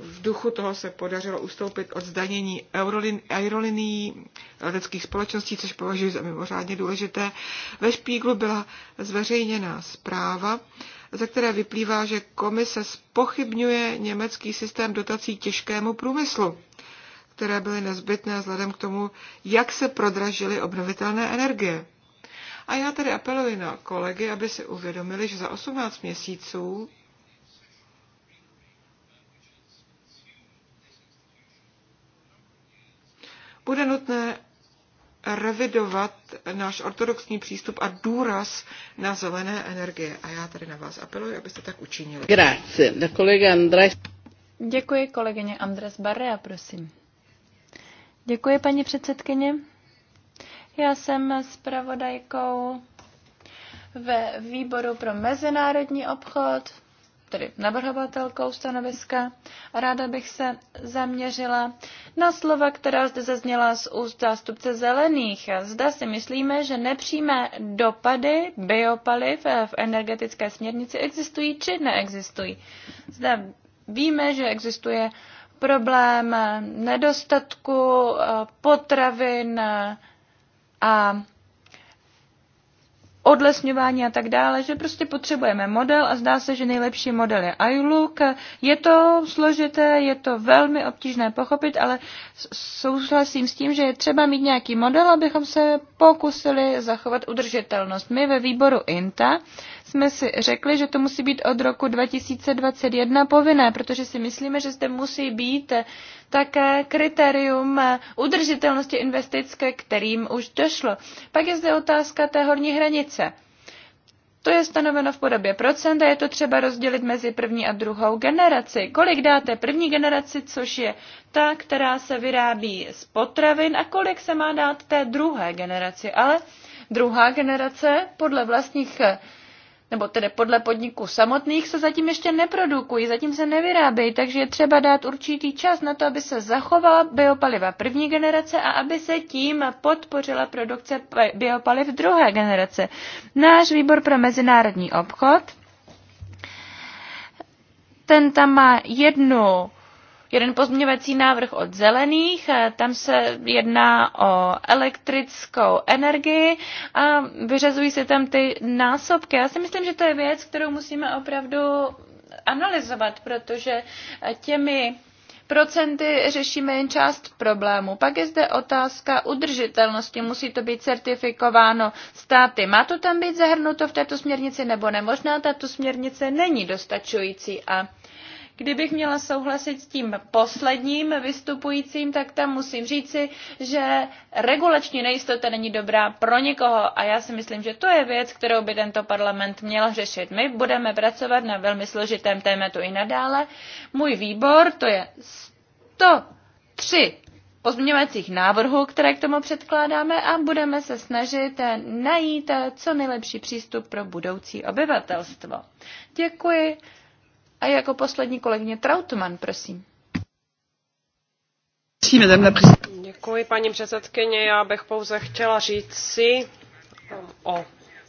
v duchu toho se podařilo ustoupit od zdanění aeroliní leteckých společností, což považuji za mimořádně důležité. Ve Špíglu byla zveřejněná zpráva, ze které vyplývá, že komise spochybňuje německý systém dotací těžkému průmyslu které byly nezbytné vzhledem k tomu, jak se prodražily obnovitelné energie. A já tedy apeluji na kolegy, aby si uvědomili, že za 18 měsíců bude nutné revidovat náš ortodoxní přístup a důraz na zelené energie. A já tady na vás apeluji, abyste tak učinili. Grazie. kolega Děkuji kolegyně Andres Barrea, prosím. Děkuji, paní předsedkyně. Já jsem zpravodajkou ve výboru pro mezinárodní obchod, tedy navrhovatelkou stanoviska. A ráda bych se zaměřila na slova, která zde zazněla z úst zástupce zelených. Zda si myslíme, že nepřímé dopady biopaliv v energetické směrnici existují či neexistují. Zda víme, že existuje problém nedostatku eh, potravin eh, a odlesňování a tak dále, že prostě potřebujeme model a zdá se, že nejlepší model je iLook. Je to složité, je to velmi obtížné pochopit, ale souhlasím s tím, že je třeba mít nějaký model, abychom se pokusili zachovat udržitelnost. My ve výboru INTA jsme si řekli, že to musí být od roku 2021 povinné, protože si myslíme, že zde musí být také kritérium udržitelnosti investic, ke kterým už došlo. Pak je zde otázka té horní hranice. To je stanoveno v podobě procenta. je to třeba rozdělit mezi první a druhou generaci. Kolik dáte první generaci, což je ta, která se vyrábí z potravin, a kolik se má dát té druhé generaci. Ale druhá generace podle vlastních nebo tedy podle podniků samotných, se zatím ještě neprodukují, zatím se nevyrábějí, takže je třeba dát určitý čas na to, aby se zachovala biopaliva první generace a aby se tím podpořila produkce biopaliv druhé generace. Náš výbor pro mezinárodní obchod, ten tam má jednu jeden pozměňovací návrh od zelených, eh, tam se jedná o elektrickou energii a vyřazují se tam ty násobky. Já si myslím, že to je věc, kterou musíme opravdu analyzovat, protože eh, těmi procenty řešíme jen část problému. Pak je zde otázka udržitelnosti. Musí to být certifikováno státy. Má to tam být zahrnuto v této směrnici nebo ne? Možná tato směrnice není dostačující a Kdybych měla souhlasit s tím posledním vystupujícím, tak tam musím říci, že regulační nejistota není dobrá pro nikoho a já si myslím, že to je věc, kterou by tento parlament měl řešit. My budeme pracovat na velmi složitém tématu i nadále. Můj výbor, to je 103 pozměňovacích návrhů, které k tomu předkládáme a budeme se snažit najít co nejlepší přístup pro budoucí obyvatelstvo. Děkuji a jako poslední kolegyně Trautmann, prosím. Děkuji, paní předsedkyně. Já bych pouze chtěla říct si o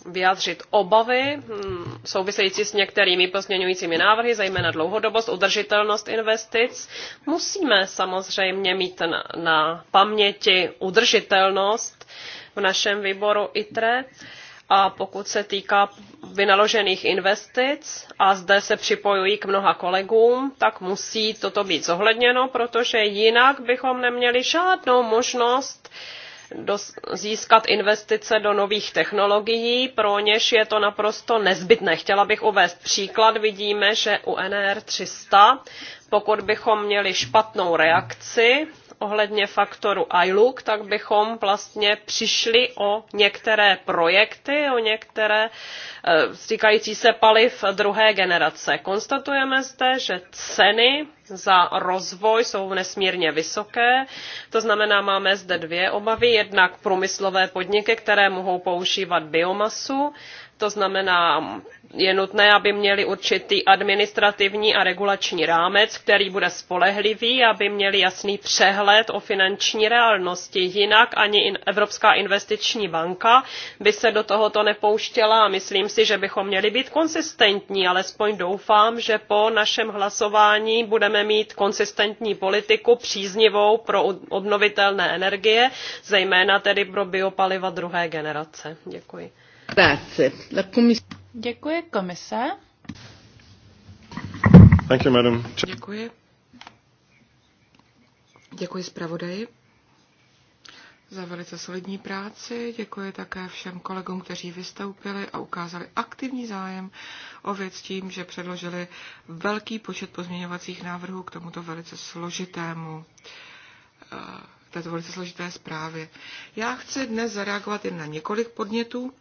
vyjádřit obavy hm, související s některými pozměňujícími návrhy, zejména dlouhodobost, udržitelnost investic. Musíme samozřejmě mít na, na paměti udržitelnost v našem výboru ITRE. Uh, a pokud se týká vynaložených investic, a zde se připojují k mnoha kolegům, tak musí toto být zohledněno, protože jinak bychom neměli žádnou možnost získat investice do nových technologií, pro něž je to naprosto nezbytné. Chtěla bych uvést příklad. Vidíme, že u NR300, pokud bychom měli špatnou reakci, ohledně faktoru iLook, tak bychom vlastně přišli o některé projekty, o některé eh, stýkající se paliv druhé generace. Konstatujeme zde, že ceny za rozvoj jsou nesmírně vysoké. To znamená, máme zde dvě obavy. Jednak průmyslové podniky, které mohou používat biomasu to znamená, je nutné, aby měli určitý administrativní a regulační rámec, který bude spolehlivý, aby měli jasný přehled o finanční reálnosti. Jinak ani Evropská investiční banka by se do tohoto nepouštěla a myslím si, že bychom měli být konsistentní, alespoň doufám, že po našem hlasování budeme mít konsistentní politiku příznivou pro obnovitelné energie, zejména tedy pro biopaliva druhé generace. Děkuji. Děkuji, komise. Thank you, madam. Děkuji. Děkuji zpravodaji za velice solidní práci. Děkuji také všem kolegům, kteří vystoupili a ukázali aktivní zájem o věc tím, že předložili velký počet pozměňovacích návrhů k tomuto velice složitému eh, této velice složité zprávě. Já chci dnes zareagovat jen na několik podnětů,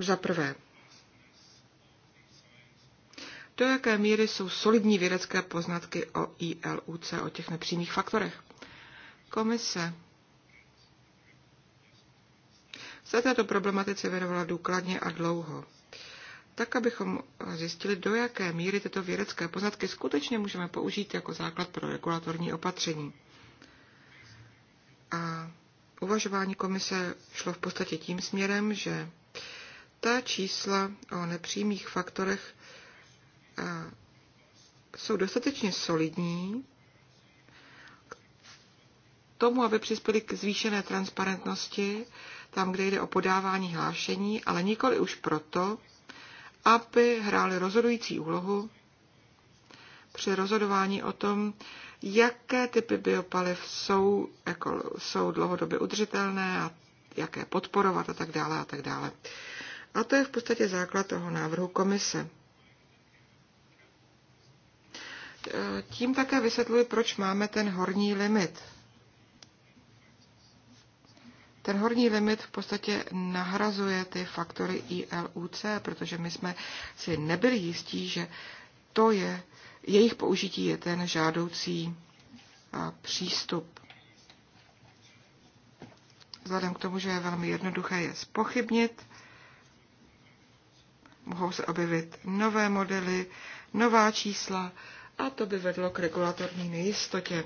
za prvé, do jaké míry jsou solidní vědecké poznatky o ILUC, o těch nepřímých faktorech? Komise se této problematice věnovala důkladně a dlouho, tak abychom zjistili, do jaké míry tyto vědecké poznatky skutečně můžeme použít jako základ pro regulatorní opatření. A uvažování komise šlo v podstatě tím směrem, že ta čísla o nepřímých faktorech eh, jsou dostatečně solidní k tomu, aby přispěli k zvýšené transparentnosti tam, kde jde o podávání hlášení, ale nikoli už proto, aby hráli rozhodující úlohu při rozhodování o tom, jaké typy biopaliv jsou, jako, jsou dlouhodobě udržitelné a jaké podporovat a tak dále a tak dále. A to je v podstatě základ toho návrhu komise. Tím také vysvětluji, proč máme ten horní limit. Ten horní limit v podstatě nahrazuje ty faktory ILUC, protože my jsme si nebyli jistí, že to je, jejich použití je ten žádoucí přístup. Vzhledem k tomu, že je velmi jednoduché je spochybnit, mohou se objevit nové modely, nová čísla a to by vedlo k regulatorní nejistotě.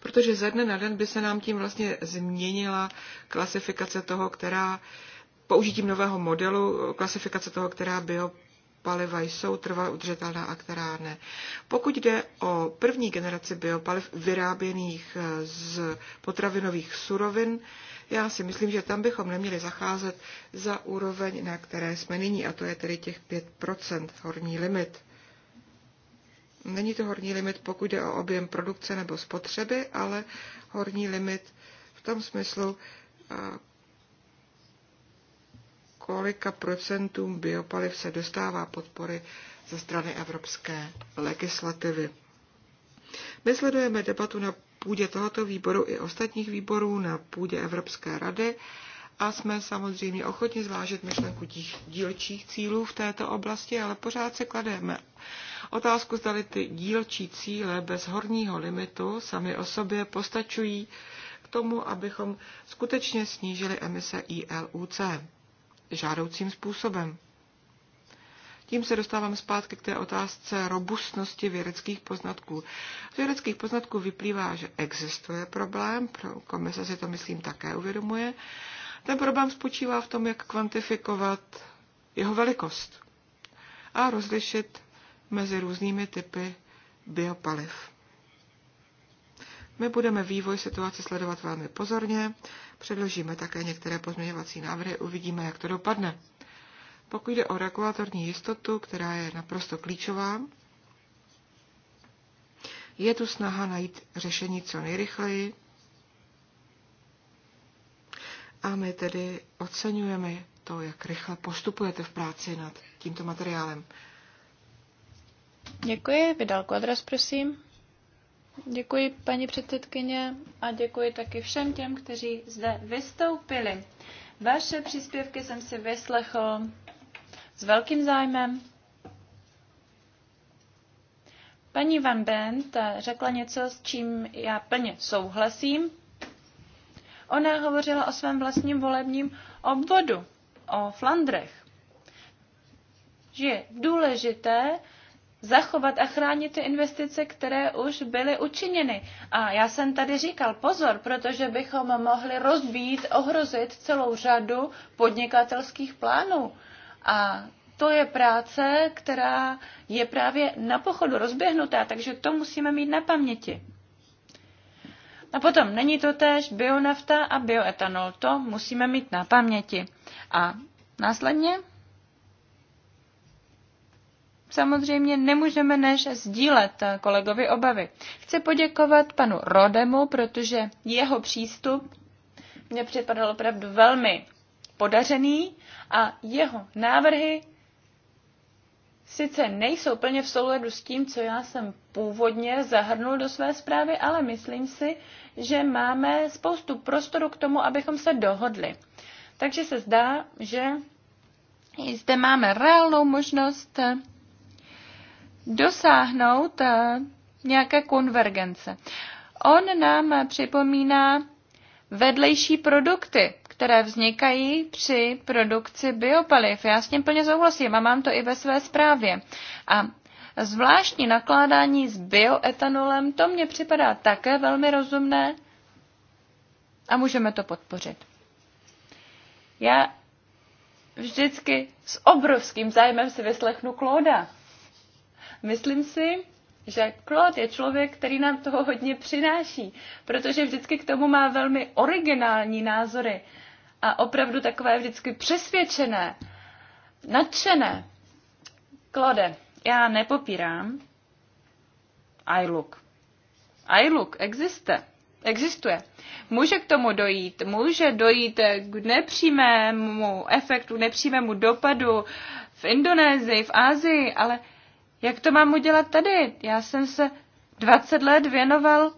protože ze dne na den by se nám tím vlastně změnila klasifikace toho, která použitím nového modelu, klasifikace toho, která bio biopaliva jsou trvale udržitelná a která ne. Pokud jde o první generaci biopaliv vyráběných eh, z potravinových surovin, já si myslím, že tam bychom neměli zacházet za úroveň, na které jsme nyní, a to je tedy těch 5% horní limit. Není to horní limit, pokud jde o objem produkce nebo spotřeby, ale horní limit v tom smyslu, eh, kolika procentům biopaliv se dostává podpory ze strany evropské legislativy. My sledujeme debatu na půdě tohoto výboru i ostatních výborů na půdě Evropské rady a jsme samozřejmě ochotni zvážit myšlenku těch dílčích cílů v této oblasti, ale pořád se klademe otázku, zda ty dílčí cíle bez horního limitu sami o sobě postačují k tomu, abychom skutečně snížili emise ILUC žádoucím způsobem. Tím se dostávám zpátky k té otázce robustnosti vědeckých poznatků. Z vědeckých poznatků vyplývá, že existuje problém, pro komise si to myslím také uvědomuje. Ten problém spočívá v tom, jak kvantifikovat jeho velikost a rozlišit mezi různými typy biopaliv. My budeme vývoj situace sledovat velmi pozorně, předložíme také některé pozměňovací návrhy, uvidíme, jak to dopadne. Pokud jde o regulatorní jistotu, která je naprosto klíčová, je tu snaha najít řešení co nejrychleji. A my tedy oceňujeme to, jak rychle postupujete v práci nad tímto materiálem. Děkuji. Vydal adres, prosím. Děkuji paní předsedkyně a děkuji taky všem těm, kteří zde vystoupili. Vaše příspěvky jsem si vyslechl s velkým zájmem. Paní Van Bent řekla něco, s čím já plně souhlasím. Ona hovořila o svém vlastním volebním obvodu, o Flandrech. Že je důležité, zachovat a chránit ty investice, které už byly učiněny. A já jsem tady říkal pozor, protože bychom mohli rozbít, ohrozit celou řadu podnikatelských plánů. A to je práce, která je právě na pochodu rozběhnutá, takže to musíme mít na paměti. A potom není to též bionafta a bioetanol. To musíme mít na paměti. A následně samozřejmě nemůžeme než sdílet kolegovi obavy. Chci poděkovat panu Rodemu, protože jeho přístup mě připadal opravdu velmi podařený a jeho návrhy sice nejsou plně v souladu s tím, co já jsem původně zahrnul do své zprávy, ale myslím si, že máme spoustu prostoru k tomu, abychom se dohodli. Takže se zdá, že zde máme reálnou možnost dosáhnout eh, nějaké konvergence. On nám připomíná vedlejší produkty, které vznikají při produkci biopaliv. Já s tím plně souhlasím a mám to i ve své zprávě. A zvláštní nakládání s bioetanolem, to mně připadá také velmi rozumné a můžeme to podpořit. Já vždycky s obrovským zájmem si vyslechnu Klóda, Myslím si, že Claude je člověk, který nám toho hodně přináší, protože vždycky k tomu má velmi originální názory a opravdu takové vždycky přesvědčené, nadšené. Claude, já nepopírám. I look existe. Existuje. Může k tomu dojít, může dojít k nepřímému efektu, nepřímému dopadu v Indonésii, v Ázii, ale jak to mám udělat tady? Já jsem se 20 let věnoval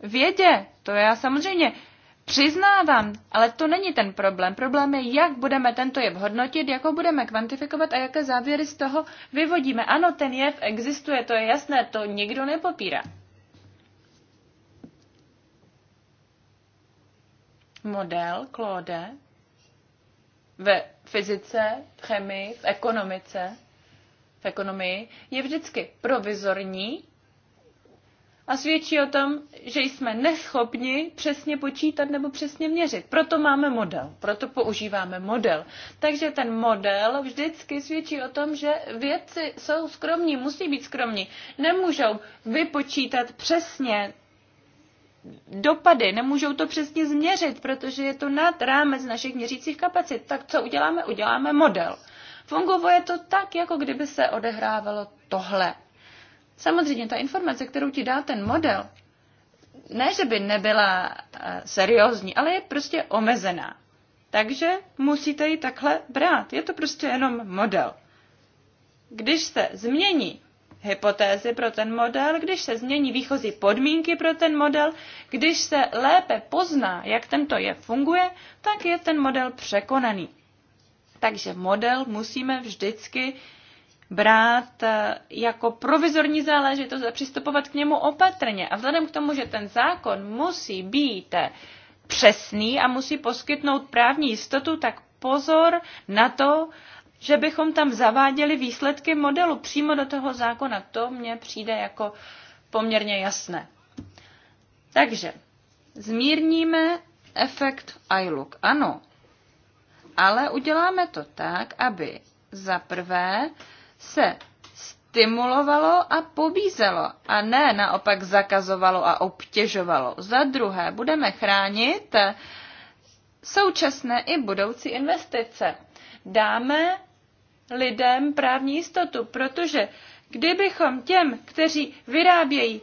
vědě. To já samozřejmě přiznávám, ale to není ten problém. Problém je, jak budeme tento jev hodnotit, jak ho budeme kvantifikovat a jaké závěry z toho vyvodíme. Ano, ten jev existuje, to je jasné, to nikdo nepopírá. Model Claude ve fyzice, v chemii, v ekonomice v ekonomii je vždycky provizorní a svědčí o tom, že jsme neschopni přesně počítat nebo přesně měřit. Proto máme model, proto používáme model. Takže ten model vždycky svědčí o tom, že věci jsou skromní, musí být skromní. Nemůžou vypočítat přesně dopady, nemůžou to přesně změřit, protože je to nad rámec našich měřících kapacit. Tak co uděláme? Uděláme model. Funguje to tak, jako kdyby se odehrávalo tohle. Samozřejmě ta informace, kterou ti dá ten model, ne, že by nebyla eh, seriózní, ale je prostě omezená. Takže musíte ji takhle brát. Je to prostě jenom model. Když se změní hypotézy pro ten model, když se změní výchozí podmínky pro ten model, když se lépe pozná, jak tento je funguje, tak je ten model překonaný. Takže model musíme vždycky brát eh, jako provizorní záležitost a přistupovat k němu opatrně. A vzhledem k tomu, že ten zákon musí být eh, přesný a musí poskytnout právní jistotu, tak pozor na to, že bychom tam zaváděli výsledky modelu přímo do toho zákona. To mně přijde jako poměrně jasné. Takže zmírníme efekt iLook. Ano, ale uděláme to tak, aby za prvé se stimulovalo a pobízelo a ne naopak zakazovalo a obtěžovalo. Za druhé budeme chránit současné i budoucí investice. Dáme lidem právní jistotu, protože kdybychom těm, kteří vyrábějí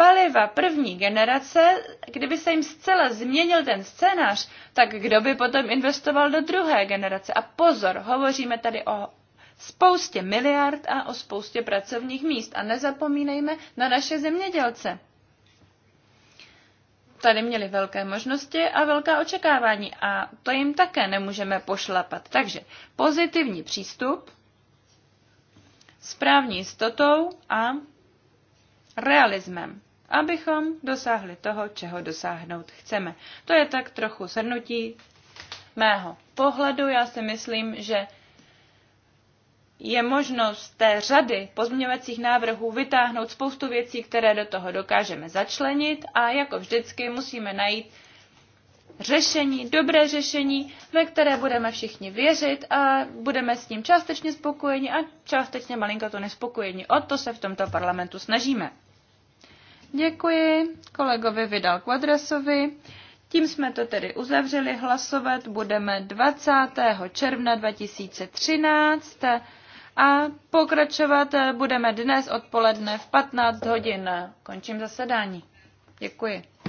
paliva první generace, kdyby se jim zcela změnil ten scénář, tak kdo by potom investoval do druhé generace? A pozor, hovoříme tady o spoustě miliard a o spoustě pracovních míst. A nezapomínejme na naše zemědělce. Tady měli velké možnosti a velká očekávání a to jim také nemůžeme pošlapat. Takže pozitivní přístup, správní jistotou a realismem abychom dosáhli toho, čeho dosáhnout chceme. To je tak trochu shrnutí mého pohledu. Já si myslím, že je možnost té řady pozměňovacích návrhů vytáhnout spoustu věcí, které do toho dokážeme začlenit a jako vždycky musíme najít řešení, dobré řešení, ve které budeme všichni věřit a budeme s ním částečně spokojeni a částečně malinko to nespokojeni. O to se v tomto parlamentu snažíme. Děkuji kolegovi Vidal Quadrasovi. Tím jsme to tedy uzavřeli. Hlasovat budeme 20. června 2013 a pokračovat budeme dnes odpoledne v 15 hodin. Končím zasedání. Děkuji.